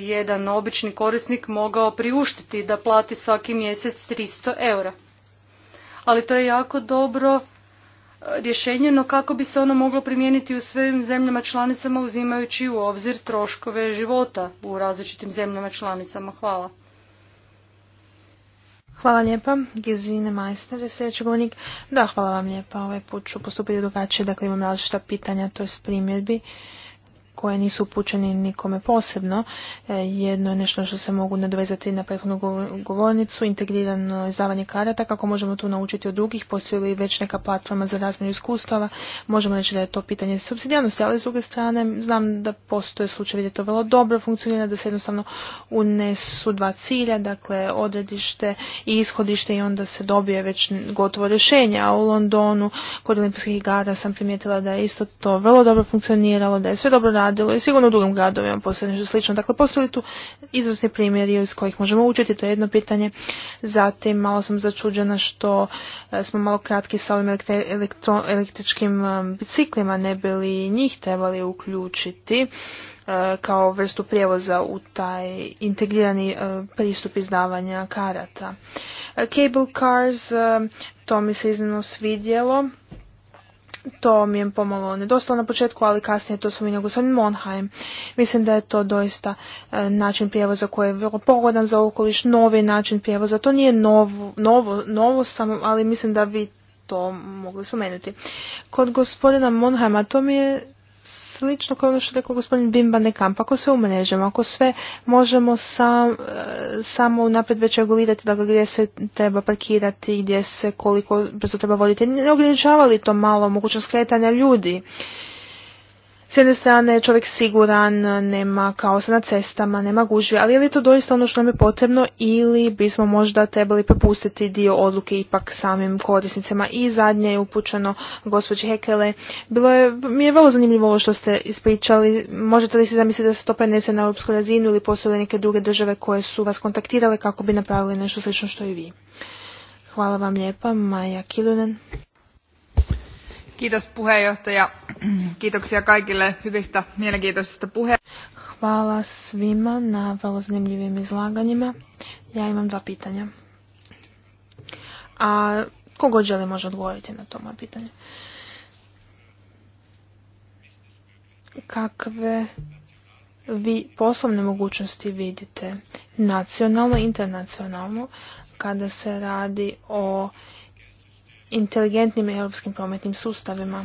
Speaker 4: jedan obični korisnik mogao priuštiti da plati svaki mjesec 300 eura. Ali to je jako dobro rješenje, no kako bi se ono moglo primijeniti u svim zemljama članicama uzimajući u obzir troškove života u različitim zemljama članicama. Hvala.
Speaker 2: Hvala lijepa. Gezine majstore sljedeći govornik. Da, hvala vam lijepa. Ovaj put ću postupiti drugačije. Dakle, imam različita pitanja, to je primjedbi koje nisu upućeni nikome posebno. E, jedno je nešto što se mogu nadovezati na prethodnu govornicu, integrirano izdavanje karata, kako možemo tu naučiti od drugih, postoji li već neka platforma za razmjenu iskustava, možemo reći da je to pitanje subsidijalnosti, ali s druge strane znam da postoje slučajevi gdje to vrlo dobro funkcionira, da se jednostavno unesu dva cilja, dakle odredište i ishodište i onda se dobije već gotovo rješenje, a u Londonu kod olimpijskih igara sam primijetila da je isto to vrlo dobro funkcioniralo, da je sve dobro radilo i sigurno u drugim gradovima postoji nešto slično. Dakle, postoji tu izvrsni primjeri iz kojih možemo učiti, to je jedno pitanje. Zatim, malo sam začuđena što e, smo malo kratki sa ovim električkim e, biciklima, ne bi li njih trebali uključiti e, kao vrstu prijevoza u taj integrirani pristup izdavanja karata. Cable cars, to mi se iznimno svidjelo to mi je pomalo nedostalo na početku, ali kasnije to spominjao gospodin Monheim. Mislim da je to doista e, način prijevoza koji je vrlo pogodan za okoliš, novi način prijevoza. To nije novo, novo, novo samo, ali mislim da bi to mogli spomenuti. Kod gospodina Monheima to mi je slično kao ono što je rekao gospodin Bimba Nekamp. Ako sve umrežemo, ako sve možemo sam, e, samo napred već regulirati da dakle, gdje se treba parkirati, gdje se koliko brzo treba voditi, ne ograničava li to malo mogućnost kretanja ljudi s jedne strane je čovjek siguran, nema kaosa na cestama, nema gužve, ali je li to doista ono što nam je potrebno ili bismo možda trebali prepustiti dio odluke ipak samim korisnicama. I zadnje je upućeno gospođi Hekele. Bilo je, mi je vrlo zanimljivo ovo što ste ispričali. Možete li se zamisliti da se to prenese na europsku razinu ili postoje neke druge države koje su vas kontaktirale kako bi napravili nešto slično što i vi? Hvala vam lijepa, Maja Kilunen. Kiitos puheenjohtaja. Kiitoksia kaikille hyvistä mielenkiintoisista puheista. Hvala svima na vrlo zanimljivim izlaganjima. Ja imam dva pitanja. A kogod želi može odgovoriti na to moje pitanje. Kakve vi poslovne mogućnosti vidite nacionalno i internacionalno kada se radi o inteligentnim europskim prometnim sustavima.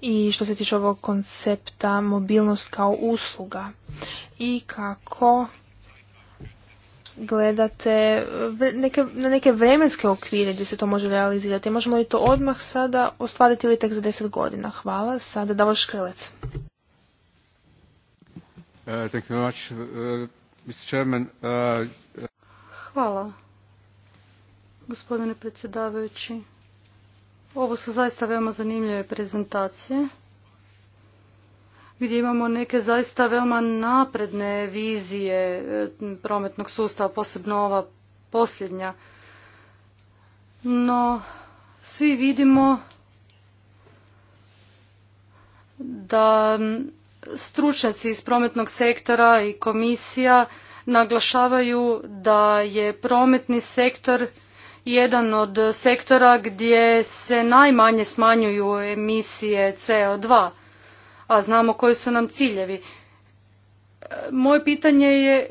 Speaker 2: I što se tiče ovog koncepta mobilnost kao usluga i kako gledate na neke vremenske okvire gdje se to može realizirati. Možemo li to odmah sada ostvariti ili tek za deset godina? Hvala. Sada Davor Škrelec.
Speaker 1: Uh,
Speaker 4: Hvala, gospodine predsjedavajući. Ovo su zaista veoma zanimljive prezentacije gdje imamo neke zaista veoma napredne vizije e, prometnog sustava, posebno ova posljednja. No, svi vidimo da stručnjaci iz prometnog sektora i komisija naglašavaju da je prometni sektor jedan od sektora gdje se najmanje smanjuju emisije CO2, a znamo koji su nam ciljevi. Moje pitanje je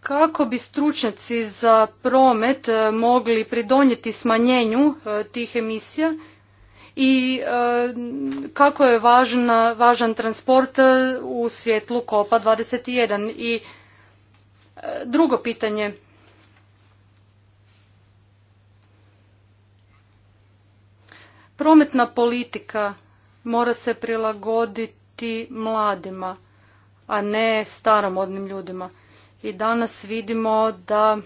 Speaker 4: kako bi stručnjaci za promet e, mogli pridonijeti smanjenju e, tih emisija i e, kako je važan transport u svjetlu kopa 21 i Drugo pitanje. Prometna politika mora se prilagoditi mladima, a ne staromodnim ljudima. I danas vidimo da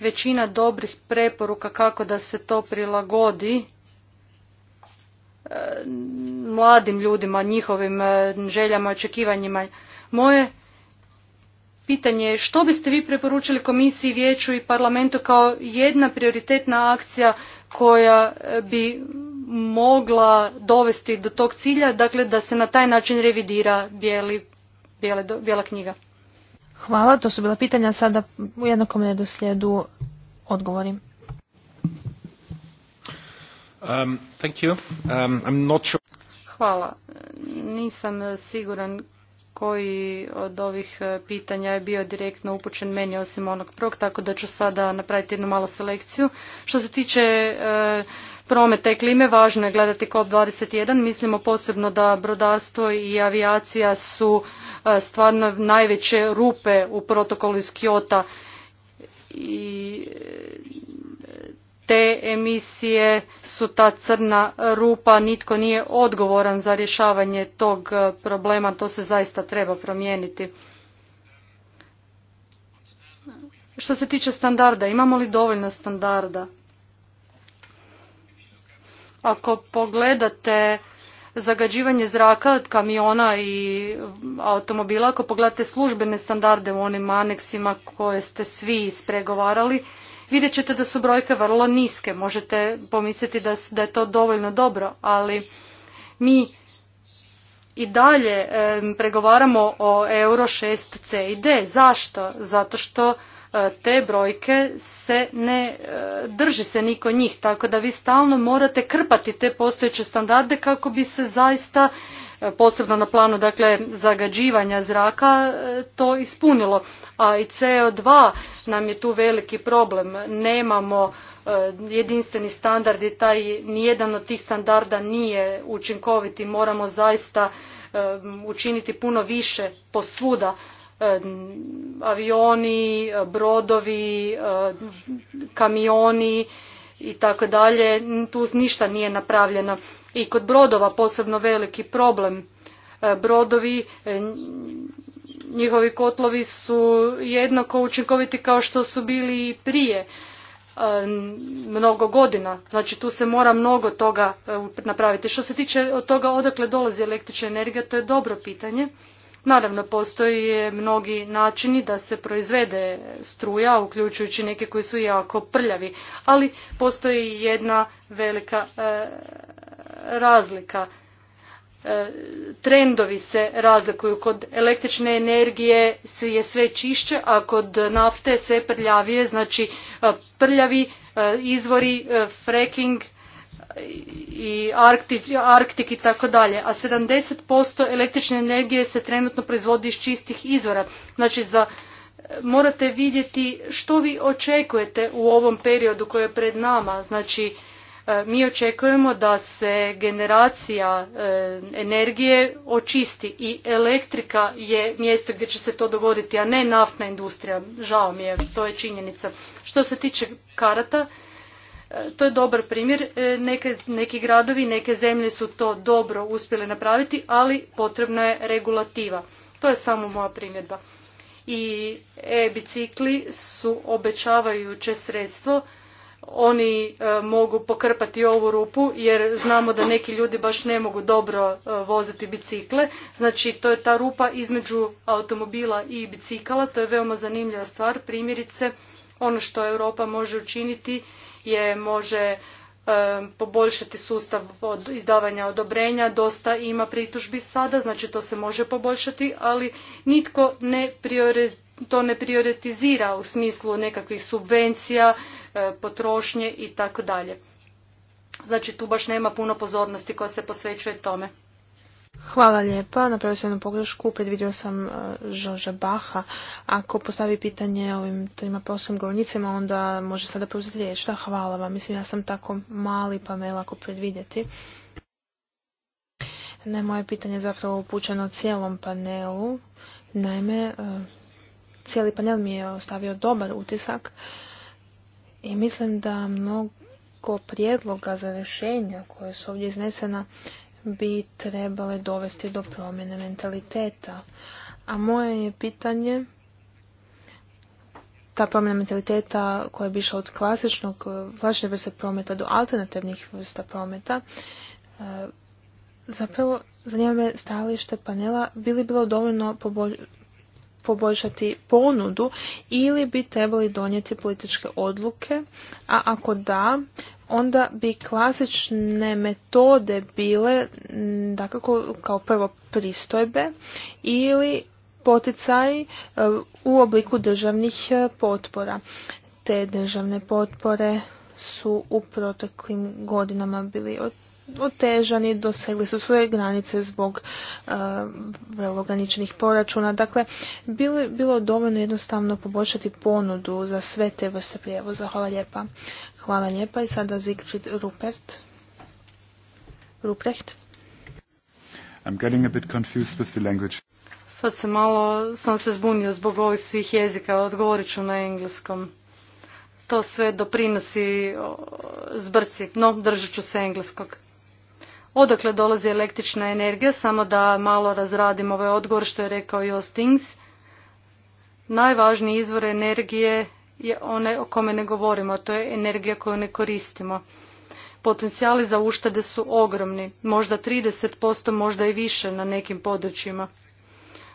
Speaker 4: većina dobrih preporuka kako da se to prilagodi e, mladim ljudima, njihovim e, željama, očekivanjima. Moje Pitanje je što biste vi preporučili komisiji, vijeću i parlamentu kao jedna prioritetna akcija koja eh, bi mogla dovesti do tog cilja, dakle da se na taj način revidira bijeli, bijela knjiga?
Speaker 2: Hvala, to su bila pitanja. Sada u jednakom redoslijedu odgovorim.
Speaker 1: Um, um,
Speaker 2: Hvala.
Speaker 4: Nisam eh, siguran koji od ovih e, pitanja je bio direktno upućen meni osim onog prvog, tako da ću sada napraviti jednu malu selekciju. Što se tiče e, prometa i klime, važno je gledati COP21. Mislimo posebno da brodarstvo i avijacija su e, stvarno najveće rupe u protokolu iz Kiota i te emisije su ta crna rupa, nitko nije odgovoran za rješavanje tog e, problema, to se zaista treba promijeniti. Što se tiče standarda, imamo li dovoljno standarda? Ako pogledate zagađivanje zraka od kamiona i automobila, ako pogledate službene standarde u onim aneksima koje ste svi ispregovarali, vidjet ćete da su brojke vrlo niske. Možete pomisliti da, da je to dovoljno dobro, ali mi i dalje pregovaramo o euro 6C i D. Zašto? Zato što e, te brojke se ne e, drži se niko njih, tako da vi stalno morate krpati te postojeće standarde kako bi se zaista posebno na planu dakle zagađivanja zraka e, to ispunilo. A i CO2 nam je tu veliki problem. Nemamo e, jedinstveni standard i taj nijedan od tih standarda nije učinkovit i moramo zaista e, učiniti puno više posvuda avioni, brodovi, kamioni i tako dalje, tu ništa nije napravljeno. I kod brodova posebno veliki problem. E, brodovi, e, njihovi kotlovi su jednako učinkoviti kao što su bili i prije e, mnogo godina. Znači tu se mora mnogo toga napraviti. Što se tiče od toga odakle dolazi električna energija, to je dobro pitanje. Naravno, postoji mnogi načini da se proizvede struja, uključujući neke koji su jako prljavi, ali postoji jedna velika e, razlika. E, trendovi se razlikuju. Kod električne energije je sve čišće, a kod nafte sve prljavije. Znači, e, prljavi izvori, fracking, i Arktik, i tako dalje, a 70% električne energije se trenutno proizvodi iz čistih izvora. Znači za morate vidjeti što vi očekujete u ovom periodu koji je pred nama. Znači e, mi očekujemo da se generacija e, energije očisti i elektrika je mjesto gdje će se to dogoditi, a ne naftna industrija. Žao mi je, to je činjenica. Što se tiče karata, E, to je dobar primjer, e, neki gradovi, neke zemlje su to dobro uspjele napraviti, ali potrebna je regulativa. To je samo moja primjedba. I e-bicikli su obećavajuće sredstvo, oni e, mogu pokrpati ovu rupu jer znamo da neki ljudi baš ne mogu dobro voziti bicikle. Znači to je ta rupa između automobila i bicikala, to je veoma zanimljiva stvar. Primjerice ono što Europa može učiniti je može poboljšati sustav od izdavanja odobrenja. Dosta ima pritužbi sada, znači to se može poboljšati, ali nitko ne to ne prioritizira u smislu nekakvih subvencija, e, potrošnje i tako dalje. Znači tu baš nema puno pozornosti koja se posvećuje tome.
Speaker 2: Hvala lijepa. Napravio sam jednu pogrešku. Predvidio sam e, Žoža Baha. Ako postavi pitanje ovim trima prosim govornicima, onda može sada preuzeti riječ. Da, hvala vam. Mislim, ja sam tako mali pa me lako predvidjeti. Ne, moje pitanje je zapravo upućeno cijelom panelu. Naime, e, cijeli panel mi je ostavio dobar utisak i mislim da mnogo prijedloga za rješenja koje su ovdje iznesena bi trebale dovesti do promjene mentaliteta. A moje je pitanje, ta promjena mentaliteta koja bi išla od klasičnog, klasične eh, vrste prometa do alternativnih vrsta prometa, eh, zapravo zanima me stajalište panela, bi li bilo dovoljno poboljšati ponudu ili bi trebali donijeti političke odluke, a ako da, onda bi klasične metode bile mm, dakako kao prvo pristojbe ili poticaj e, u obliku državnih e, potpora. Te državne potpore su u proteklim godinama bili od otežani, dosegli su svoje granice zbog e, vrlo ograničenih poračuna. Dakle, bilo, bilo dovoljno jednostavno poboljšati ponudu za sve te vrste prijevoza. Hvala lijepa. Hvala lijepa i sada Siegfried Rupert. Ruprecht.
Speaker 1: I'm getting a bit confused with the language.
Speaker 4: Sad se malo, sam se zbunio zbog ovih svih jezika, odgovorit ću na engleskom. To sve doprinosi zbrci, no držat ću se engleskog odakle dolazi električna energija, samo da malo razradim ovaj odgovor što je rekao i Najvažniji izvor energije je one o kome ne govorimo, a to je energija koju ne koristimo. Potencijali za uštede su ogromni, možda 30%, možda i više na nekim područjima.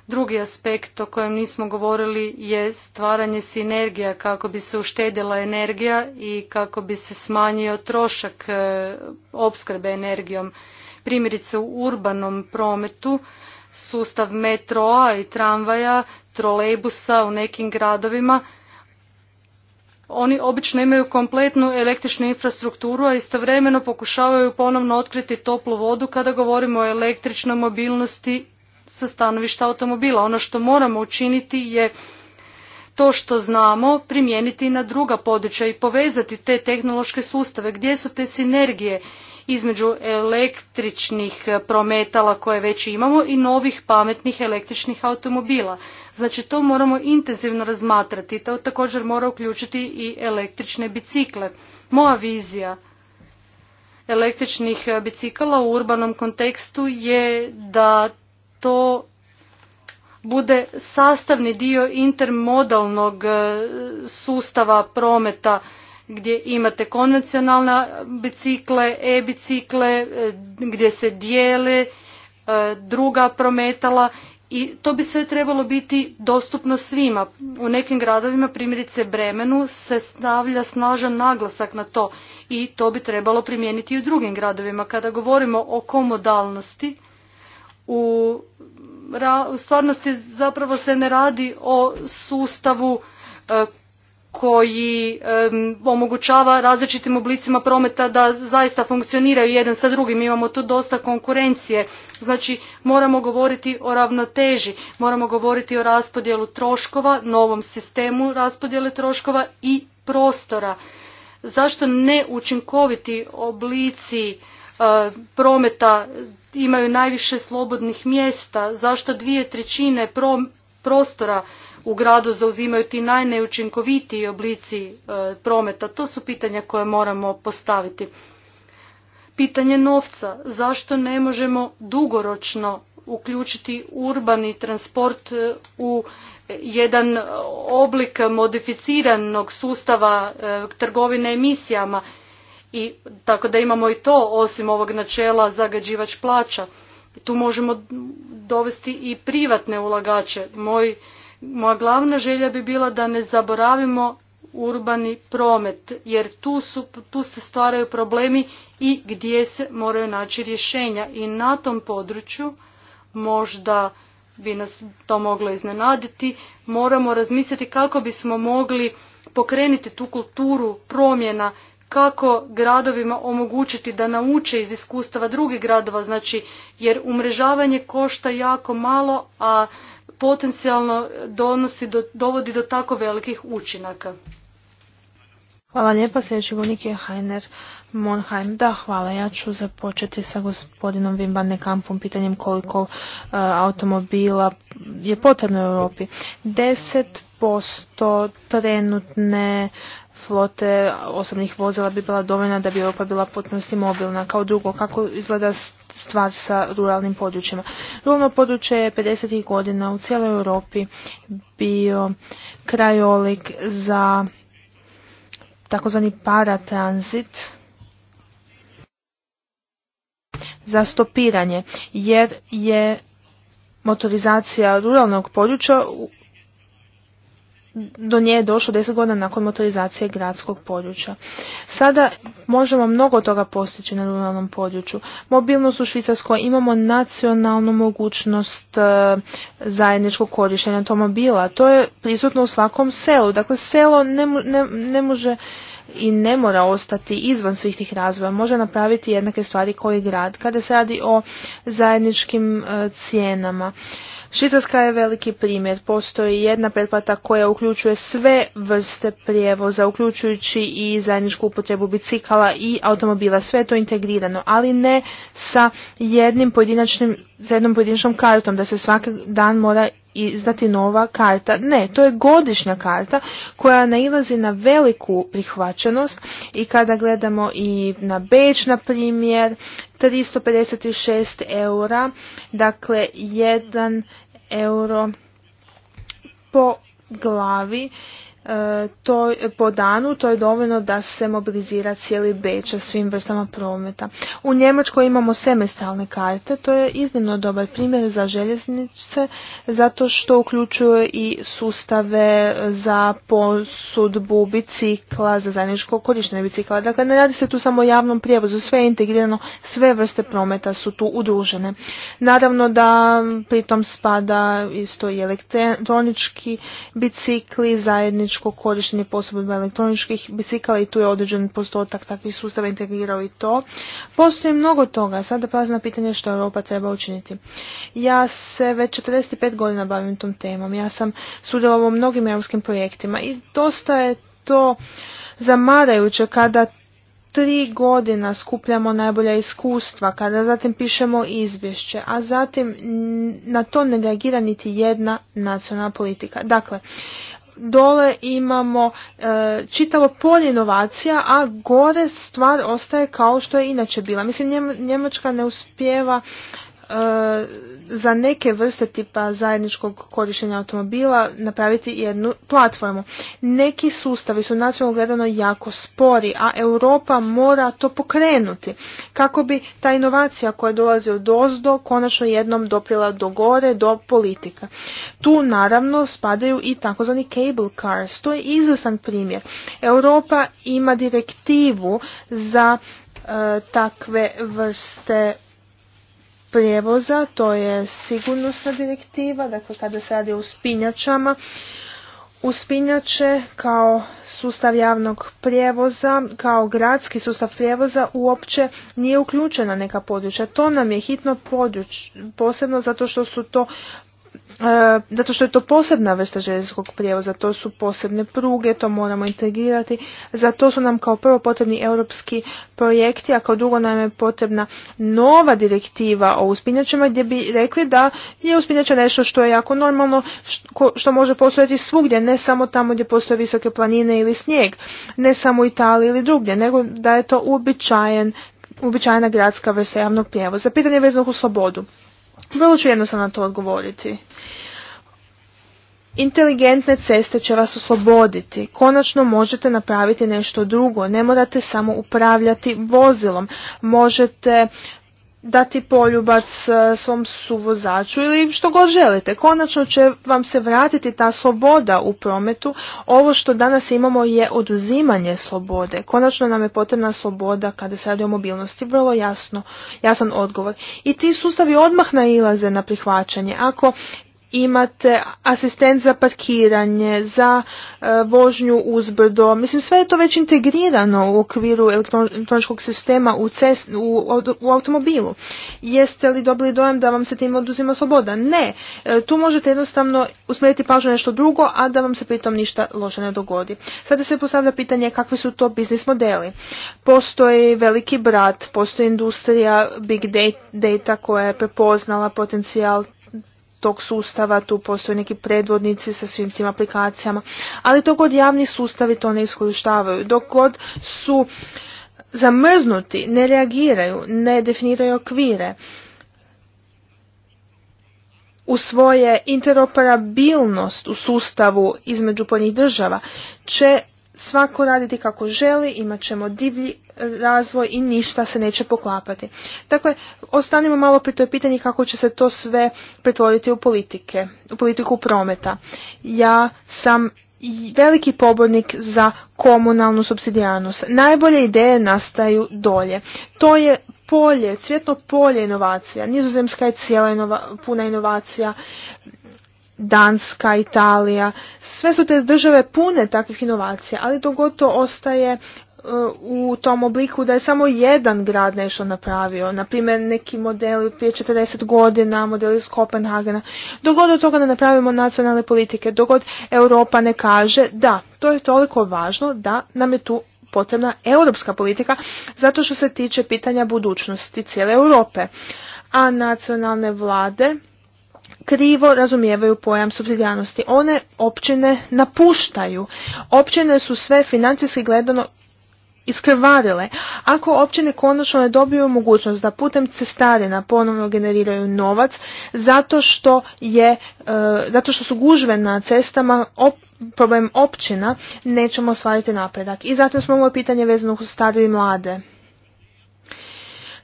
Speaker 4: Drugi aspekt o kojem nismo govorili je stvaranje sinergija kako bi se uštedila energija i kako bi se smanjio trošak e, opskrbe energijom. Primjerice u urbanom prometu sustav metroa i tramvaja, trolejbusa u nekim gradovima oni obično imaju kompletnu električnu infrastrukturu, a istovremeno pokušavaju ponovno otkriti toplu vodu kada govorimo o električnoj mobilnosti sa stanovišta automobila. Ono što moramo učiniti je to što znamo primijeniti na druga područja i povezati te tehnološke sustave. Gdje su te sinergije između električnih prometala koje već imamo i novih pametnih električnih automobila? Znači to moramo intenzivno razmatrati. To također mora uključiti i električne bicikle. Moja vizija električnih bicikala u urbanom kontekstu je da to bude sastavni dio intermodalnog e, sustava prometa gdje imate konvencionalne bicikle, e-bicikle, e, gdje se dijele e, druga prometala i to bi sve trebalo biti dostupno svima. U nekim gradovima, primjerice Bremenu, se stavlja snažan naglasak na to i to bi trebalo primijeniti i u drugim gradovima. Kada govorimo o komodalnosti, u, stvarnosti zapravo se ne radi o sustavu e, koji omogućava različitim oblicima prometa da zaista funkcioniraju jedan sa drugim. Imamo tu dosta konkurencije. Znači moramo govoriti o ravnoteži, moramo govoriti o raspodjelu troškova, novom sistemu raspodjele troškova i prostora. Zašto ne učinkoviti oblici e, prometa imaju najviše slobodnih mjesta, zašto dvije trećine prostora u gradu zauzimaju ti najneučinkovitiji oblici e, prometa. To su pitanja koje moramo postaviti. Pitanje novca. Zašto ne možemo dugoročno uključiti urbani transport e, u jedan oblik modificiranog sustava e, trgovine emisijama i tako da imamo i to osim ovog načela zagađivač plaća. Tu možemo dovesti i privatne ulagače. Moj, moja glavna želja bi bila da ne zaboravimo urbani promet jer tu, su, tu se stvaraju problemi i gdje se moraju naći rješenja. I na tom području možda bi nas to moglo iznenaditi, moramo razmisliti kako bismo mogli pokrenuti tu kulturu promjena kako gradovima omogućiti da nauče iz iskustava drugih gradova, znači jer umrežavanje košta jako malo, a potencijalno donosi, dovodi do tako velikih učinaka.
Speaker 2: Hvala lijepa, sljedeći govornik Heiner Monheim. Da, hvala. Ja ću započeti sa gospodinom vimbane Kampom pitanjem koliko e, automobila je potrebno u Europi. 10% trenutne flote osobnih vozila bi bila dovoljna da bi Europa bila potpunosti mobilna. Kao drugo, kako izgleda stvar sa ruralnim područjima? Ruralno područje je 50. godina u cijeloj Europi bio krajolik za takozvani paratranzit, za stopiranje, jer je motorizacija ruralnog područja do nje je došlo deset godina nakon motorizacije gradskog područja. Sada možemo mnogo toga postići na ruralnom području. Mobilnost u Švicarskoj imamo nacionalnu mogućnost e, zajedničkog korištenja automobila. To je prisutno u svakom selu. Dakle, selo ne, ne, može i ne mora ostati izvan svih tih razvoja. Može napraviti jednake stvari koji grad kada se radi o zajedničkim e, cijenama. Švicarska je veliki primjer. Postoji jedna pretplata koja uključuje sve vrste prijevoza, uključujući i zajedničku upotrebu bicikala i automobila. Sve to integrirano, ali ne sa jednim pojedinačnim, sa jednom pojedinačnom kartom, da se svaki dan mora izdati nova karta. Ne, to je godišnja karta koja nailazi na veliku prihvaćenost i kada gledamo i na Beč, na primjer, 356 eura, dakle 1 euro po glavi E, to, po danu, to je dovoljno da se mobilizira cijeli Beča svim vrstama prometa. U Njemačkoj imamo semestralne karte, to je iznimno dobar primjer za željeznice, zato što uključuje i sustave za posudbu bicikla, za zajedničko korištenje bicikla. Dakle, ne radi se tu samo o javnom prijevozu, sve je integrirano, sve vrste prometa su tu udružene. Naravno da pritom spada isto i elektronički bicikli, zajednički električko korištenje posebno elektroničkih bicikala i tu je određen postotak takvih sustava integrirao i to. Postoji mnogo toga, sada prazi na pitanje što Europa treba učiniti. Ja se već 45 godina bavim tom temom, ja sam sudjelovao u mnogim europskim projektima i dosta je to zamarajuće kada tri godina skupljamo najbolja iskustva, kada zatim pišemo izvješće, a zatim na to ne reagira niti jedna nacionalna politika. Dakle, dole imamo e, čitavo polje inovacija, a gore stvar ostaje kao što je inače bila. Mislim, Njemačka ne uspjeva e, za neke vrste tipa zajedničkog korištenja automobila napraviti jednu platformu. Neki sustavi su nacionalno gledano jako spori, a Europa mora to pokrenuti kako bi ta inovacija koja dolazi od dozdo konačno jednom doprila do gore, do politika. Tu naravno spadaju i takozvani cable cars. To je izvrstan primjer. Europa ima direktivu za e, takve vrste prijevoza, to je sigurnosna direktiva, dakle kada se radi o uspinjačama. Uspinjače kao sustav javnog prijevoza, kao gradski sustav prijevoza uopće nije uključena neka područja. To nam je hitno područje, posebno zato što su to E, zato što je to posebna vrsta željezničkog prijevoza, to su posebne pruge, to moramo integrirati, za to su nam kao prvo potrebni europski projekti, a kao drugo nam je potrebna nova direktiva o uspinjačima gdje bi rekli da je uspinjača nešto što je jako normalno, što, može postojati svugdje, ne samo tamo gdje postoje visoke planine ili snijeg, ne samo u Italiji ili drugdje, nego da je to uobičajen uobičajena gradska vrsta javnog prijevoza. Pitanje je vezano u slobodu. Vrlo ću jednostavno na to odgovoriti. Inteligentne ceste će vas osloboditi. Konačno možete napraviti nešto drugo. Ne morate samo upravljati vozilom. Možete dati poljubac e, svom suvozaču ili što god želite. Konačno će vam se vratiti ta sloboda u prometu. Ovo što danas imamo je oduzimanje slobode. Konačno nam je potrebna sloboda kada se radi o mobilnosti. Vrlo jasno, jasan odgovor. I ti sustavi odmah nailaze na prihvaćanje. Ako imate asistent za parkiranje, za e, vožnju uzbrdo. Mislim, sve je to već integrirano u okviru elektroničkog sistema u, u, automobilu. Jeste li dobili dojem da vam se tim oduzima sloboda? Ne. E, tu možete jednostavno usmjeriti pažnju nešto drugo, a da vam se pritom ništa loše ne dogodi. Sada se postavlja pitanje kakvi su to biznis modeli. Postoji veliki brat, postoji industrija big data koja je prepoznala potencijal tog sustava, tu postoje neki predvodnici sa svim tim aplikacijama, ali to god javni sustavi to ne iskorištavaju, dok god su zamrznuti, ne reagiraju, ne definiraju okvire, u svoje interoperabilnost u sustavu između ponih država će svako raditi kako želi, imat ćemo divlji razvoj i ništa se neće poklapati. Dakle, ostanimo malo pri toj pitanji kako će se to sve pretvoriti u politike, u politiku prometa. Ja sam veliki pobornik za komunalnu subsidijarnost. Najbolje ideje nastaju dolje. To je polje, cvjetno polje inovacija. Nizozemska je cijela puna inovacija. Danska, Italija, sve su te države pune takvih inovacija, ali to ostaje u tom obliku da je samo jedan grad nešto napravio. Naprimjer, neki modeli od prije 40 godina, modeli iz Kopenhagena. Dogod od toga ne napravimo nacionalne politike, dogod Europa ne kaže da, to je toliko važno da nam je tu potrebna europska politika zato što se tiče pitanja budućnosti cijele Europe. A nacionalne vlade krivo razumijevaju pojam subsidijarnosti. One općine napuštaju. Općine su sve financijski gledano iskrvarile. Ako općine konačno ne dobiju mogućnost da putem cestarina ponovno generiraju novac zato što, je, e, zato što su gužve na cestama problem općina, nećemo ostvariti napredak. I zato smo ovo pitanje vezano uz stare i mlade.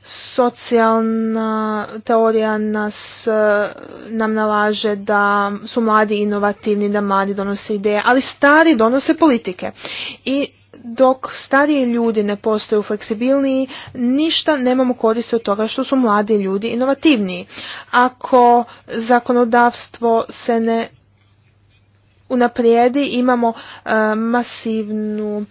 Speaker 2: Socijalna teorija nas, e, nam nalaže da su mladi inovativni, da mladi donose ideje, ali stari donose politike. I dok stariji ljudi ne postaju fleksibilniji, ništa nemamo koristi od toga što su mladi ljudi inovativniji. Ako zakonodavstvo se ne unaprijedi, imamo e, masivnu,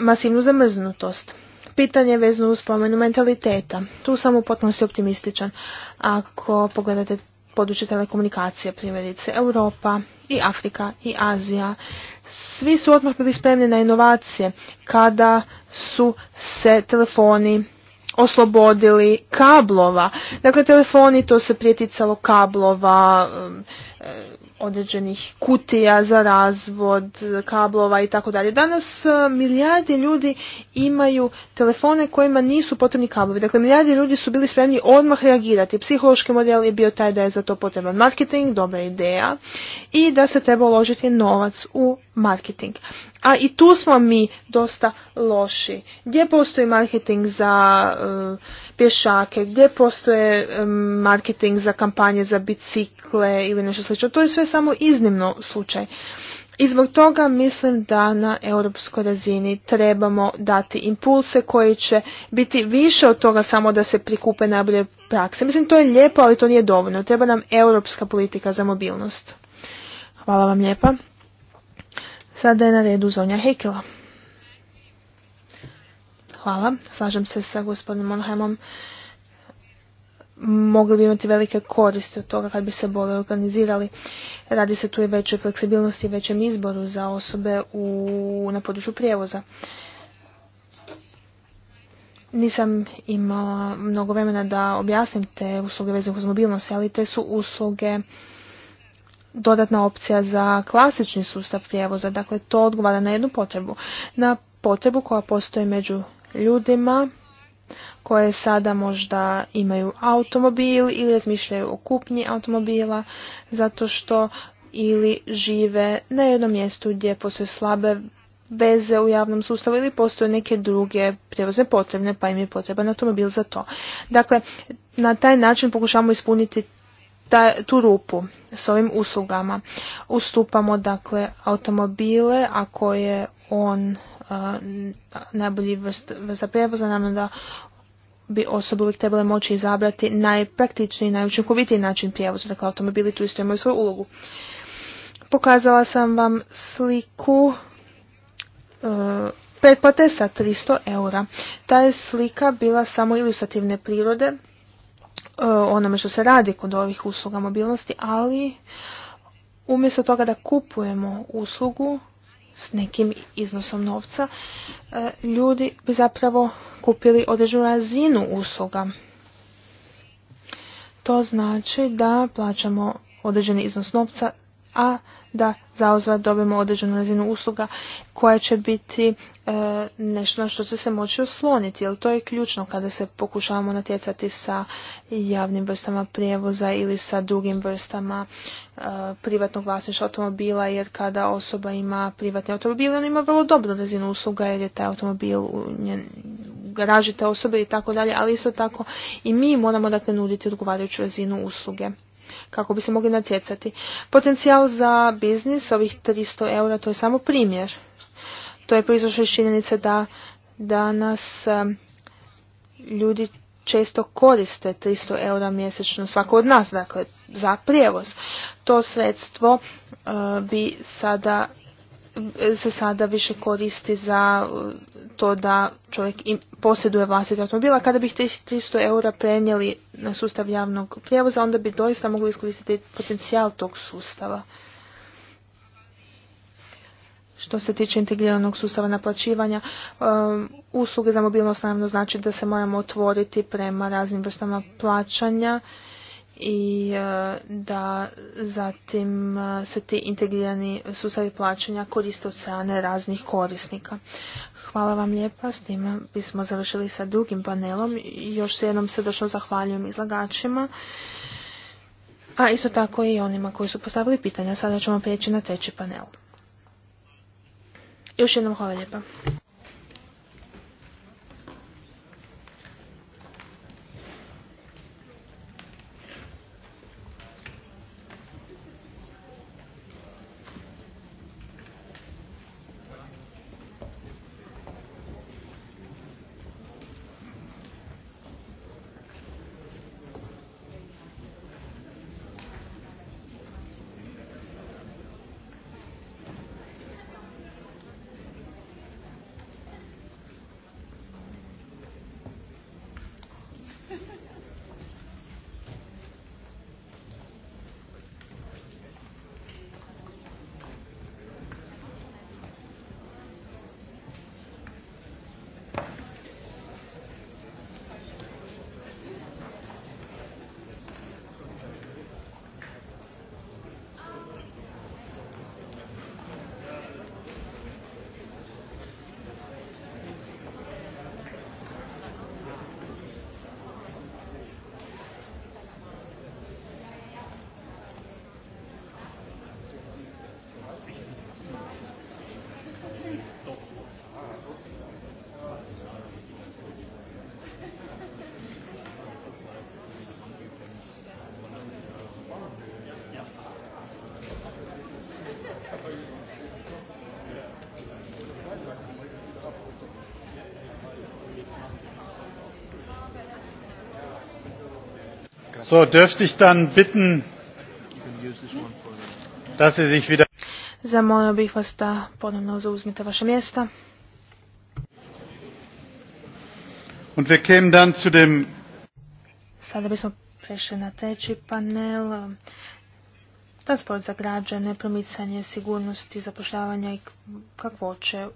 Speaker 2: masivnu zamrznutost. Pitanje vezno uz spomenu mentaliteta. Tu sam u potpunosti optimističan. Ako pogledate područje telekomunikacije, primjerice Europa i Afrika i Azija. Svi su odmah bili spremni na inovacije kada su se telefoni oslobodili kablova. Dakle, telefoni to se prijeticalo kablova, um, određenih kutija za razvod, kablova i tako dalje. Danas e, milijardi ljudi imaju telefone kojima nisu potrebni kablovi. Dakle, milijardi ljudi su bili spremni odmah reagirati. Psihološki model je bio taj da je za to potreban marketing, dobra ideja i da se treba uložiti novac u marketing. A i tu smo mi dosta loši. Gdje postoji marketing za... E, pješake, gdje postoje marketing za kampanje za bicikle ili nešto slično. To je sve samo iznimno slučaj. I zbog toga mislim da na europskoj razini trebamo dati impulse koji će biti više od toga samo da se prikupe najbolje prakse. Mislim to je lijepo, ali to nije dovoljno. Treba nam europska politika za mobilnost. Hvala vam lijepa. Sada je na redu Zonja Hekela. Hvala. Slažem se sa gospodinom Monheimom. Mogli bi imati velike koristi od toga kad bi se bolje organizirali. Radi se tu i većoj fleksibilnosti i većem izboru za osobe u, na području prijevoza. Nisam imala mnogo vremena da objasnim te usluge vezane uz mobilnost, ali te su usluge dodatna opcija za klasični sustav prijevoza. Dakle, to odgovara na jednu potrebu. Na potrebu koja postoji među ljudima koje sada možda imaju automobil ili razmišljaju o kupnji automobila zato što ili žive na jednom mjestu gdje postoje slabe veze u javnom sustavu ili postoje neke druge prevoze potrebne pa im je potreban automobil za to. Dakle, na taj način pokušavamo ispuniti tu rupu s ovim uslugama. Ustupamo dakle automobile ako je on najbolji vrsta, vrsta prijevoza, naravno da bi osobe uvijek trebale moći izabrati najpraktičniji najučinkovitiji način prijevoza. Dakle, automobili tu isto imaju svoju ulogu. Pokazala sam vam sliku e, pretplate sa 300 eura. Ta je slika bila samo ilustrativne prirode e, onome što se radi kod ovih usluga mobilnosti, ali umjesto toga da kupujemo uslugu, s nekim iznosom novca e, ljudi bi zapravo kupili određenu razinu usluga. To znači da plaćamo određeni iznos novca, a da zauzvat dobijemo određenu razinu usluga koja će biti e, nešto na što će se moći osloniti, jer to je ključno kada se pokušavamo natjecati sa javnim vrstama prijevoza ili sa drugim vrstama e, privatnog vlasništva automobila, jer kada osoba ima privatni automobil, on ima vrlo dobru razinu usluga jer je taj automobil u, njen, garaži osobe i tako dalje, ali isto tako i mi moramo dakle nuditi odgovarajuću razinu usluge kako bi se mogli natjecati. Potencijal za biznis ovih 300 eura to je samo primjer. To je proizašlo iz činjenice da danas ljudi često koriste 300 eura mjesečno, svako od nas, dakle, za prijevoz. To sredstvo eh, bi sada se sada više koristi za uh, to da čovjek posjeduje vlastiti automobila. kada bih tih 300 eura prenijeli na sustav javnog prijevoza, onda bi doista mogli iskoristiti potencijal tog sustava. Što se tiče integriranog sustava naplaćivanja, um, usluge za mobilnost naravno znači da se moramo otvoriti prema raznim vrstama plaćanja i e, da zatim e, se ti integrirani sustavi plaćanja koriste od strane raznih korisnika. Hvala vam lijepa, s time bismo završili sa drugim panelom. Još se jednom srdečno zahvaljujem izlagačima, a isto tako i onima koji su postavili pitanja. Sada ćemo prijeći na treći panel. Još jednom hvala lijepa.
Speaker 1: So, dürfte ich dann bitten, dass Sie sich wieder...
Speaker 2: Zamolio bih vas da ponovno zauzmite vaše mjesta.
Speaker 1: Und wir kämen dann zu dem...
Speaker 2: Sada bismo prešli na treći panel. Transport za građane, promicanje sigurnosti, zapošljavanja i kakvoće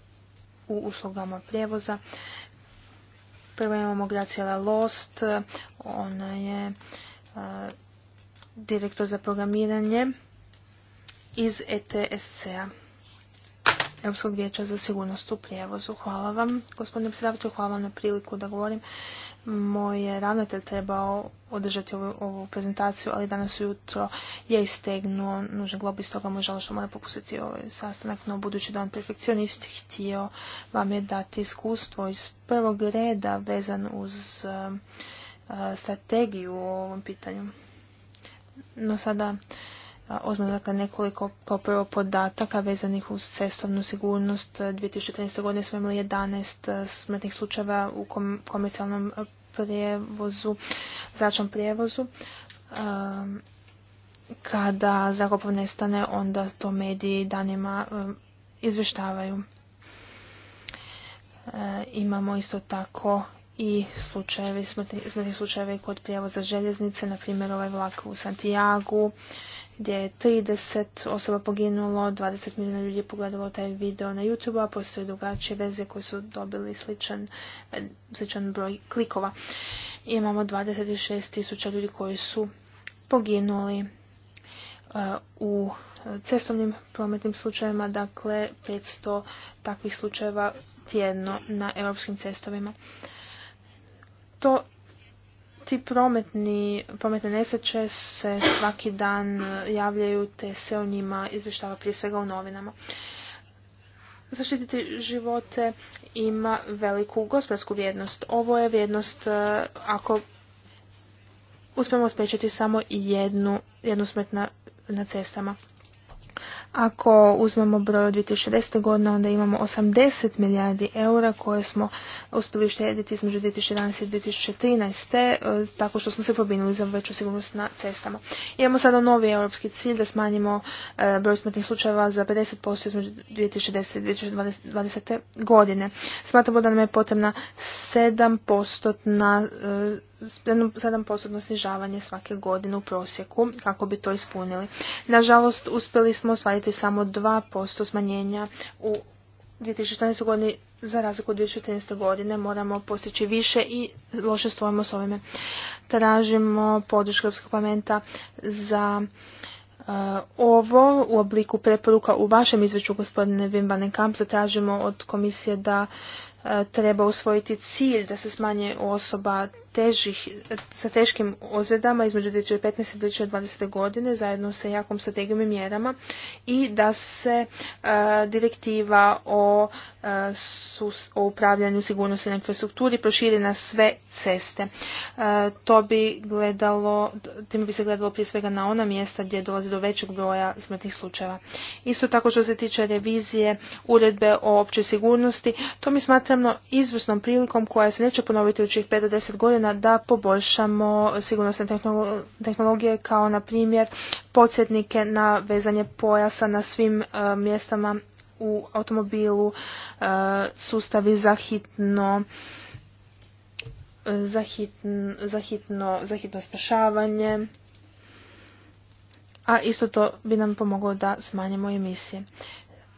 Speaker 2: u uslugama prijevoza. Prvo imamo Graciela Lost, ona je direktor za programiranje iz ETSC-a, Europskog vijeća za sigurnost u prijevozu. Hvala vam, gospodine predsjedavatelju, hvala vam na priliku da govorim. Moj je ravnatelj trebao održati ovu, prezentaciju, ali danas ujutro je istegnuo Nužno glob iz toga mu žao što mora popustiti ovaj sastanak, no budući da on perfekcionist htio vam je dati iskustvo iz prvog reda vezan uz strategiju u ovom pitanju. No sada Ozmo dakle, nekoliko kao prvo podataka vezanih uz cestovnu sigurnost. 2013. godine smo imali 11 smrtnih slučajeva u komercijalnom prijevozu, zračnom prijevozu. Kada zakopov nestane, onda to mediji danima izvještavaju. E, imamo isto tako i slučajevi, smrtni, slučajevi kod prijevoza željeznice, na primjer ovaj vlak u Santiago, gdje je 30 osoba poginulo, 20 milijuna ljudi je pogledalo taj video na YouTube, a postoje drugačije veze koje su dobili sličan, broj klikova. Imamo 26 tisuća ljudi koji su poginuli uh, u cestovnim prometnim slučajevima, dakle 500 takvih slučajeva tjedno na europskim cestovima to ti prometni, prometne nesreće se svaki dan e, javljaju te se o njima izvještava prije svega u novinama. Zaštititi živote ima veliku gospodarsku vrijednost. Ovo je vrijednost e, ako uspijemo spriječiti samo jednu, jednu na cestama. Ako uzmemo broj od 2006. godine, onda imamo 80 milijardi eura koje smo uspjeli uštediti između 2011. i 2013. E, tako što smo se pobinuli za veću sigurnost na cestama. Imamo sada novi europski cilj da smanjimo e, broj smrtnih slučajeva za 50% između 2010. i 2020. godine. Smatramo da nam je potrebna 7% na 7% snižavanje svake godine u prosjeku kako bi to ispunili. Nažalost, uspjeli smo ostvariti samo 2% smanjenja u 2014. godini za razliku od 2014. godine moramo postići više i loše stojimo s ovime. Tražimo podršku Europskog parlamenta za e, ovo u obliku preporuka u vašem izveću gospodine Wim Kamp zatražimo od komisije da e, treba usvojiti cilj da se smanje osoba težih, sa teškim ozljedama između 2015. i 2020. godine zajedno sa jakom strategijom i mjerama i da se e, direktiva o, e, upravljanju sigurnosti na infrastrukturi proširi na sve ceste. E, to bi gledalo, tim bi se gledalo prije svega na ona mjesta gdje dolazi do većeg broja smrtnih slučajeva. Isto tako što se tiče revizije uredbe o općoj sigurnosti, to mi smatramo izvrsnom prilikom koja se neće ponoviti u čih 5 do 10 godina da poboljšamo sigurnosne tehnologije kao na primjer podsjetnike na vezanje pojasa na svim e, mjestama u automobilu, e, sustavi e, za hitno za, hitno, spašavanje, a isto to bi nam pomoglo da smanjimo emisije.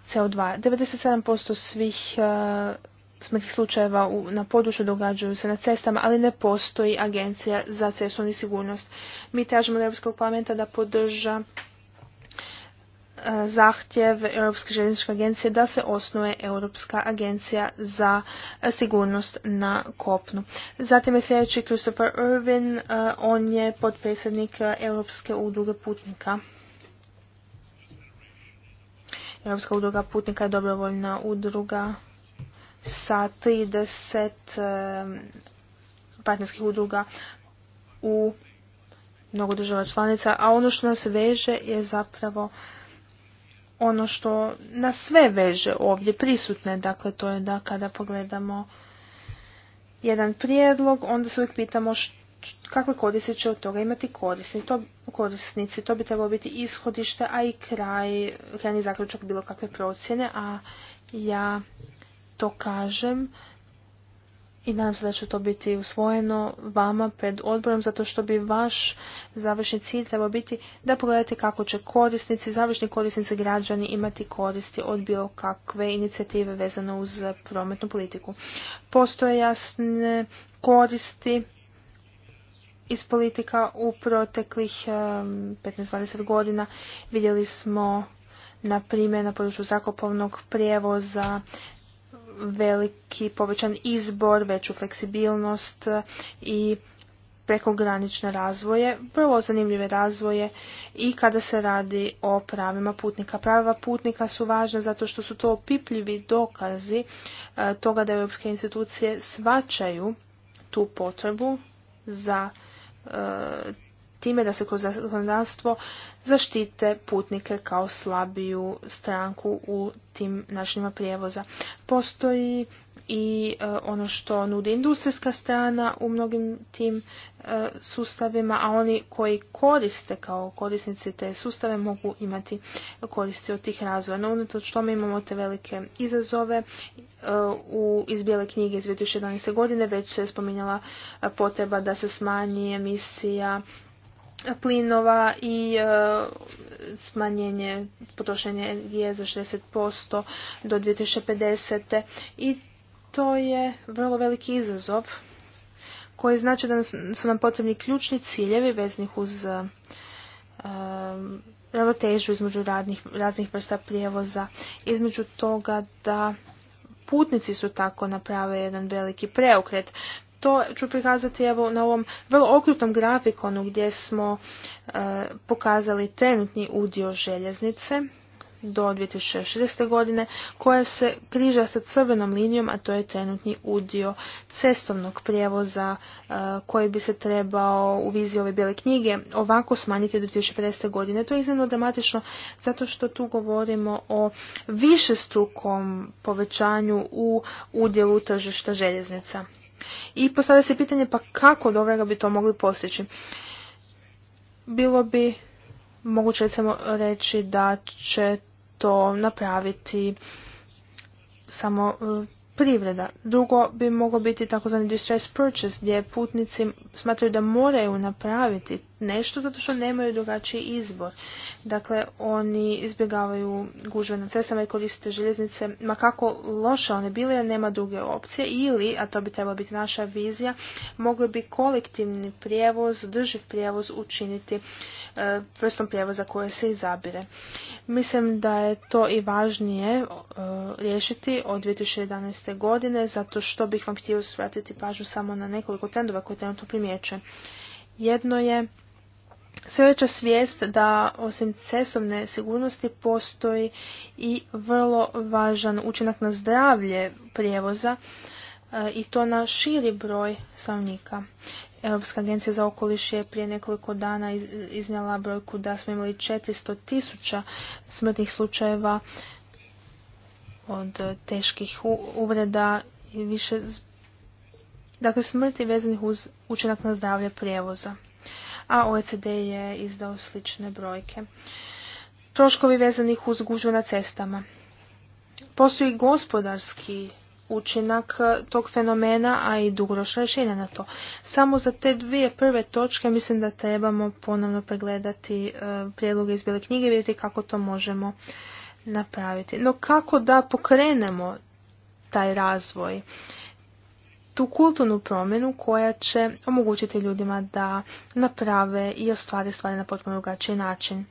Speaker 2: CO2. 97% svih smrtnih slučajeva na području događaju se na cestama, ali ne postoji agencija za cestovnu sigurnost. Mi tražimo od Europskog parlamenta da podrža e, zahtjev Europske željezničke agencije da se osnuje Europska agencija za sigurnost na kopnu. Zatim je sljedeći Christopher Irvin, e, on je potpredsjednik Europske udruge putnika. Europska udruga putnika je dobrovoljna udruga sa 30 partnerskih udruga u mnogo država članica, a ono što nas veže je zapravo ono što nas sve veže ovdje prisutne, dakle to je da kada pogledamo jedan prijedlog, onda se uvijek pitamo kakve koristi će od toga imati korisni, to, korisnici. To bi trebalo biti ishodište, a i kraj, krajni zaključak bilo kakve procjene, a ja to kažem i nadam se da će to biti usvojeno vama pred odborom zato što bi vaš završni cilj trebao biti da pogledate kako će korisnici, završni korisnici građani imati koristi od bilo kakve inicijative vezano uz prometnu politiku. Postoje jasne koristi iz politika u proteklih 15-20 godina. Vidjeli smo na primjer na području zakopovnog prijevoza veliki povećan izbor, veću fleksibilnost i prekogranične razvoje, vrlo zanimljive razvoje i kada se radi o pravima putnika. Prava putnika su važna zato što su to opipljivi dokazi e, toga da europske institucije svačaju tu potrebu za e, time da se kroz zakonodavstvo zaštite putnike kao slabiju stranku u tim načinima prijevoza. Postoji i e, ono što nudi industrijska strana u mnogim tim e, sustavima, a oni koji koriste kao korisnici te sustave mogu imati koristi od tih razvoja. No, unatoč tome imamo te velike izazove. E, u iz Bijele knjige iz 2011. godine već se je spominjala potreba da se smanji emisija plinova i e, smanjenje potrošenja energije za 60% do 2050. I to je vrlo veliki izazov koji znači da su nam potrebni ključni ciljevi veznih uz e, ravnotežu između raznih vrsta prijevoza, između toga da putnici su tako naprave jedan veliki preokret to ću prikazati evo na ovom vrlo okrutnom grafikonu gdje smo e, pokazali trenutni udio željeznice do 2060. godine koja se križa sa crvenom linijom, a to je trenutni udio cestovnog prijevoza e, koji bi se trebao u viziji ove bijele knjige ovako smanjiti do 2050. godine. To je iznimno dramatično zato što tu govorimo o višestrukom povećanju u udjelu tržišta željeznica. I postavlja se pitanje pa kako od bi to mogli postići. Bilo bi moguće recimo reći da će to napraviti samo e, privreda. Drugo bi moglo biti takozvani distress purchase gdje putnici smatraju da moraju napraviti nešto zato što nemaju drugačiji izbor. Dakle, oni izbjegavaju gužve na cestama i koriste željeznice, ma kako loše one bile, nema druge opcije, ili, a to bi trebala biti naša vizija, mogli bi kolektivni prijevoz, drživ prijevoz učiniti e, prstom prijevoza koje se izabire. Mislim da je to i važnije e, riješiti od 2011. godine, zato što bih vam htio svratiti pažnju samo na nekoliko trendova koje trenutno primjećujem. Jedno je sve veća svijest da osim cestovne sigurnosti postoji i vrlo važan učinak na zdravlje prijevoza e, i to na širi broj stanovnika. Europska agencija za okoliš je prije nekoliko dana iznijela brojku da smo imali 400 tisuća smrtnih slučajeva od teških uvreda i više dakle smrti vezanih uz učinak na zdravlje prijevoza a OECD je izdao slične brojke. Troškovi vezanih uz gužu na cestama. Postoji gospodarski učinak tog fenomena, a i dugoročno rješenje na to. Samo za te dvije prve točke mislim da trebamo ponovno pregledati e, prijedloge iz knjige i vidjeti kako to možemo napraviti. No kako da pokrenemo taj razvoj? tu kulturnu promjenu koja će omogućiti ljudima da naprave i ostvare stvari na potpuno drugačiji način.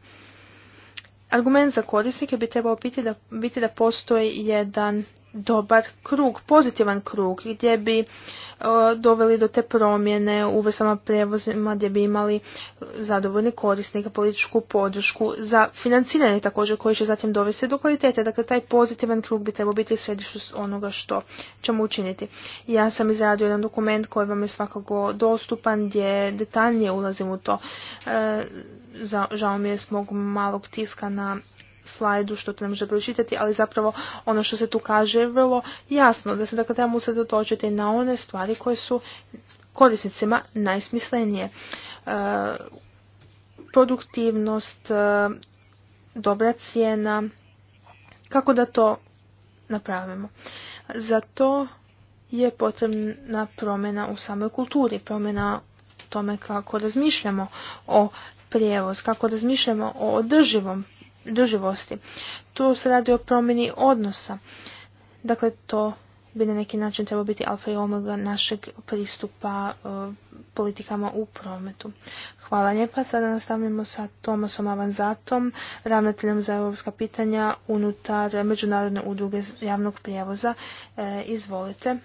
Speaker 2: Argument za korisnike bi trebao da, biti da postoji jedan dobar krug, pozitivan krug gdje bi e, doveli do te promjene u vrstama prevozima gdje bi imali zadovoljni korisnika, političku podršku za financiranje također koji će zatim dovesti do kvalitete. Dakle, taj pozitivan krug bi trebao biti u onoga što ćemo učiniti. Ja sam izradio jedan dokument koji vam je svakako dostupan gdje detaljnije ulazim u to. E, žao mi je s malog tiska na slajdu što to ne može pročitati, ali zapravo ono što se tu kaže je vrlo jasno, da se dakle trebamo usredotočiti na one stvari koje su korisnicima najsmislenije. E, produktivnost, e, dobra cijena, kako da to napravimo. Za to je potrebna promjena u samoj kulturi, promjena tome kako razmišljamo o prijevoz, kako razmišljamo o održivom održivosti. Tu se radi o promjeni odnosa. Dakle, to bi na neki način trebao biti alfa i omega našeg pristupa e, politikama u prometu. Hvala lijepa. Sada nastavljamo sa Tomasom Avanzatom, ravnateljem za europska pitanja unutar Međunarodne udruge javnog prijevoza. E, izvolite.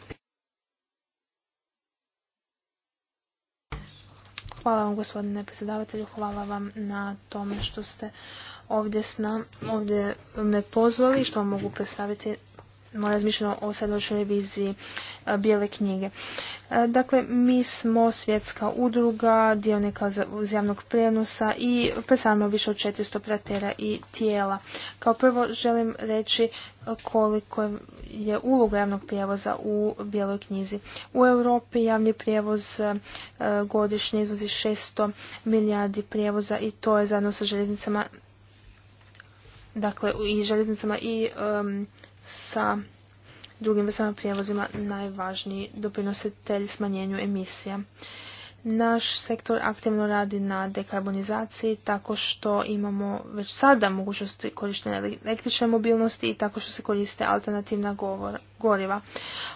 Speaker 2: Hvala vam gospodine predsjedavatelju, hvala vam na tome što ste ovdje, s nam, ovdje me pozvali što vam mogu predstaviti moje razmišljeno o sadašnjoj reviziji e, Bijele knjige. E, dakle, mi smo svjetska udruga, dionika uz javnog prijenosa i predstavljamo više od 400 pratera i tijela. Kao prvo želim reći koliko je uloga javnog prijevoza u Bijeloj knjizi. U Europi javni prijevoz e, godišnje izvozi 600 milijardi prijevoza i to je zajedno sa željeznicama dakle i željeznicama i sa drugim vrstama prijevozima najvažniji doprinositelj smanjenju emisija. Naš sektor aktivno radi na dekarbonizaciji tako što imamo već sada mogućnosti korištenja električne mobilnosti i tako što se koriste alternativna goriva.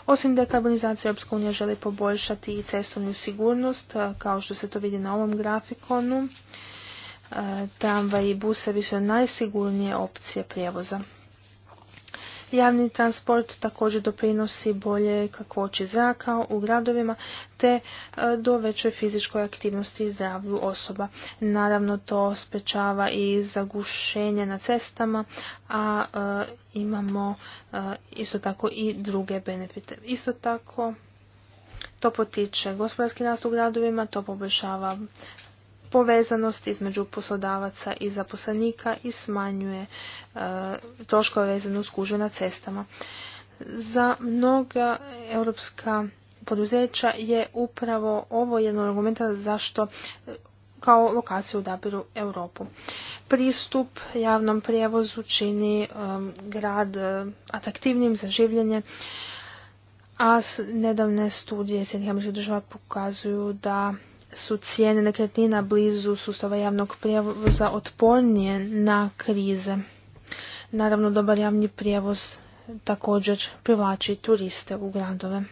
Speaker 2: Osim dekarbonizacije, Europska unija želi poboljšati i cestovnu sigurnost, e, kao što se to vidi na ovom grafikonu tramvaj i buse više najsigurnije opcije prijevoza. Javni transport također doprinosi bolje kakvoći zraka u gradovima te do većoj fizičkoj aktivnosti i zdravlju osoba. Naravno to sprečava i zagušenje na cestama, a imamo isto tako i druge benefite. Isto tako to potiče gospodarski rast u gradovima, to poboljšava povezanost između poslodavaca i zaposlenika i smanjuje e, troškove vezane uz na cestama. Za mnoga europska poduzeća je upravo ovo jedno od argumenta zašto e, kao lokaciju odabiru Europu. Pristup javnom prijevozu čini e, grad atraktivnim za življenje a nedavne studije Sjednih država pokazuju da su cijene nekretnina blizu sustava javnog prijevoza otpornije na krize. Naravno, dobar javni prijevoz također privlači turiste u gradove.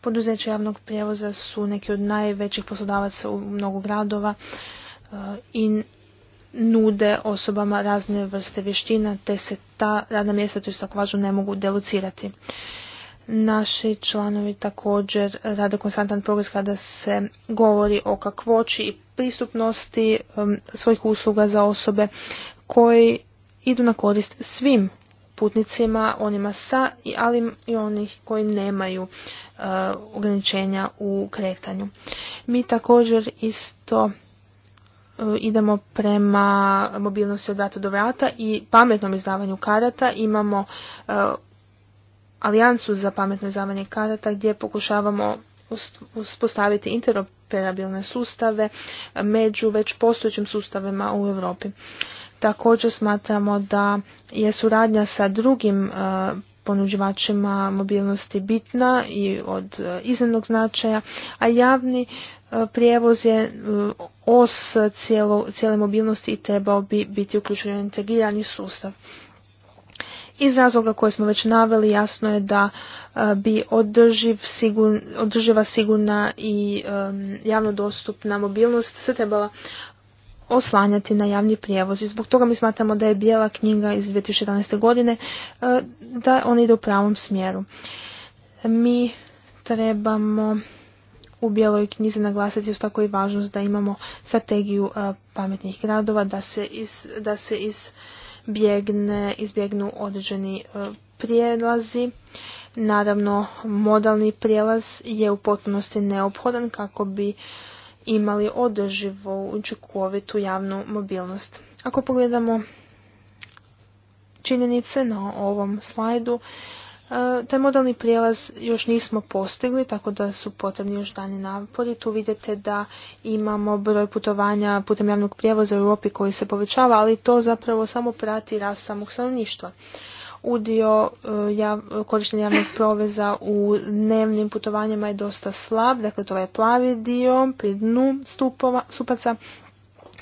Speaker 2: Poduzeće javnog prijevoza su neki od najvećih poslodavaca u mnogo gradova eh, i nude osobama razne vrste vještina, te se ta radna mjesta, to isto tako važno, ne mogu delucirati. Naši članovi također rade konstantan progres kada se govori o kakvoći i pristupnosti um, svojih usluga za osobe koji idu na korist svim putnicima, onima sa, ali i onih koji nemaju uh, ograničenja u kretanju. Mi također isto uh, idemo prema mobilnosti od vrata do vrata i pametnom izdavanju karata. Imamo uh, alijancu za pametno izdavanje karata gdje pokušavamo uspostaviti interoperabilne sustave među već postojećim sustavima u Europi. Također smatramo da je suradnja sa drugim e, ponuđivačima mobilnosti bitna i od e, iznimnog značaja, a javni e, prijevoz je os cijele mobilnosti i trebao bi biti uključen u integrirani sustav. Iz razloga koje smo već naveli jasno je da e, bi održiv, sigur, održiva sigurna i e, javno dostupna mobilnost se trebala oslanjati na javni prijevoz. I zbog toga mi smatramo da je bijela knjiga iz 2011. godine e, da ona ide u pravom smjeru. Mi trebamo u bijeloj knjizi naglasiti isto tako i važnost da imamo strategiju pametnih gradova, da se iz, da se iz bjegne, izbjegnu određeni e, prijelazi. Naravno, modalni prijelaz je u potpunosti neophodan kako bi imali održivu učinkovitu javnu mobilnost. Ako pogledamo činjenice na ovom slajdu, E, taj modalni prijelaz još nismo postigli, tako da su potrebni još dani napori. Tu vidite da imamo broj putovanja putem javnog prijevoza u Europi koji se povećava, ali to zapravo samo prati rast samog stanovništva. Udio e, jav, korištenja javnog proveza u dnevnim putovanjima je dosta slab, dakle to je plavi dio pri dnu stupova, stupaca,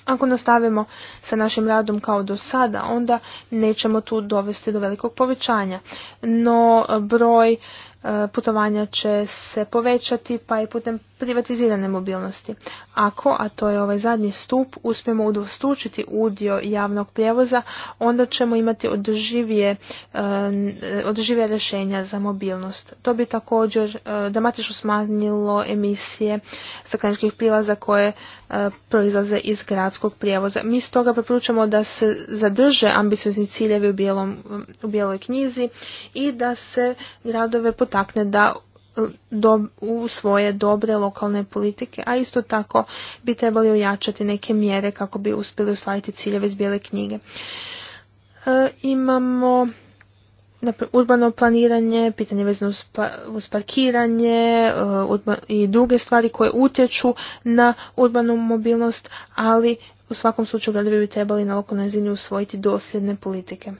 Speaker 2: ako nastavimo sa našim radom kao do sada, onda nećemo tu dovesti do velikog povećanja. No broj putovanja će se povećati pa i putem privatizirane mobilnosti. Ako, a to je ovaj zadnji stup, uspijemo udostučiti udio javnog prijevoza, onda ćemo imati održivije, e, održivije rješenja za mobilnost. To bi također e, dramatično smanjilo emisije stakleničkih prilaza koje e, proizlaze iz gradskog prijevoza. Mi stoga preporučamo da se zadrže ambiciozni ciljevi u, bijelom, u bijeloj knjizi i da se gradove potakne da e, do, u svoje dobre lokalne politike, a isto tako bi trebali ojačati neke mjere kako bi uspjeli usvajati ciljeve iz bijele knjige. E, imamo urbano planiranje, pitanje vezano uz pa-, parkiranje e, i druge stvari koje utječu na urbanu mobilnost, ali u svakom slučaju gradovi bi trebali na lokalnoj razini usvojiti dosljedne politike.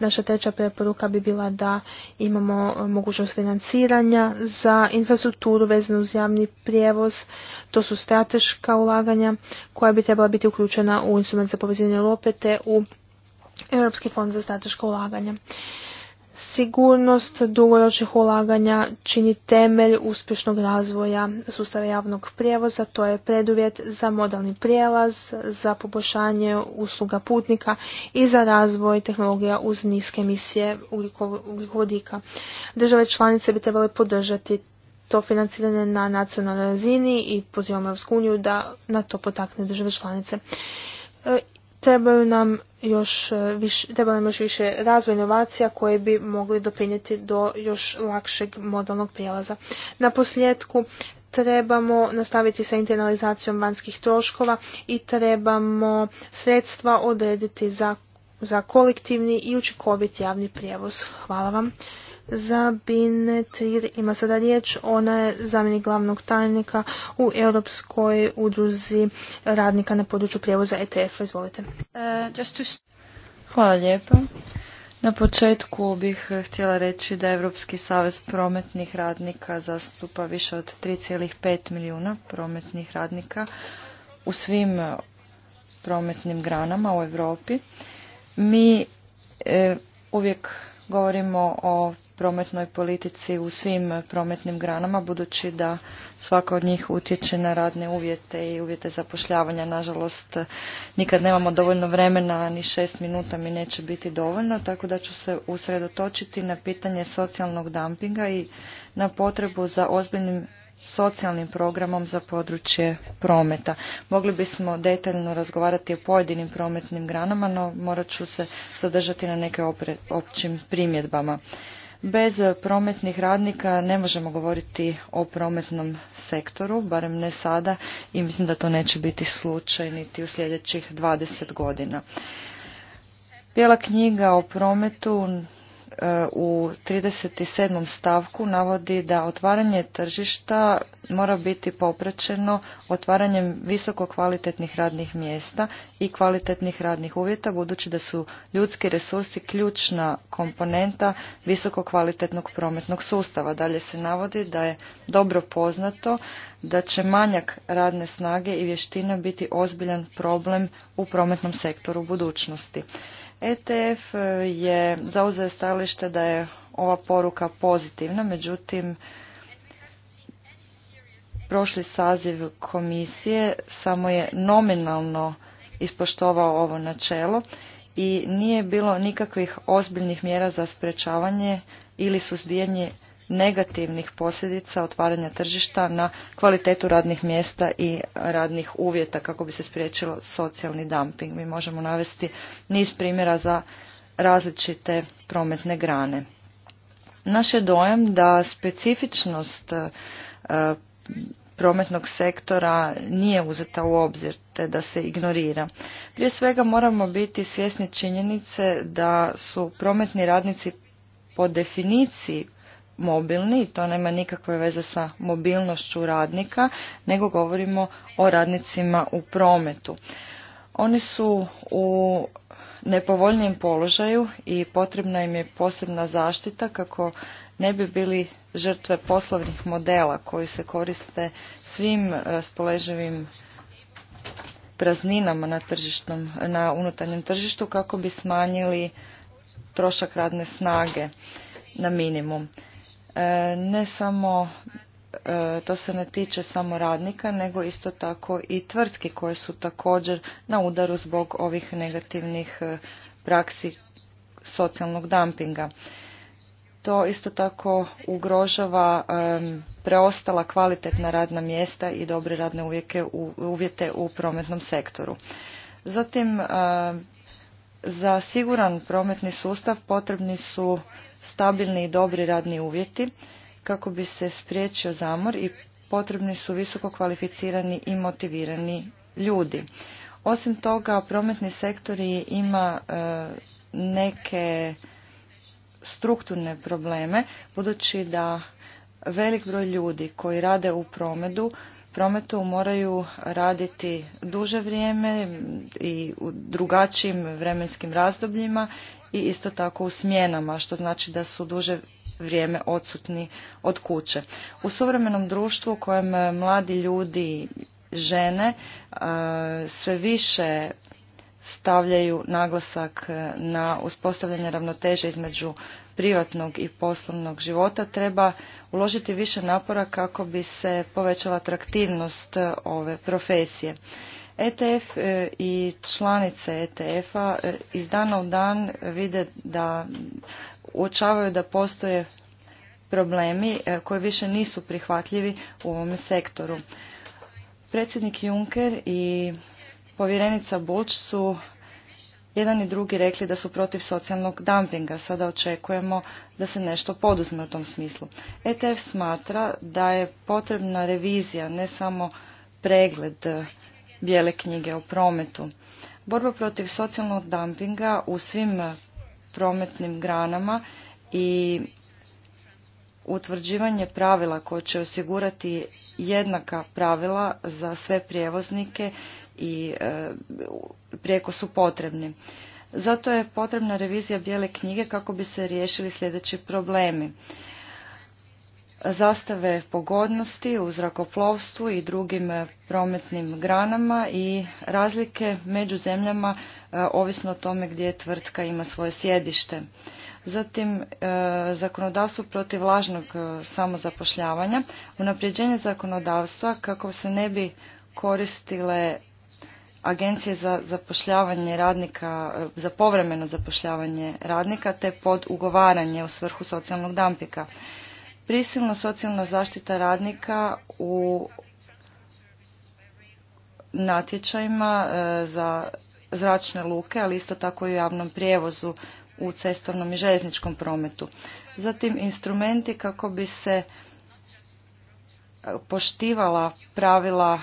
Speaker 2: Naša treća preporuka bi bila da imamo e, mogućnost financiranja za infrastrukturu vezanu uz javni prijevoz. To su strateška ulaganja koja bi trebala biti uključena u instrument za povezivanje Europe te u Europski fond za strateška ulaganja. Sigurnost dugoročnih ulaganja čini temelj uspješnog razvoja sustava javnog prijevoza, to je preduvjet za modalni prijelaz, za poboljšanje usluga putnika i za razvoj tehnologija uz niske emisije ugljikovodika. Države članice bi trebale podržati to financiranje na nacionalnoj razini i pozivamo EU uniju da na to potakne države članice. E, trebaju nam još e, više, treba nam još više razvoj inovacija koje bi mogli doprinijeti do još lakšeg modalnog prijelaza. Na posljedku trebamo nastaviti sa internalizacijom vanjskih troškova i trebamo sredstva odrediti za, za kolektivni i učinkovit javni prijevoz. Hvala vam za Binetir ima sada riječ. Ona je zamjenik glavnog tajnika u Europskoj udruzi radnika na području prijevoza ETF-a. Izvolite.
Speaker 3: Uh, Hvala lijepo. Na početku bih htjela reći da Europski savez prometnih radnika zastupa više od 3,5 milijuna prometnih radnika u svim prometnim granama u Europi. Mi eh, uvijek govorimo o prometnoj politici u svim prometnim granama, budući da svaka od njih utječe na radne uvjete i uvjete zapošljavanja. Nažalost, nikad nemamo dovoljno vremena, ni šest minuta mi neće biti dovoljno, tako da ću se usredotočiti na pitanje socijalnog dumpinga i na potrebu za ozbiljnim socijalnim programom za područje prometa. Mogli bismo detaljno razgovarati o pojedinim prometnim granama, no morat ću se zadržati na neke općim primjedbama. Bez prometnih radnika ne možemo govoriti o prometnom sektoru, barem ne sada i mislim da to neće biti slučaj niti u sljedećih 20 godina. Bijela knjiga o prometu E, u 37. stavku navodi da otvaranje tržišta mora biti popraćeno otvaranjem visoko kvalitetnih radnih mjesta i kvalitetnih radnih uvjeta budući da su ljudski resursi ključna komponenta visoko kvalitetnog prometnog sustava. Dalje se navodi da je dobro poznato da će manjak radne snage i vještina biti ozbiljan problem u prometnom sektoru budućnosti. ETF e, je zauzeo stajalište da je ova poruka pozitivna, međutim, prošli saziv komisije samo je nominalno ispoštovao ovo načelo i nije bilo nikakvih ozbiljnih mjera za sprečavanje ili suzbijanje negativnih posljedica otvaranja tržišta na kvalitetu radnih mjesta i radnih uvjeta kako bi se spriječilo socijalni dumping. Mi možemo navesti niz primjera za različite prometne grane. Naš je dojam da specifičnost e, prometnog sektora nije uzeta u obzir te da se ignorira. Prije svega moramo biti svjesni činjenice da su prometni radnici po definiciji mobilni i to nema nikakve veze sa mobilnošću radnika, nego govorimo o radnicima u prometu. Oni su u nepovoljnijem položaju i potrebna im je posebna zaštita kako ne bi bili žrtve poslovnih modela koji se koriste svim raspoleživim prazninama na, tržišnom, na unutarnjem tržištu kako bi smanjili trošak radne snage na minimum. E, ne samo e, to se ne tiče samo radnika, nego isto tako i tvrtki koje su također na udaru zbog ovih negativnih e, praksi socijalnog dumpinga. To isto tako ugrožava preostala kvalitetna radna mjesta i dobre radne uvjete u prometnom sektoru. Zatim, za siguran prometni sustav potrebni su stabilni i dobri radni uvjeti kako bi se spriječio zamor i potrebni su visoko kvalificirani i motivirani ljudi. Osim toga, prometni sektor ima e, neke strukturne probleme, budući da velik broj ljudi koji rade u prometu, prometu moraju raditi duže vrijeme i u drugačijim vremenskim razdobljima i isto tako u smjenama, što znači da su duže vrijeme odsutni od kuće. U suvremenom društvu u kojem e, mladi ljudi, žene, e, sve više stavljaju naglasak e, na uspostavljanje ravnoteže između privatnog i poslovnog života treba uložiti više napora kako bi se povećala atraktivnost ove profesije. ETF e, i članice ETF-a e, iz dana u dan vide da uočavaju da postoje problemi e, koji više nisu prihvatljivi u ovom sektoru. Predsjednik Juncker i povjerenica Bulč su jedan i drugi rekli da su protiv socijalnog dumpinga. Sada očekujemo da se nešto poduzme u tom smislu. ETF smatra da je potrebna revizija, ne samo pregled bijele knjige o prometu. Borba protiv socijalnog dumpinga u svim prometnim granama i utvrđivanje pravila koje će osigurati jednaka pravila za sve prijevoznike i e, prijeko su potrebni. Zato je potrebna revizija bijele knjige kako bi se riješili sljedeći problemi zastave pogodnosti u zrakoplovstvu i drugim eh, prometnim granama i razlike među zemljama eh, ovisno o tome gdje tvrtka ima svoje sjedište. Zatim eh, zakonodavstvo protiv lažnog samozapošljavanja, unapređenje zakonodavstva kako se ne bi koristile agencije za zapošljavanje radnika, za povremeno zapošljavanje radnika te pod ugovaranje u svrhu socijalnog dampika. Prisilna socijalna zaštita radnika u natječajima e, za zračne luke, ali isto tako i u javnom prijevozu u cestovnom i željezničkom prometu. Zatim instrumenti kako bi se e, poštivala pravila e,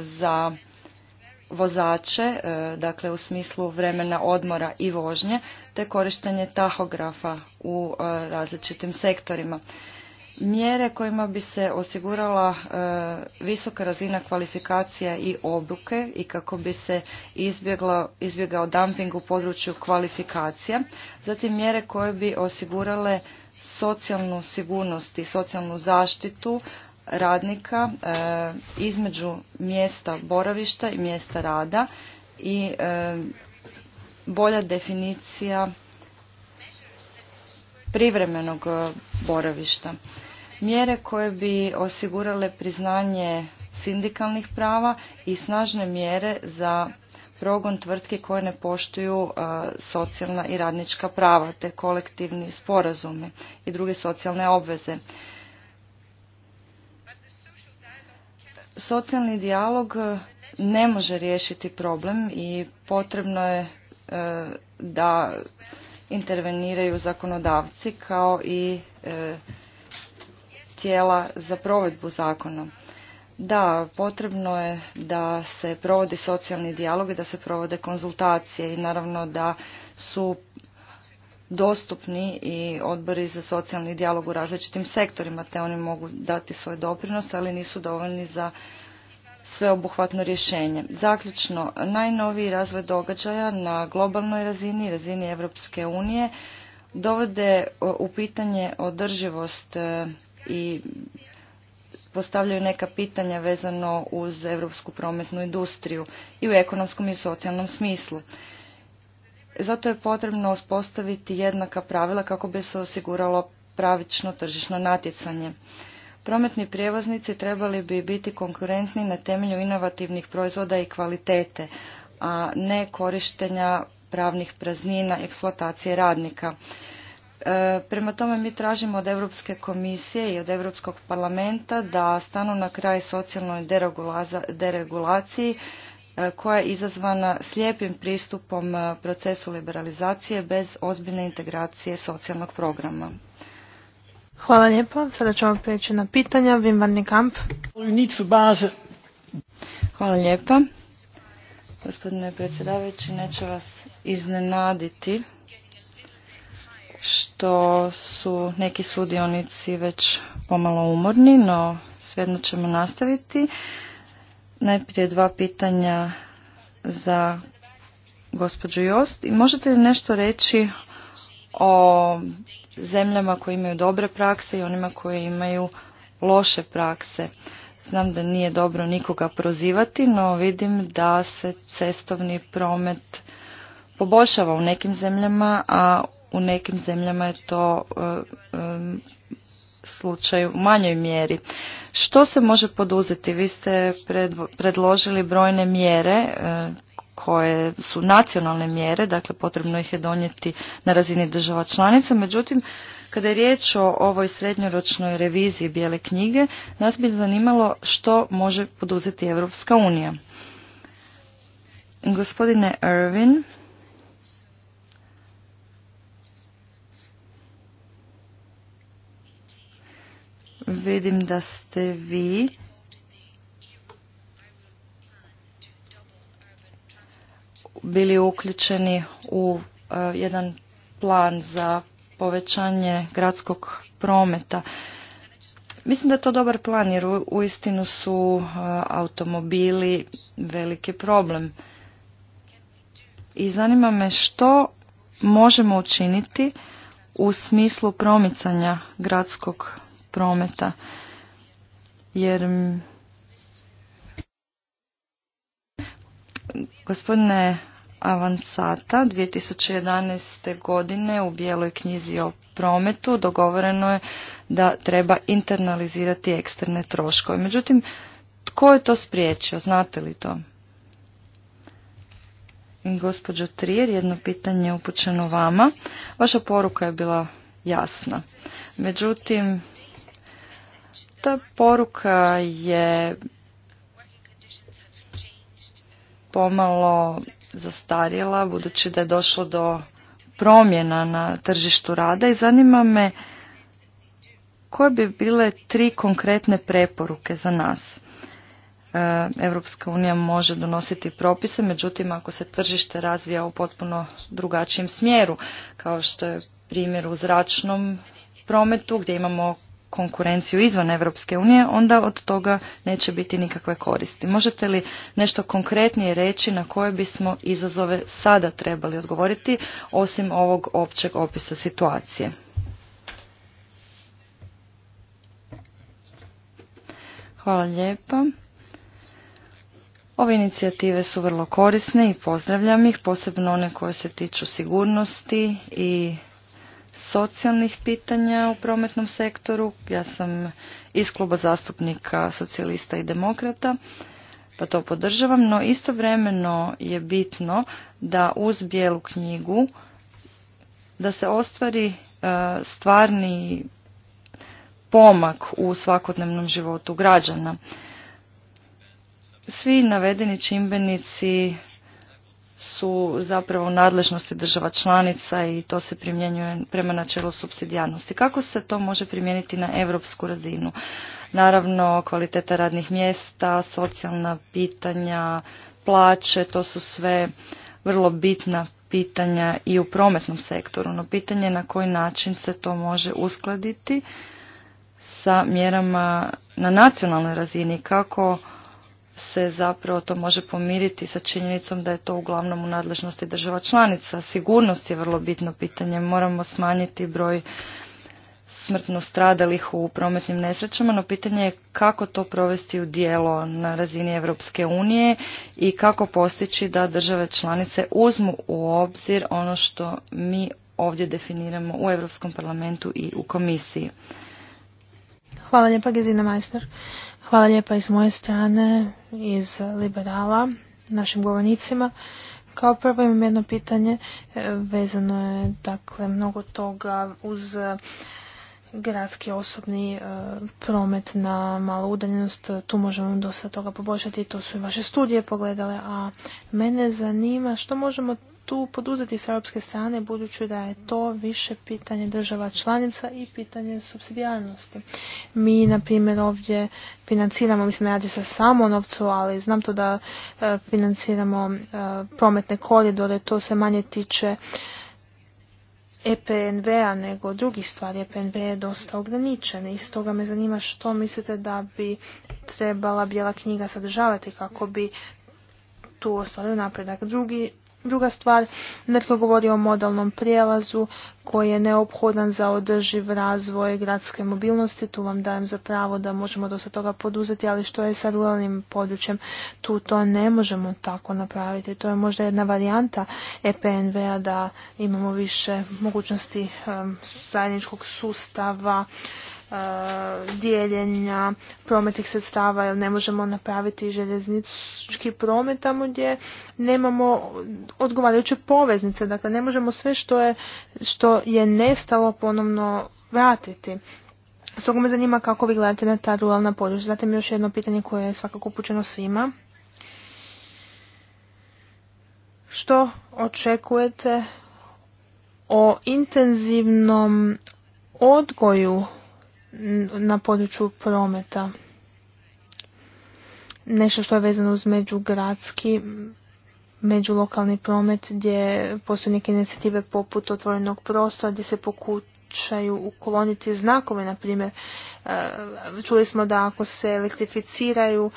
Speaker 3: za vozače, e, dakle u smislu vremena odmora i vožnje, te korištenje tahografa u e, različitim sektorima. Mjere kojima bi se osigurala e, visoka razina kvalifikacija i obuke i kako bi se izbjeglo izbjegao dumping u području kvalifikacija, zatim mjere koje bi osigurale socijalnu sigurnost i socijalnu zaštitu radnika e, između mjesta boravišta i mjesta rada i e, bolja definicija privremenog e, boravišta. Mjere koje bi osigurale priznanje sindikalnih prava i snažne mjere za progon tvrtki koje ne poštuju socijalna i radnička prava te kolektivni sporazumi i druge socijalne obveze. socijalni dijalog e, ne može riješiti problem i potrebno je e, da interveniraju zakonodavci kao i e, tijela za provedbu zakona. Da, potrebno je da se provodi socijalni dijalog i da se provode konzultacije i naravno da su dostupni i odbori za socijalni dijalog u različitim sektorima, te oni mogu dati svoj doprinos, ali nisu dovoljni za sveobuhvatno rješenje. Zaključno, najnoviji razvoj događaja na globalnoj razini, razini Europske unije, dovode e, u pitanje održivost e, i postavljaju neka pitanja vezano uz europsku prometnu industriju i u ekonomskom i socijalnom smislu. Zato je potrebno uspostaviti jednaka pravila kako bi se osiguralo pravično tržišno natjecanje. Prometni prijevoznici trebali bi biti konkurentni na temelju inovativnih proizvoda i kvalitete, a ne korištenja pravnih praznina eksploatacije radnika. E, prema tome mi tražimo od Europske komisije i od Europskog parlamenta da stanu na kraj socijalnoj deregulaciji E, koja je izazvana slijepim pristupom e, procesu liberalizacije bez ozbiljne integracije socijalnog programa.
Speaker 2: Hvala lijepo. Sada ćemo prijeći na pitanja. Wim van Kamp. Hvala lijepa. Gospodine predsjedavajući,
Speaker 3: neće vas iznenaditi što su neki sudionici već pomalo umorni, no svejedno ćemo nastaviti. Najprije dva pitanja za gospođu Jost. I možete li nešto reći o zemljama koje imaju dobre prakse i onima koje imaju loše prakse? Znam da nije dobro nikoga prozivati, no vidim da se cestovni promet poboljšava u nekim zemljama, a u nekim zemljama je to e, e, slučaju u manjoj mjeri. Što se može poduzeti? Vi ste predložili brojne mjere e, koje su nacionalne mjere, dakle potrebno ih je donijeti na razini država članica. Međutim, kada je riječ o ovoj srednjoročnoj reviziji bijele knjige, nas bi zanimalo što može poduzeti Europska unija. Gospodine Irvin, Vidim da ste vi bili uključeni u e, jedan plan za povećanje gradskog prometa. Mislim da je to dobar plan jer uistinu su e, automobili veliki problem. I zanima me što možemo učiniti u smislu promicanja gradskog prometa. Jer gospodine Avansata 2011. godine u bijeloj knjizi o prometu dogovoreno je da treba internalizirati eksterne troškove. Međutim, tko je to spriječio? Znate li to? Gospođo Trier, jedno pitanje upućeno vama. Vaša poruka je bila jasna. Međutim, ta poruka je pomalo zastarjela budući da je došlo do promjena na tržištu rada i zanima me koje bi bile tri konkretne preporuke za nas. Europska unija može donositi propise, međutim ako se tržište razvija u potpuno drugačijem smjeru, kao što je primjer u zračnom prometu gdje imamo konkurenciju izvan Europske unije, onda od toga neće biti nikakve koristi. Možete li nešto konkretnije reći na koje bismo izazove sada trebali odgovoriti, osim ovog općeg opisa situacije? Hvala lijepa. Ove inicijative su vrlo korisne i pozdravljam ih, posebno one koje se tiču sigurnosti i socijalnih pitanja u prometnom sektoru. Ja sam iz kluba zastupnika socijalista i demokrata, pa to podržavam, no istovremeno je bitno da uz bijelu knjigu da se ostvari e, stvarni pomak u svakodnevnom životu građana. Svi navedeni čimbenici su zapravo u nadležnosti država članica i to se primjenjuje prema načelu subsidijarnosti. Kako se to može primijeniti na europsku razinu? Naravno, kvaliteta radnih mjesta, socijalna pitanja, plaće, to su sve vrlo bitna pitanja i u prometnom sektoru. No pitanje na koji način se to može uskladiti sa mjerama na nacionalnoj razini, kako se zapravo to može pomiriti sa činjenicom da je to uglavnom u nadležnosti država članica. Sigurnost je vrlo bitno pitanje. Moramo smanjiti broj smrtno stradalih u prometnim nesrećama, no pitanje je kako to provesti u dijelo na razini Evropske unije i kako postići da države članice uzmu u obzir ono što mi ovdje definiramo u Europskom parlamentu i
Speaker 2: u komisiji. Hvala lijepa, Gezina Majstor. Hvala lijepa iz moje strane, iz liberala, našim govornicima. Kao prvo imam jedno pitanje, e, vezano je dakle mnogo toga uz e, gradski osobni e, promet na malu udaljenost, tu možemo dosta toga poboljšati, to su i vaše studije pogledale, a mene zanima što možemo tu poduzeti s europske strane budući da je to više pitanje država članica i pitanje subsidijalnosti. Mi, na primjer, ovdje financiramo, mislim ne radi se samo novcu, ali znam to da e, financiramo e, prometne koridore, to se manje tiče EPNV-a nego drugih stvari. EPNV je dosta ograničen i stoga me zanima što mislite da bi trebala bijela knjiga sadržavati kako bi tu ostvario napredak. Drugi Druga stvar, netko govori o modalnom prijelazu koji je neophodan za održiv razvoj gradske mobilnosti. Tu vam dajem za pravo da možemo dosta toga poduzeti, ali što je sa ruralnim područjem? Tu to ne možemo tako napraviti. To je možda jedna varijanta EPNV-a da imamo više mogućnosti zajedničkog sustava E, dijeljenja prometnih sredstava jer ne možemo napraviti željeznički promet tamo gdje nemamo odgovarajuće poveznice. Dakle, ne možemo sve što je, što je nestalo ponovno vratiti. Stoga me zanima kako vi gledate na ta ruralna područja. Zatim još jedno pitanje koje je svakako upućeno svima. Što očekujete o intenzivnom odgoju na području prometa. Nešto što je vezano uz međugradski, međulokalni promet gdje postoje neke inicijative poput otvorenog prostora gdje se pokušaju ukloniti znakove, na primjer e, čuli smo da ako se elektrificiraju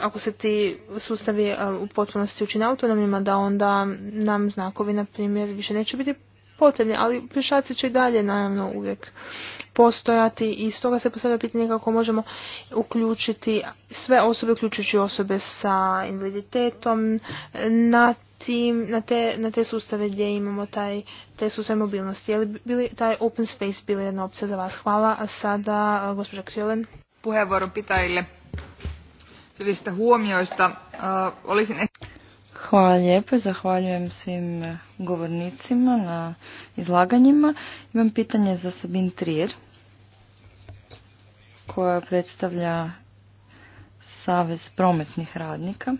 Speaker 2: ako se ti sustavi e, u potpunosti učine autonomima, da onda nam znakovi, na primjer, više neće biti potrebni, ali pješaci će i dalje naravno uvijek postojati i stoga se postavlja pitanje kako možemo uključiti sve osobe, uključujući osobe sa invaliditetom, na tim, na te, na te sustave gdje imamo taj, te sustave mobilnosti. Je li bili taj open space bili jedna opcija za vas? Hvala. A sada, gospođa Krilen. Puheenvuoron pitäjille hyvistä huomioista. olisin Hvala
Speaker 3: lijepo, zahvaljujem svim govornicima na izlaganjima. Imam pitanje za Sabin Trier, koja predstavlja Savez prometnih radnika.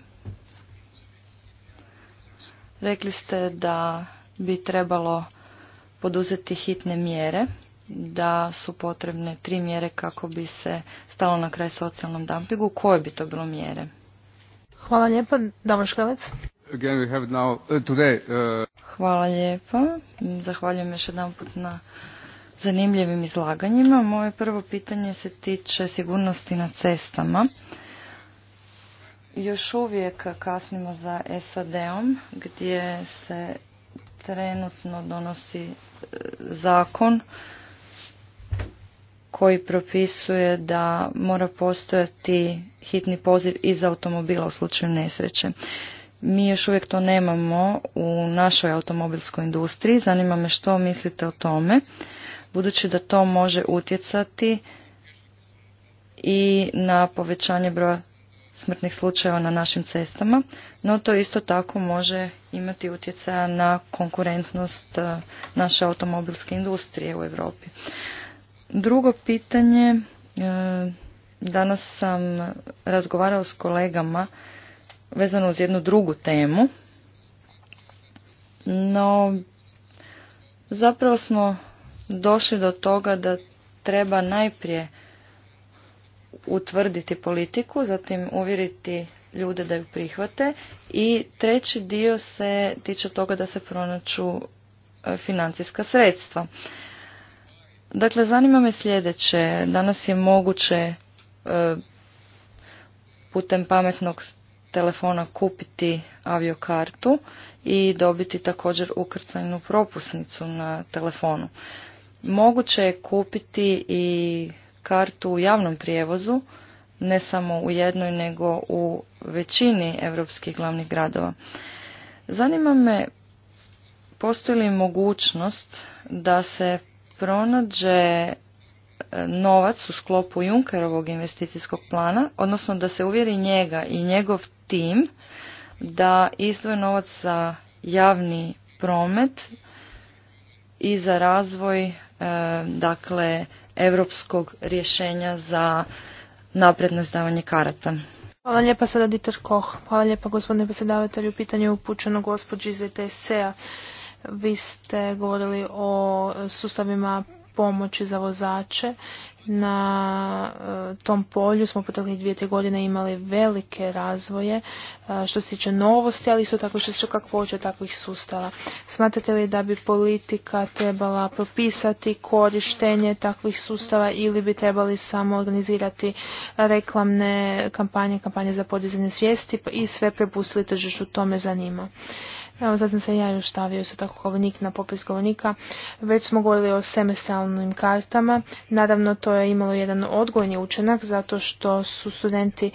Speaker 3: Rekli ste da bi trebalo poduzeti hitne mjere, da su potrebne tri mjere kako bi se stalo na kraj socijalnom dampingu. Koje bi to bilo mjere? Hvala lijepa. Davor Škrelec. Uh, uh, Hvala lijepa. Zahvaljujem još jedan put na zanimljivim izlaganjima. Moje prvo pitanje se tiče sigurnosti na cestama. Još uvijek kasnimo za SAD-om gdje se trenutno donosi e, zakon koji propisuje da mora postojati hitni poziv iz automobila u slučaju nesreće. Mi još uvijek to nemamo u našoj automobilskoj industriji. Zanima me što mislite o tome, budući da to može utjecati i na povećanje broja smrtnih slučajeva na našim cestama, no to isto tako može imati utjecaja na konkurentnost eh, naše automobilske industrije u Europi. Drugo pitanje, e, danas sam razgovarao s kolegama vezano uz jednu drugu temu, no zapravo smo došli do toga da treba najprije utvrditi politiku, zatim uvjeriti ljude da ju prihvate i treći dio se tiče toga da se pronaću e, financijska sredstva. Dakle, zanima me sljedeće. Danas je moguće e, putem pametnog telefona kupiti aviokartu i dobiti također ukrcajnu propusnicu na telefonu. Moguće je kupiti i kartu u javnom prijevozu, ne samo u jednoj nego u većini europskih glavnih gradova. Zanima me postoji li mogućnost da se pronađe e, novac u sklopu Junkerovog investicijskog plana, odnosno da se uvjeri njega i njegov tim da izdvoje novac za javni promet i za razvoj e, dakle europskog rješenja za napredno izdavanje karata.
Speaker 2: Hvala lijepa sada Dieter Koch. Hvala lijepa gospodine predsjedavatelju. Pitanje je upućeno gospođi iz e a vi ste govorili o sustavima pomoći za vozače. Na e, tom polju smo u dvije, tri godine imali velike razvoje e, što se tiče novosti, ali isto tako što se tiče kakvoće takvih sustava. Smatrate li da bi politika trebala propisati korištenje takvih sustava ili bi trebali samo organizirati reklamne kampanje, kampanje za podizanje svijesti i sve prepustili tržištu, to me zanima. Evo, zatim se ja još stavio se tako govornik na popis govornika. Već smo govorili o semestralnim kartama. Nadavno to je imalo jedan odgojni učinak, zato što su studenti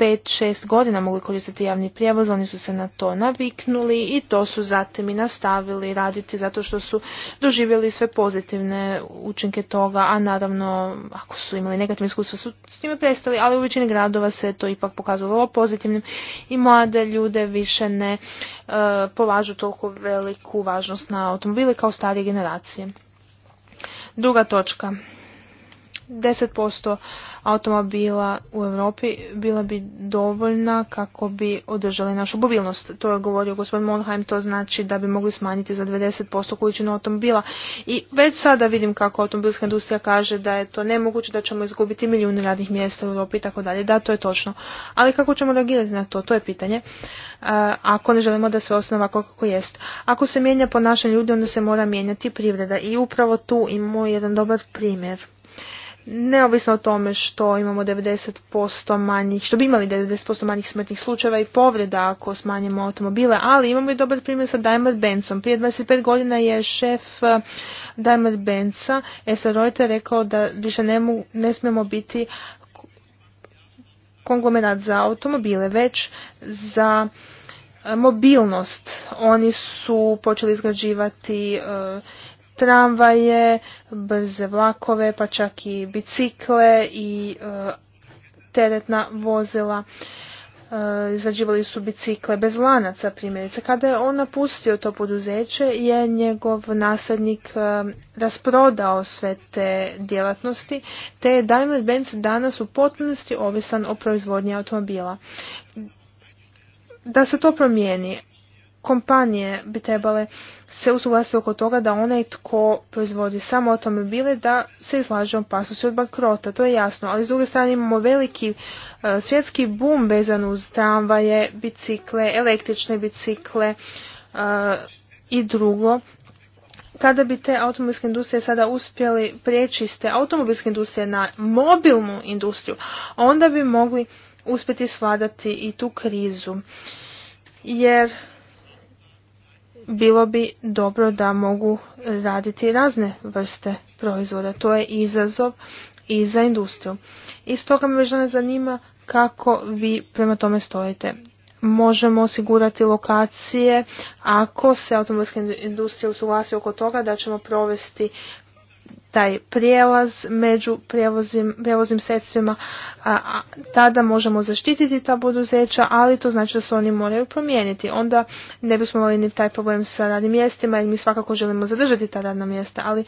Speaker 2: 5-6 godina mogli koristiti javni prijevoz, oni su se na to naviknuli i to su zatim i nastavili raditi zato što su doživjeli sve pozitivne učinke toga, a naravno ako su imali negativne iskustva su s njime prestali, ali u većini gradova se to ipak pokazalo pozitivnim i mlade ljude više ne e, polažu toliko veliku važnost na automobile kao starije generacije. Druga točka. 10% automobila u Europi bila bi dovoljna kako bi održali našu mobilnost. To je govorio gospodin Monheim, to znači da bi mogli smanjiti za 90% količinu automobila. I već sada vidim kako automobilska industrija kaže da je to nemoguće, da ćemo izgubiti milijune radnih mjesta u Europi i tako dalje. Da, to je točno. Ali kako ćemo reagirati na to? To je pitanje. Ako ne želimo da sve ostane ovako kako jest. Ako se mijenja ponašanje ljudi, onda se mora mijenjati privreda. I upravo tu imamo jedan dobar primjer neovisno o tome što imamo 90% manjih, što bi imali 90% manjih smrtnih slučajeva i povreda ako smanjimo automobile, ali imamo i dobar primjer sa Daimler Benzom. Prije 25 godina je šef eh, Daimler Benza, Esa Reuter, rekao da više ne, mu, smijemo biti konglomerat za automobile, već za eh, mobilnost. Oni su počeli izgrađivati eh, tramvaje, brze vlakove, pa čak i bicikle i e, teretna vozila. E, izrađivali su bicikle bez lanaca primjerice. Kada je on napustio to poduzeće je njegov nasljednik e, rasprodao sve te djelatnosti te je Daimler Benz danas u potpunosti ovisan o proizvodnji automobila. Da se to promijeni, kompanije bi trebale se usuglasiti oko toga da onaj tko proizvodi samo automobile da se izlaže opasnosti od bankrota, to je jasno. Ali s druge strane imamo veliki e, svjetski boom vezan uz tramvaje, bicikle, električne bicikle e, i drugo. Kada bi te automobilske industrije sada uspjeli prijeći iz te automobilske industrije na mobilnu industriju, onda bi mogli uspjeti svladati i tu krizu. Jer bilo bi dobro da mogu raditi razne vrste proizvoda. To je izazov i za industriju. I stoga me već zanima kako vi prema tome stojite. Možemo osigurati lokacije ako se automobilska industrija usuglasi oko toga da ćemo provesti taj prijelaz među prijevozim, prijevoznim sredstvima, tada možemo zaštititi ta poduzeća, ali to znači da se oni moraju promijeniti. Onda ne bismo imali ni taj problem sa radnim mjestima, jer mi svakako želimo zadržati ta radna mjesta, ali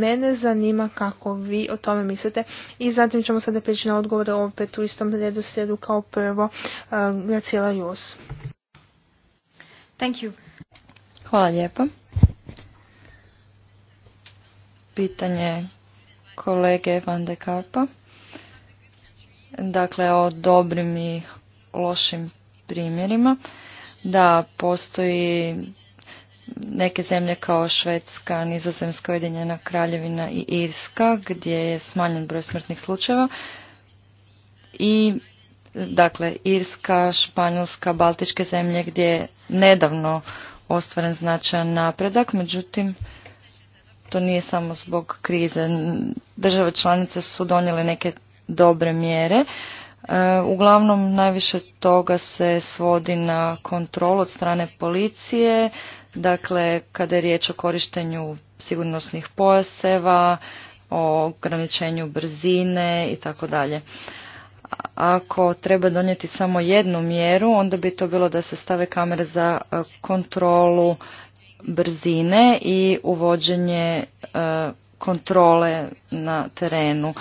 Speaker 2: mene zanima kako vi o tome mislite. I zatim ćemo sada prijeći na odgovore opet u istom redu slijedu kao prvo e, Gracijela Jus. Thank you.
Speaker 3: Hvala lijepo pitanje kolege Van de Karpa. Dakle, o dobrim i lošim primjerima. Da, postoji neke zemlje kao Švedska, Nizozemska, Ujedinjena Kraljevina i Irska gdje je smanjen broj smrtnih slučajeva i dakle Irska, Španjolska, Baltičke zemlje gdje je nedavno ostvaren značajan napredak, međutim to nije samo zbog krize. Države članice su donijele neke dobre mjere. E, uglavnom najviše toga se svodi na kontrol od strane policije, dakle kada je riječ o korištenju sigurnosnih pojaseva, o ograničenju brzine i tako dalje. Ako treba donijeti samo jednu mjeru, onda bi to bilo da se stave kamere za e, kontrolu brzine i uvođenje e, kontrole na terenu.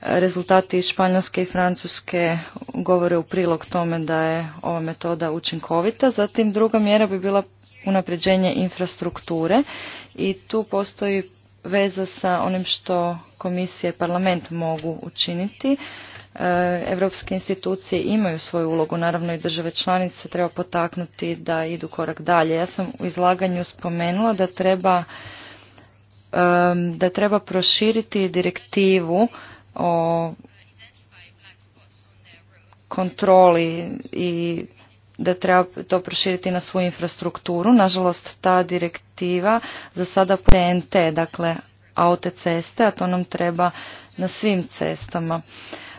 Speaker 3: Rezultati iz Španjolske i Francuske govore u prilog tome da je ova metoda učinkovita. Zatim druga mjera bi bila unapređenje infrastrukture i tu postoji veza sa onim što komisije i parlament mogu učiniti Europske institucije imaju svoju ulogu, naravno i države članice treba potaknuti da idu korak dalje. Ja sam u izlaganju spomenula da treba, da treba proširiti direktivu o kontroli i da treba to proširiti na svoju infrastrukturu. Nažalost, ta direktiva za sada pNT dakle autoceste, a to nam treba na svim cestama.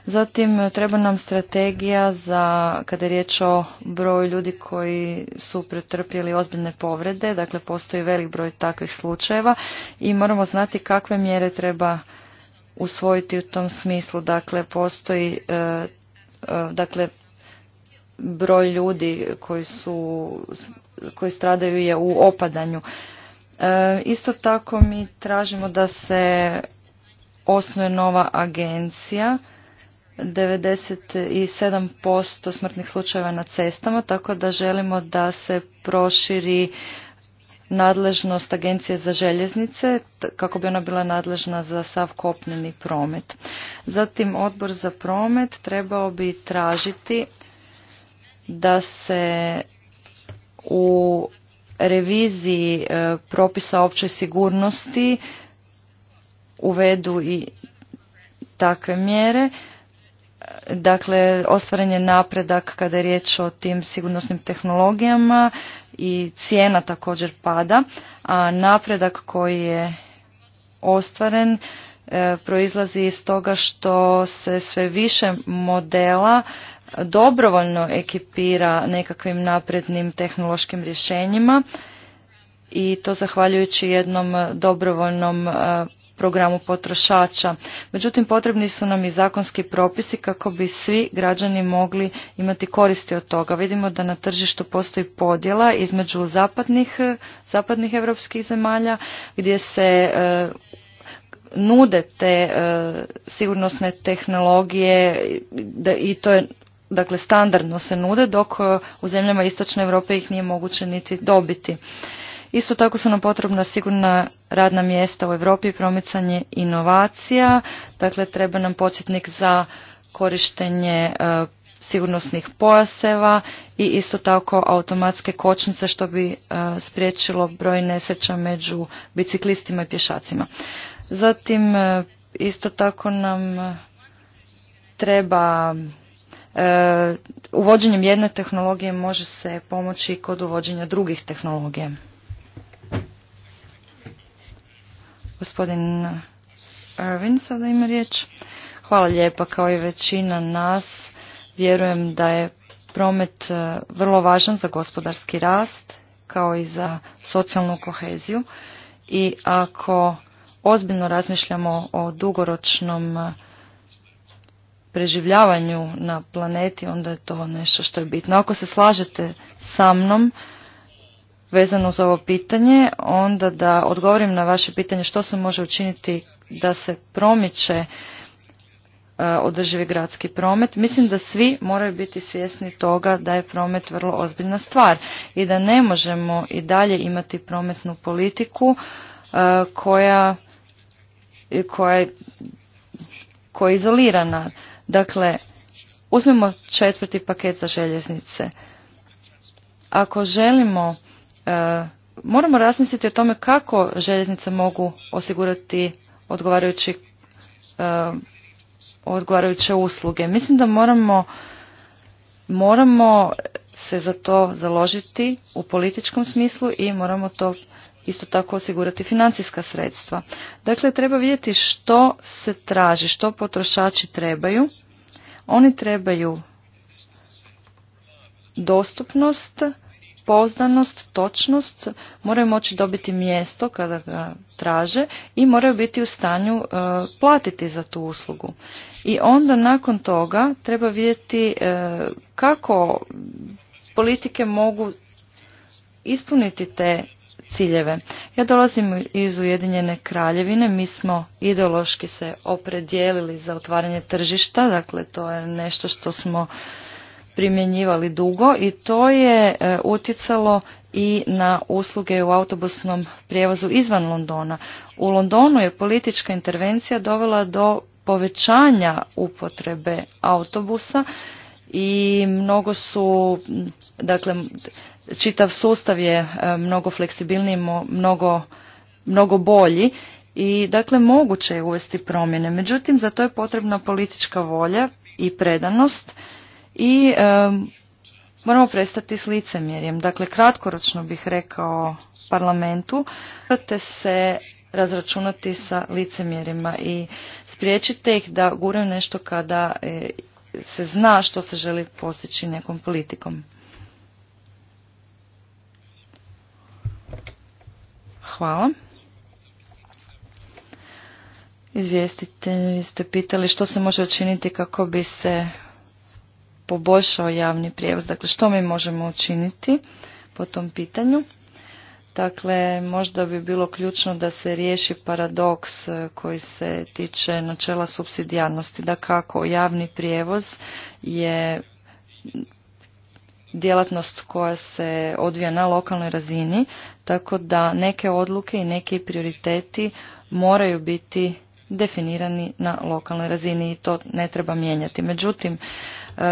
Speaker 3: Zatim e, treba nam strategija za kada je riječ o broju ljudi koji su pretrpjeli ozbiljne povrede, dakle postoji velik broj takvih slučajeva i moramo znati kakve mjere treba usvojiti u tom smislu. Dakle, postoji e, e, dakle, broj ljudi koji, su, koji stradaju je u opadanju. isto tako mi tražimo da se osnuje nova agencija 97% smrtnih slučajeva na cestama, tako da želimo da se proširi nadležnost Agencije za željeznice kako bi ona bila nadležna za sav kopneni promet. Zatim odbor za promet trebao bi tražiti da se u reviziji e, propisa općoj sigurnosti uvedu i takve mjere Dakle, ostvaren je napredak kada je riječ o tim sigurnosnim tehnologijama i cijena također pada, a napredak koji je ostvaren e, proizlazi iz toga što se sve više modela dobrovoljno ekipira nekakvim naprednim tehnološkim rješenjima i to zahvaljujući jednom dobrovoljnom e, programu potrošača. Međutim, potrebni su nam i zakonski propisi kako bi svi građani mogli imati koristi od toga. Vidimo da na tržištu postoji podjela između zapadnih, zapadnih europskih zemalja gdje se e, nude te e, sigurnosne tehnologije da, i to je dakle standardno se nude dok u zemljama istočne Europe ih nije moguće niti dobiti. Isto tako su nam potrebna sigurna radna mjesta u Europi promicanje inovacija. Dakle, treba nam podsjetnik za korištenje e, sigurnosnih pojaseva i isto tako automatske kočnice što bi e, spriječilo broj nesreća među biciklistima i pješacima. Zatim, e, isto tako nam treba uvođenjem jedne tehnologije može se pomoći kod uvođenja drugih tehnologija. Gospodin Irvin sada ima riječ. Hvala lijepa kao i većina nas. Vjerujem da je promet e, vrlo važan za gospodarski rast kao i za socijalnu koheziju i ako ozbiljno razmišljamo o dugoročnom e, preživljavanju na planeti, onda je to nešto što je bitno. Ako se slažete sa mnom vezano za ovo pitanje, onda da odgovorim na vaše pitanje što se može učiniti da se promiče e, održivi gradski promet. Mislim da svi moraju biti svjesni toga da je promet vrlo ozbiljna stvar i da ne možemo i dalje imati prometnu politiku e, koja, koja, koja je izolirana. Dakle, uzmemo četvrti paket za željeznice. Ako želimo E, moramo razmisliti o tome kako željeznice mogu osigurati odgovarajući e, odgovarajuće usluge. Mislim da moramo moramo se za to založiti u političkom smislu i moramo to isto tako osigurati financijska sredstva. Dakle, treba vidjeti što se traži, što potrošači trebaju. Oni trebaju dostupnost, pouzdanost, točnost, moraju moći dobiti mjesto kada ga traže i moraju biti u stanju e, platiti za tu uslugu. I onda nakon toga treba vidjeti e, kako politike mogu ispuniti te ciljeve. Ja dolazim iz Ujedinjene kraljevine, mi smo ideološki se opredijelili za otvaranje tržišta, dakle to je nešto što smo primjenjivali dugo i to je e, utjecalo i na usluge u autobusnom prijevozu izvan Londona. U Londonu je politička intervencija dovela do povećanja upotrebe autobusa i mnogo su, dakle, čitav sustav je e, mnogo fleksibilniji, mnogo, mnogo bolji i dakle moguće je uvesti promjene. Međutim, za to je potrebna politička volja i predanost i moramo prestati s licemjerjem. Dakle, kratkoročno bih rekao parlamentu, morate se razračunati sa licemjerima i spriječite ih da guraju nešto kada e, se zna što se želi postići nekom politikom. Hvala. Izvijestite, ste pitali što se može učiniti kako bi se poboljšao javni prijevoz. Dakle, što mi možemo učiniti po tom pitanju? Dakle, možda bi bilo ključno da se riješi paradoks e, koji se tiče načela subsidijarnosti. Da kako javni prijevoz je djelatnost koja se odvija na lokalnoj razini, tako da neke odluke i neki prioriteti moraju biti definirani na lokalnoj razini i to ne treba mijenjati. Međutim,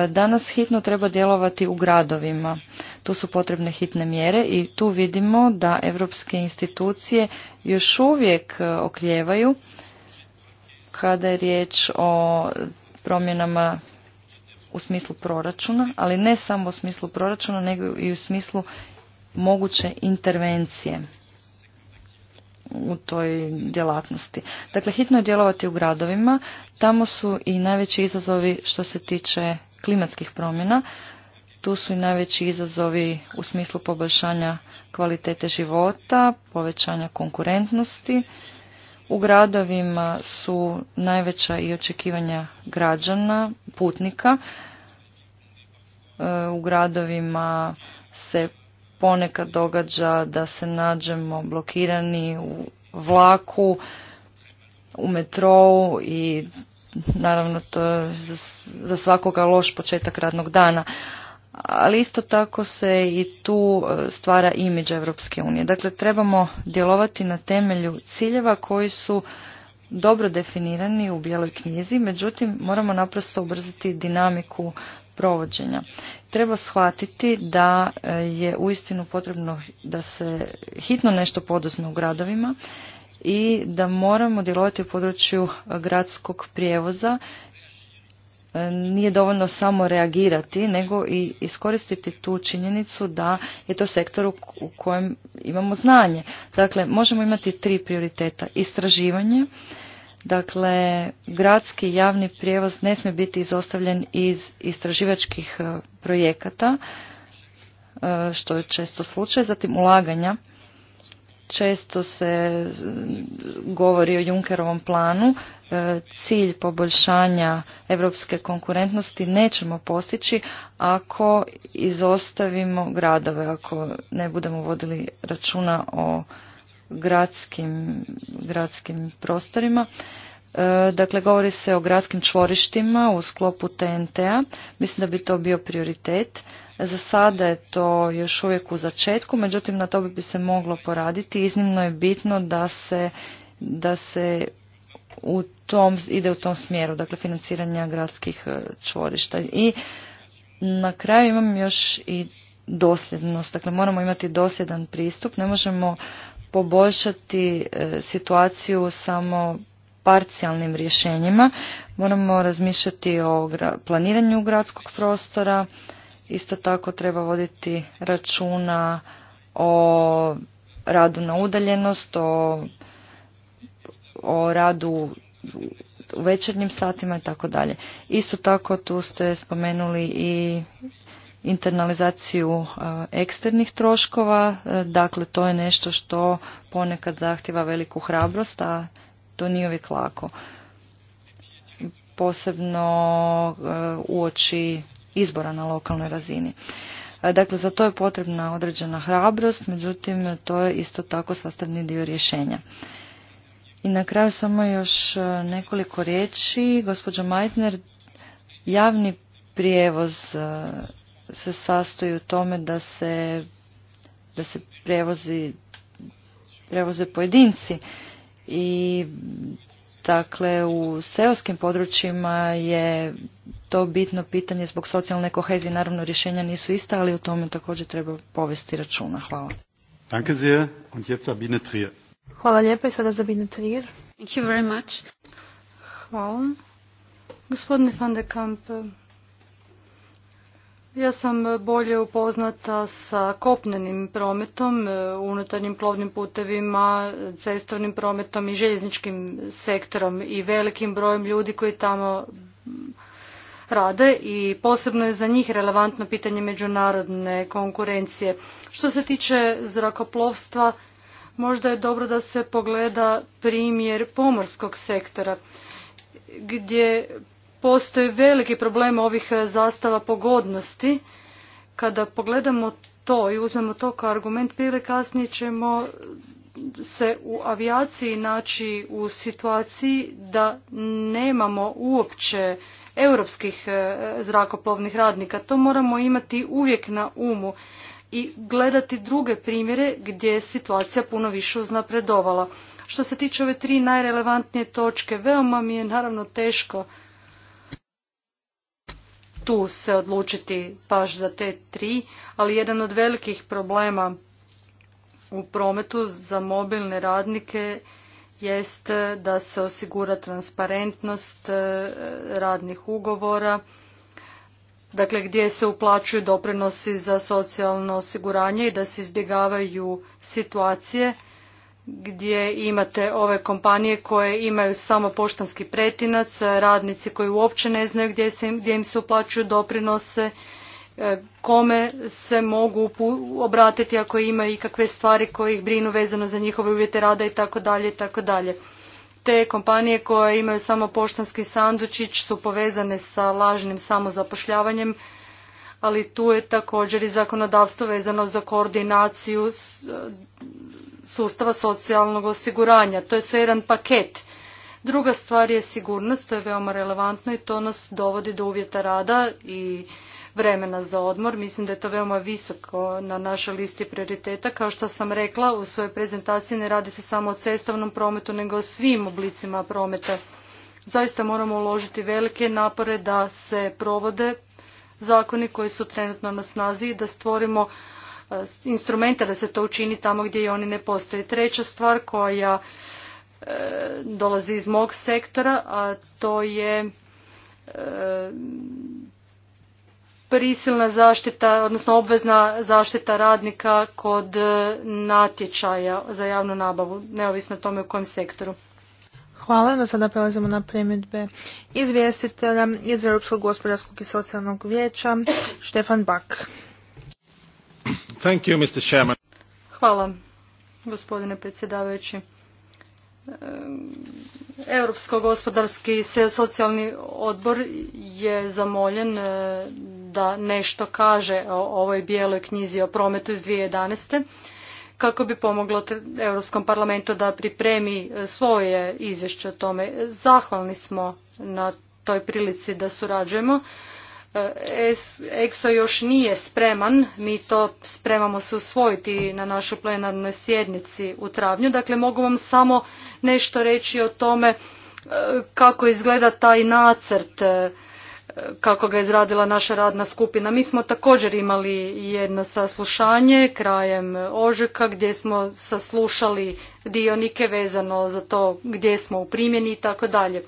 Speaker 3: Danas hitno treba djelovati u gradovima. Tu su potrebne hitne mjere i tu vidimo da evropske institucije još uvijek e, okljevaju kada je riječ o promjenama u smislu proračuna, ali ne samo u smislu proračuna, nego i u smislu moguće intervencije u toj djelatnosti. Dakle, hitno je djelovati u gradovima. Tamo su i najveći izazovi što se tiče klimatskih promjena. Tu su i najveći izazovi u smislu poboljšanja kvalitete života, povećanja konkurentnosti. U gradovima su najveća i očekivanja građana, putnika. E, u gradovima se ponekad događa da se nađemo blokirani u vlaku, u metrou i naravno to je za svakoga loš početak radnog dana. Ali isto tako se i tu e, stvara imidž Europske unije. Dakle, trebamo djelovati na temelju ciljeva koji su dobro definirani u bijeloj knjizi, međutim moramo naprosto ubrzati dinamiku provođenja. Treba shvatiti da e, je uistinu potrebno da se hitno nešto poduzme u gradovima i da moramo djelovati u području gradskog prijevoza. E, nije dovoljno samo reagirati, nego i iskoristiti tu činjenicu da je to sektor u kojem imamo znanje. Dakle, možemo imati tri prioriteta. Istraživanje, Dakle, gradski javni prijevoz ne smije biti izostavljen iz istraživačkih e, projekata, e, što je često slučaj, zatim ulaganja često se govori o Junkerovom planu. E, cilj poboljšanja europske konkurentnosti nećemo postići ako izostavimo gradove, ako ne budemo vodili računa o gradskim, gradskim prostorima. E, dakle, govori se o gradskim čvorištima u sklopu TNT-a. Mislim da bi to bio prioritet. Za sada je to još uvijek u začetku, međutim na to bi se moglo poraditi. Iznimno je bitno da se, da se u tom, ide u tom smjeru, dakle financiranja gradskih e, čvorišta. I na kraju imam još i dosljednost. Dakle, moramo imati dosljedan pristup. Ne možemo poboljšati e, situaciju samo parcijalnim rješenjima. Moramo razmišljati o planiranju gradskog prostora, isto tako treba voditi računa o radu na udaljenost, o, o radu u večernjim satima i tako dalje. Isto tako tu ste spomenuli i internalizaciju e, eksternih troškova, e, dakle to je nešto što ponekad zahtjeva veliku hrabrost, a to nije uvijek lako. Posebno e, uoči izbora na lokalnoj razini. E, dakle, za to je potrebna određena hrabrost, međutim, to je isto tako sastavni dio rješenja. I na kraju samo još e, nekoliko riječi. Gospođo Meitner, javni prijevoz se sastoji u tome da se, da se prevozi, prevoze pojedinci i dakle u seoskim područjima je to bitno pitanje zbog socijalne kohezije. Naravno rješenja nisu ista, ali o tome također treba povesti računa. Hvala.
Speaker 1: Danke sehr und jetzt Sabine Trier.
Speaker 2: Hvala lijepa i sada Sabine Trier. Thank you very
Speaker 4: much. Hvala. Gospodine van de Kamp, ja sam bolje upoznata sa kopnenim prometom, e, unutarnjim plovnim putevima, cestovnim prometom i željezničkim sektorom i velikim brojem ljudi koji tamo rade i posebno je za njih relevantno pitanje međunarodne konkurencije. Što se tiče zrakoplovstva, možda je dobro da se pogleda primjer pomorskog sektora gdje postoji veliki problem ovih e, zastava pogodnosti. Kada pogledamo to i uzmemo to kao argument, prije kasnije ćemo se u avijaciji naći u situaciji da nemamo uopće europskih e, zrakoplovnih radnika. To moramo imati uvijek na umu i gledati druge primjere gdje je situacija puno više uznapredovala. Što se tiče ove tri najrelevantnije točke, veoma mi je naravno teško tu se odlučiti baš za te tri, ali jedan od velikih problema u prometu za mobilne radnike jest da se osigura transparentnost e, radnih ugovora, dakle gdje se uplaćuju doprinosi za socijalno osiguranje i da se izbjegavaju situacije gdje imate ove kompanije koje imaju samo poštanski pretinac, radnici koji uopće ne znaju gdje, se, gdje im se uplaćuju doprinose, e, kome se mogu obratiti ako imaju kakve stvari koje ih brinu vezano za njihove uvjete rada itd. itd. Te kompanije koje imaju samo poštanski sandučić su povezane sa lažnim samozapošljavanjem, ali tu je također i zakonodavstvo vezano za koordinaciju sustava socijalnog osiguranja. To je sve jedan paket. Druga stvar je sigurnost, to je veoma relevantno i to nas dovodi do uvjeta rada i vremena za odmor. Mislim da je to veoma visoko na našoj listi prioriteta. Kao što sam rekla u svojoj prezentaciji ne radi se samo o cestovnom prometu nego o svim oblicima prometa. Zaista moramo uložiti velike napore da se provode zakoni koji su trenutno na snazi i da stvorimo E, instrumente da se to učini tamo gdje i oni ne postoje. Treća stvar koja e, dolazi iz mog sektora, a to je e, prisilna zaštita, odnosno obvezna zaštita radnika kod natječaja za javnu nabavu, neovisno o tome u kojem sektoru.
Speaker 2: Hvala, no sada prelazimo na primjedbe izvjestitelja iz Europskog gospodarskog i socijalnog vijeća, Štefan Bak.
Speaker 4: Hvala, gospodine predsjedavajući. E, Europsko-gospodarski i socijalni odbor je zamoljen e, da nešto kaže o ovoj bijeloj knjizi o prometu iz 2011. kako bi pomoglo Europskom parlamentu da pripremi e, svoje izvješće o tome. Zahvalni smo na toj prilici da surađujemo. E, EXO još nije spreman, mi to spremamo se usvojiti na našoj plenarnoj sjednici u travnju, dakle mogu vam samo nešto reći o tome e, kako izgleda taj nacrt e, kako ga je izradila naša radna skupina. Mi smo također imali jedno saslušanje krajem ožeka gdje smo saslušali dionike vezano za to gdje smo u primjeni i tako dalje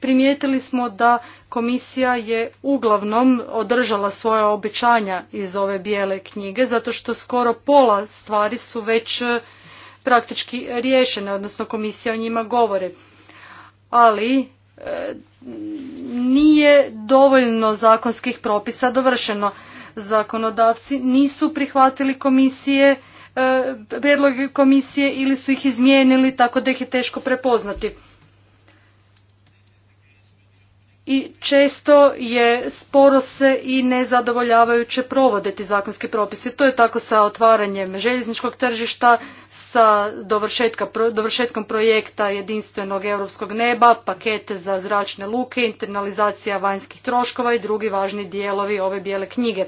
Speaker 4: primijetili smo da komisija je uglavnom održala svoja obećanja iz ove bijele knjige zato što skoro pola stvari su već e, praktički riješene, odnosno komisija o njima govori. Ali e, nije dovoljno zakonskih propisa dovršeno. Zakonodavci nisu prihvatili komisije, e, prijedloge komisije ili su ih izmijenili tako da ih je teško prepoznati i često je sporo se i nezadovoljavajuće provode ti zakonski propisi. To je tako sa otvaranjem željezničkog tržišta, sa dovršetkom projekta jedinstvenog europskog neba, pakete za zračne luke, internalizacija vanjskih troškova i drugi važni dijelovi ove bijele knjige.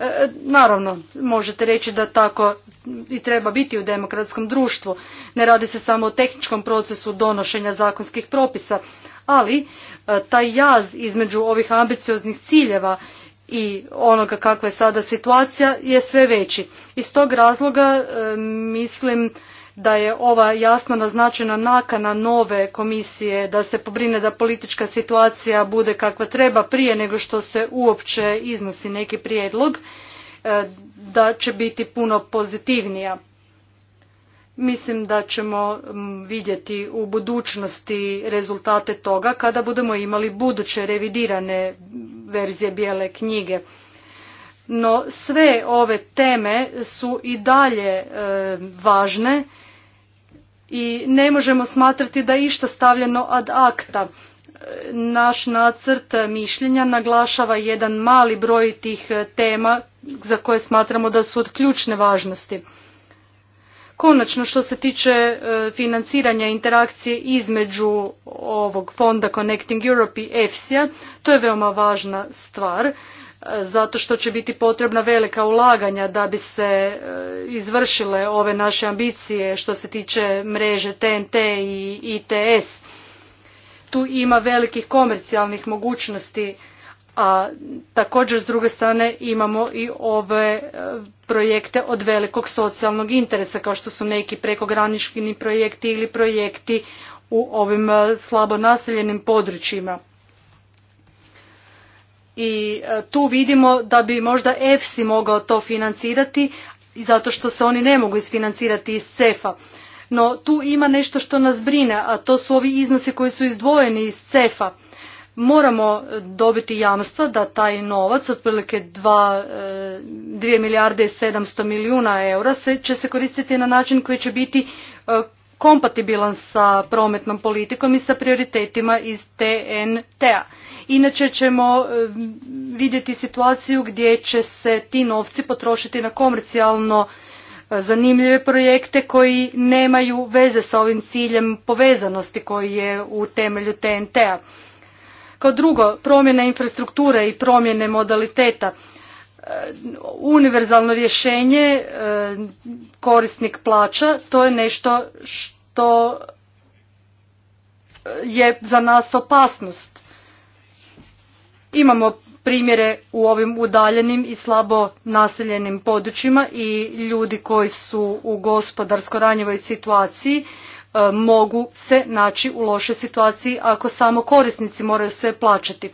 Speaker 4: E, naravno, možete reći da tako i treba biti u demokratskom društvu. Ne radi se samo o tehničkom procesu donošenja zakonskih propisa, ali e, taj jaz između ovih ambicioznih ciljeva i onoga kakva je sada situacija je sve veći. Iz tog razloga e, mislim da je ova jasno naznačena nakana nove komisije da se pobrine da politička situacija bude kakva treba prije nego što se uopće iznosi neki prijedlog e, da će biti puno pozitivnija Mislim da ćemo mm, vidjeti u budućnosti rezultate toga kada budemo imali buduće revidirane verzije bijele knjige. No sve ove teme su i dalje e, važne i ne možemo smatrati da je išta stavljeno ad akta. E, naš nacrt mišljenja naglašava jedan mali broj tih e, tema za koje smatramo da su od ključne važnosti. Konačno što se tiče e, financiranja interakcije između ovog fonda Connecting Europe i EFSI-a, to je veoma važna stvar e, zato što će biti potrebna velika ulaganja da bi se e, izvršile ove naše ambicije što se tiče mreže TNT i ITS. Tu ima velikih komercijalnih mogućnosti a također s druge strane imamo i ove e, projekte od velikog socijalnog interesa kao što su neki prekogranični projekti ili projekti u ovim e, slabo naseljenim područjima. I e, tu vidimo da bi možda EFSI mogao to financirati zato što se oni ne mogu isfinancirati iz CEFA. No tu ima nešto što nas brine, a to su ovi iznosi koji su izdvojeni iz CEFA moramo dobiti jamstvo da taj novac, otprilike 2, e, milijarde i 700 milijuna eura, će se koristiti na način koji će biti e, kompatibilan sa prometnom politikom i sa prioritetima iz TNT-a. Inače ćemo e, vidjeti situaciju gdje će se ti novci potrošiti na komercijalno zanimljive projekte koji nemaju veze sa ovim ciljem povezanosti koji je u temelju TNT-a. Kao drugo, promjena infrastrukture i promjene modaliteta. E, univerzalno rješenje e, korisnik plaća, to je nešto što je za nas opasnost. Imamo primjere u ovim udaljenim i slabo naseljenim područjima i ljudi koji su u gospodarsko ranjivoj situaciji E, mogu se naći u lošoj situaciji ako samo korisnici moraju sve plaćati.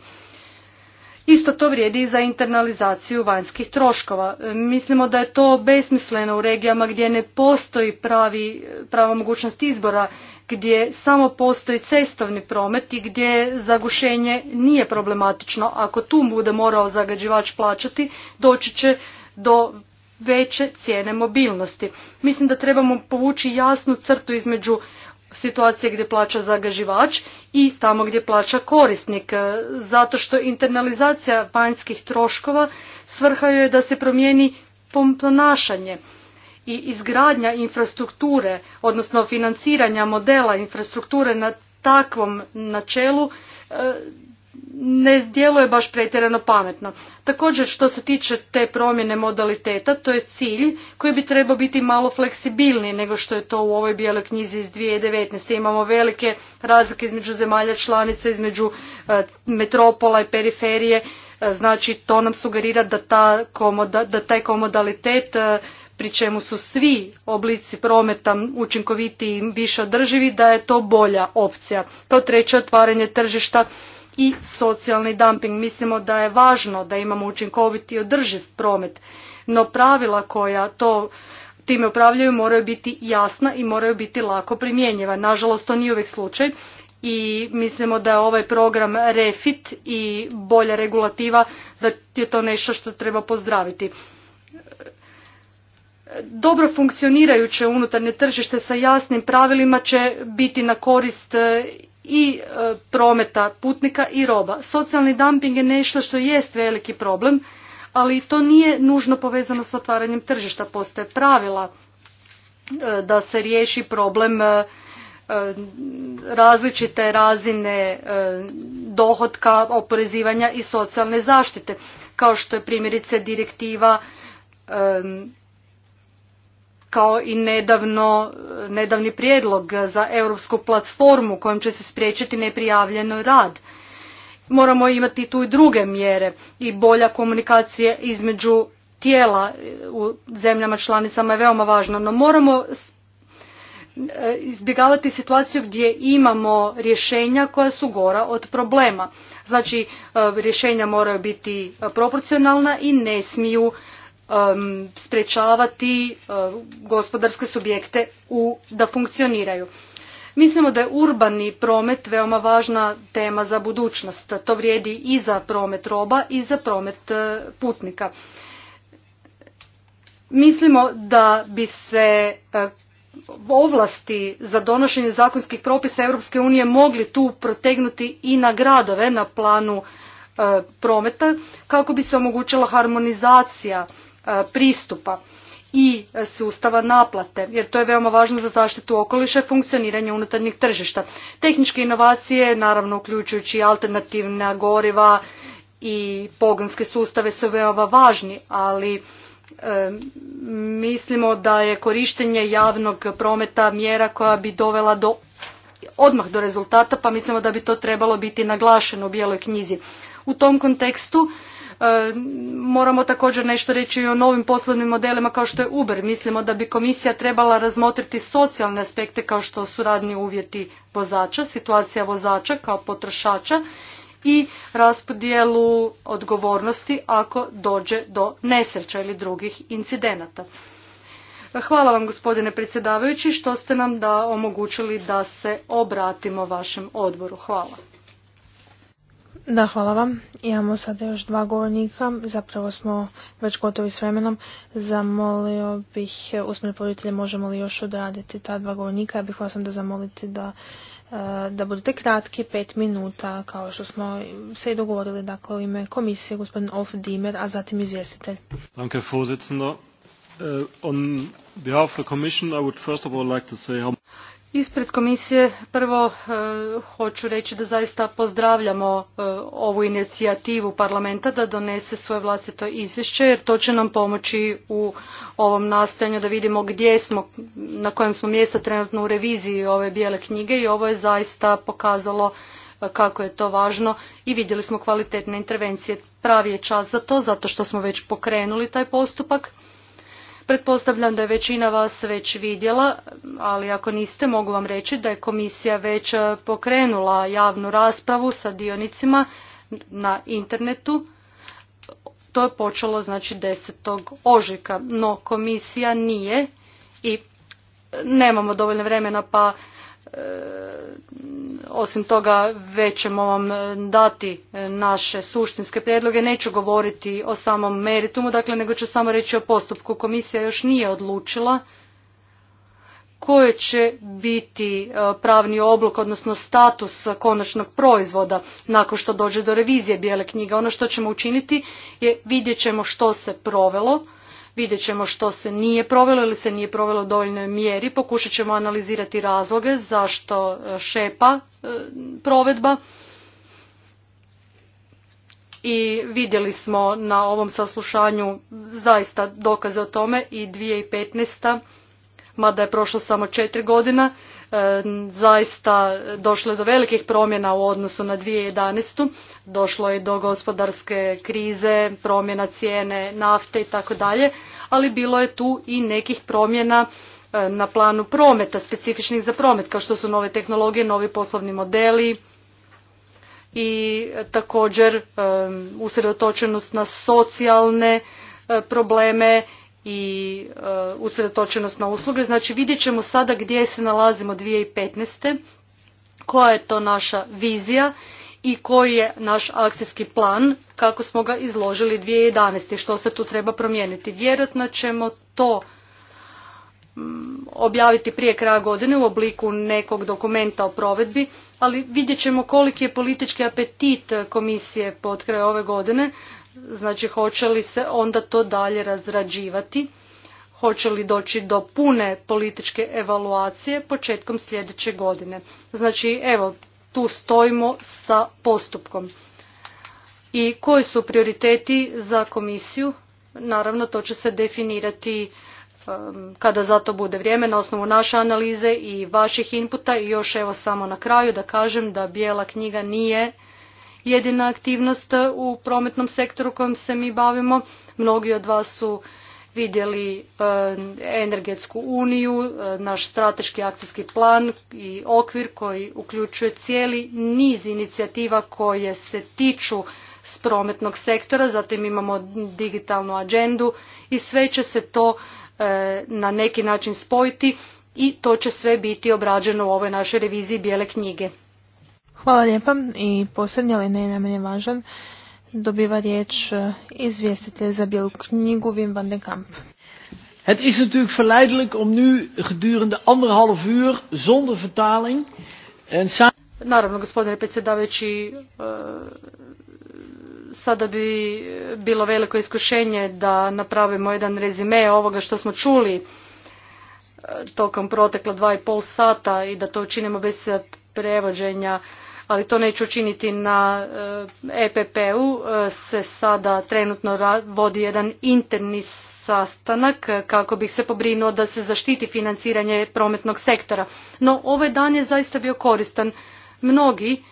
Speaker 4: Isto to vrijedi i za internalizaciju vanjskih troškova. E, mislimo da je to besmisleno u regijama gdje ne postoji pravi, prava mogućnost izbora, gdje samo postoji cestovni promet i gdje zagušenje nije problematično. Ako tu bude morao zagađivač plaćati, doći će do veće cijene mobilnosti. Mislim da trebamo povući jasnu crtu između situacije gdje plaća zagaživač i tamo gdje plaća korisnik, e, zato što internalizacija vanjskih troškova svrha je da se promijeni ponašanje i izgradnja infrastrukture, odnosno financiranja modela infrastrukture na takvom načelu e, ne djeluje baš pretjerano pametno. Također što se tiče te promjene modaliteta, to je cilj koji bi trebao biti malo fleksibilniji nego što je to u ovoj bijeloj knjizi iz 2019. Imamo velike razlike između zemalja članica, između e, metropola i periferije, e, znači to nam sugerira da, ta komoda, da taj komodalitet e, pri čemu su svi oblici prometa učinkoviti i više održivi, da je to bolja opcija. To treće otvaranje tržišta i socijalni dumping. Mislimo da je važno da imamo učinkovit i održiv promet, no pravila koja to time upravljaju moraju biti jasna i moraju biti lako primjenjiva. Nažalost, to nije uvijek slučaj i mislimo da je ovaj program REFIT i bolja regulativa da je to nešto što treba pozdraviti. Dobro funkcionirajuće unutarnje tržište sa jasnim pravilima će biti na korist i e, prometa putnika i roba. Socijalni dumping je nešto što jest veliki problem, ali to nije nužno povezano s otvaranjem tržišta. Postoje pravila e, da se riješi problem e, različite razine dohotka, oporezivanja i socijalne zaštite, kao što je primjerice direktiva kao i nedavno, nedavni prijedlog za europsku platformu kojom će se spriječiti neprijavljen rad. Moramo imati tu i druge mjere i bolja komunikacija između tijela u zemljama članicama je veoma važna, no moramo e, izbjegavati situaciju gdje imamo rješenja koja su gora od problema. Znači, e, rješenja moraju biti proporcionalna i ne smiju Um, sprečavati uh, gospodarske subjekte u, da funkcioniraju. Mislimo da je urbani promet veoma važna tema za budućnost. To vrijedi i za promet roba i za promet uh, putnika. Mislimo da bi se uh, ovlasti za donošenje zakonskih propisa Europske unije mogli tu protegnuti i na gradove na planu prometa kako bi se omogućila harmonizacija E, pristupa i sustava naplate, jer to je veoma važno za zaštitu okoliša i funkcioniranje unutarnjeg tržišta. Tehničke inovacije, naravno uključujući alternativna goriva i pogonske sustave su veoma važni, ali e, mislimo da je korištenje javnog prometa mjera koja bi dovela do odmah do rezultata, pa mislimo da bi to trebalo biti naglašeno u bijeloj knjizi. U tom kontekstu E, moramo također nešto reći i o novim poslovnim modelima kao što je Uber. Mislimo da bi komisija trebala razmotriti socijalne aspekte kao što su radni uvjeti vozača, situacija vozača kao potrošača i raspodjelu odgovornosti ako dođe do nesreća ili drugih incidenata. Hvala vam gospodine predsjedavajući što ste nam da omogućili da se obratimo vašem odboru.
Speaker 2: Hvala. Da, hvala vam. Imamo sada još dva govornika. Zapravo smo već gotovi s vremenom. Zamolio bih e, usmene povjetelje možemo li još odraditi ta dva govornika. Ja bih vas onda zamoliti da, e, da budete kratki, pet minuta, kao što smo se i dogovorili. Dakle, u ime komisije, gospodin of Dimer, a zatim izvjestitelj.
Speaker 1: Danke, äh, on behalf of the Commission, I would first of all like to say how
Speaker 4: Ispred komisije prvo e, hoću reći da zaista pozdravljamo e, ovu inicijativu parlamenta da donese svoje vlastito izvješće jer to će nam pomoći u ovom nastojanju da vidimo gdje smo, na kojem smo mjestu trenutno u reviziji ove bijele knjige i ovo je zaista pokazalo e, kako je to važno i vidjeli smo kvalitetne intervencije. Pravi je čas za to zato što smo već pokrenuli taj postupak Pretpostavljam da je većina vas već vidjela, ali ako niste mogu vam reći da je komisija već e, pokrenula javnu raspravu sa dionicima na internetu. To je počelo znači 10. ožujka, no komisija nije i e, nemamo dovoljno vremena pa E, osim toga već ćemo vam e, dati e, naše suštinske prijedloge. Neću govoriti o samom meritumu, dakle, nego ću samo reći o postupku. Komisija još nije odlučila koje će biti pravni oblok, odnosno status konačnog proizvoda nakon što dođe do revizije bijele knjige. Ono što ćemo učiniti je vidjet ćemo što se provelo, Vidjet ćemo što se nije provelo ili se nije provelo u dovoljnoj mjeri. Pokušat ćemo analizirati razloge zašto e, šepa e, provedba. I vidjeli smo na ovom saslušanju zaista dokaze o tome i 2015. mada je prošlo samo četiri godina E, zaista došlo do velikih promjena u odnosu na 2011. Došlo je do gospodarske krize, promjena cijene nafte i tako dalje, ali bilo je tu i nekih promjena e, na planu prometa, specifičnih za promet, kao što su nove tehnologije, novi poslovni modeli i također e, usredotočenost na socijalne probleme i e, usredotočenost na usluge. Znači vidjet ćemo sada gdje se nalazimo 2015. koja je to naša vizija i koji je naš akcijski plan kako smo ga izložili 2011. što se tu treba promijeniti. Vjerojatno ćemo to mm, objaviti prije kraja godine u obliku nekog dokumenta o provedbi, ali vidjet ćemo koliki je politički apetit komisije pod kraj ove godine Znači, hoće li se onda to dalje razrađivati? Hoće li doći do pune političke evaluacije početkom sljedeće godine? Znači, evo, tu stojimo sa postupkom. I koji su prioriteti za komisiju? Naravno, to će se definirati um, kada za to bude vrijeme na osnovu naše analize i vaših inputa i još evo samo na kraju da kažem da bijela knjiga nije jedina aktivnost u prometnom sektoru kojom se mi bavimo. Mnogi od vas su vidjeli e, energetsku uniju, e, naš strateški akcijski plan i okvir koji uključuje cijeli niz inicijativa koje se tiču s prometnog sektora, zatim imamo digitalnu agendu i sve će se to e, na neki način spojiti i to će sve biti obrađeno u ovoj našoj reviziji bijele knjige.
Speaker 2: Hvala lijepa. I posljednji, ali ne najmanje važan, dobiva riječ e, izvjestitelj za bijelu knjigu Wim van den Kamp.
Speaker 1: Het is natuurlijk verleidelijk om nu
Speaker 4: gedurende anderhalf uur zonder vertaling en Naravno, gospodine predsjedavajući, e, sada bi bilo veliko iskušenje da napravimo jedan rezime ovoga što smo čuli e, tokom protekla dva i pol sata i da to učinimo bez prevođenja ali to neću učiniti na EPP-u, eh, e eh, se sada trenutno vodi jedan interni sastanak eh, kako bih se pobrinuo da se zaštiti financiranje prometnog sektora. No ovaj dan je zaista bio koristan. Mnogi,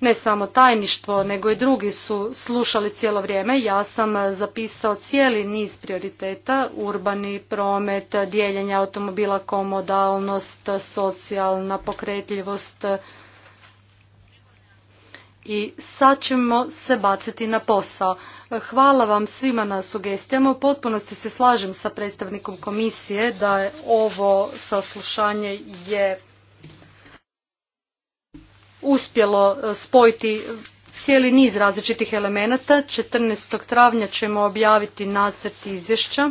Speaker 4: ne samo tajništvo, nego i drugi su slušali cijelo vrijeme. Ja sam zapisao cijeli niz prioriteta, urbani promet, dijeljenje automobila, komodalnost, socijalna pokretljivost, i sad ćemo se baciti na posao. Hvala vam svima na sugestijama. U potpunosti se slažem sa predstavnikom komisije da je ovo saslušanje je uspjelo e, spojiti cijeli niz različitih elemenata. 14. travnja ćemo objaviti nacrt izvješća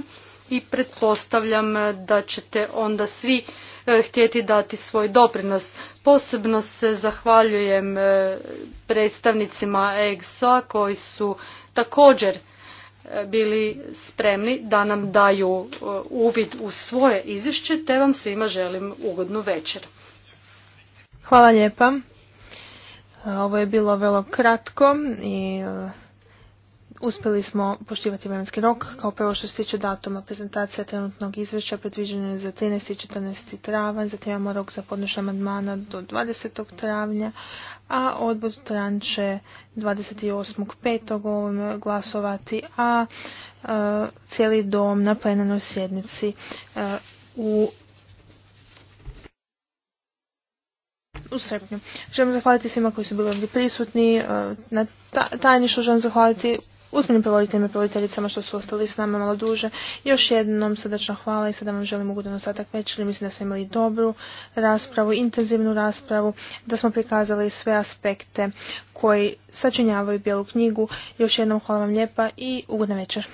Speaker 4: i pretpostavljam da ćete onda svi E, htjeti dati svoj doprinos. Posebno se zahvaljujem e, predstavnicima egso koji su također e, bili spremni da nam daju uvid u svoje izvješće te vam svima želim ugodnu večer.
Speaker 2: Hvala lijepa. Ovo je bilo vrlo kratko i Uspjeli smo poštivati vremenski rok. Kao prvo što se tiče datuma prezentacija trenutnog izvješća predviđena je za 13. i 14. travanj, zatim imamo rok za podnošenje amandmana do 20. travnja, a odbor tran će 28.5. ovom glasovati, a e, cijeli dom na plenarnoj sjednici e, u u srpnju. Želim zahvaliti svima koji su bili ovdje prisutni, e, na tajništvo želim zahvaliti uzmanim prevoditeljima i prevoditeljicama što su ostali s nama malo duže. Još jednom srdečno hvala i sada vam želim ugodan ostatak večeri. Mislim da smo imali dobru raspravu, intenzivnu raspravu, da smo prikazali sve aspekte koji sačinjavaju bijelu knjigu. Još jednom hvala vam lijepa i ugodan večer.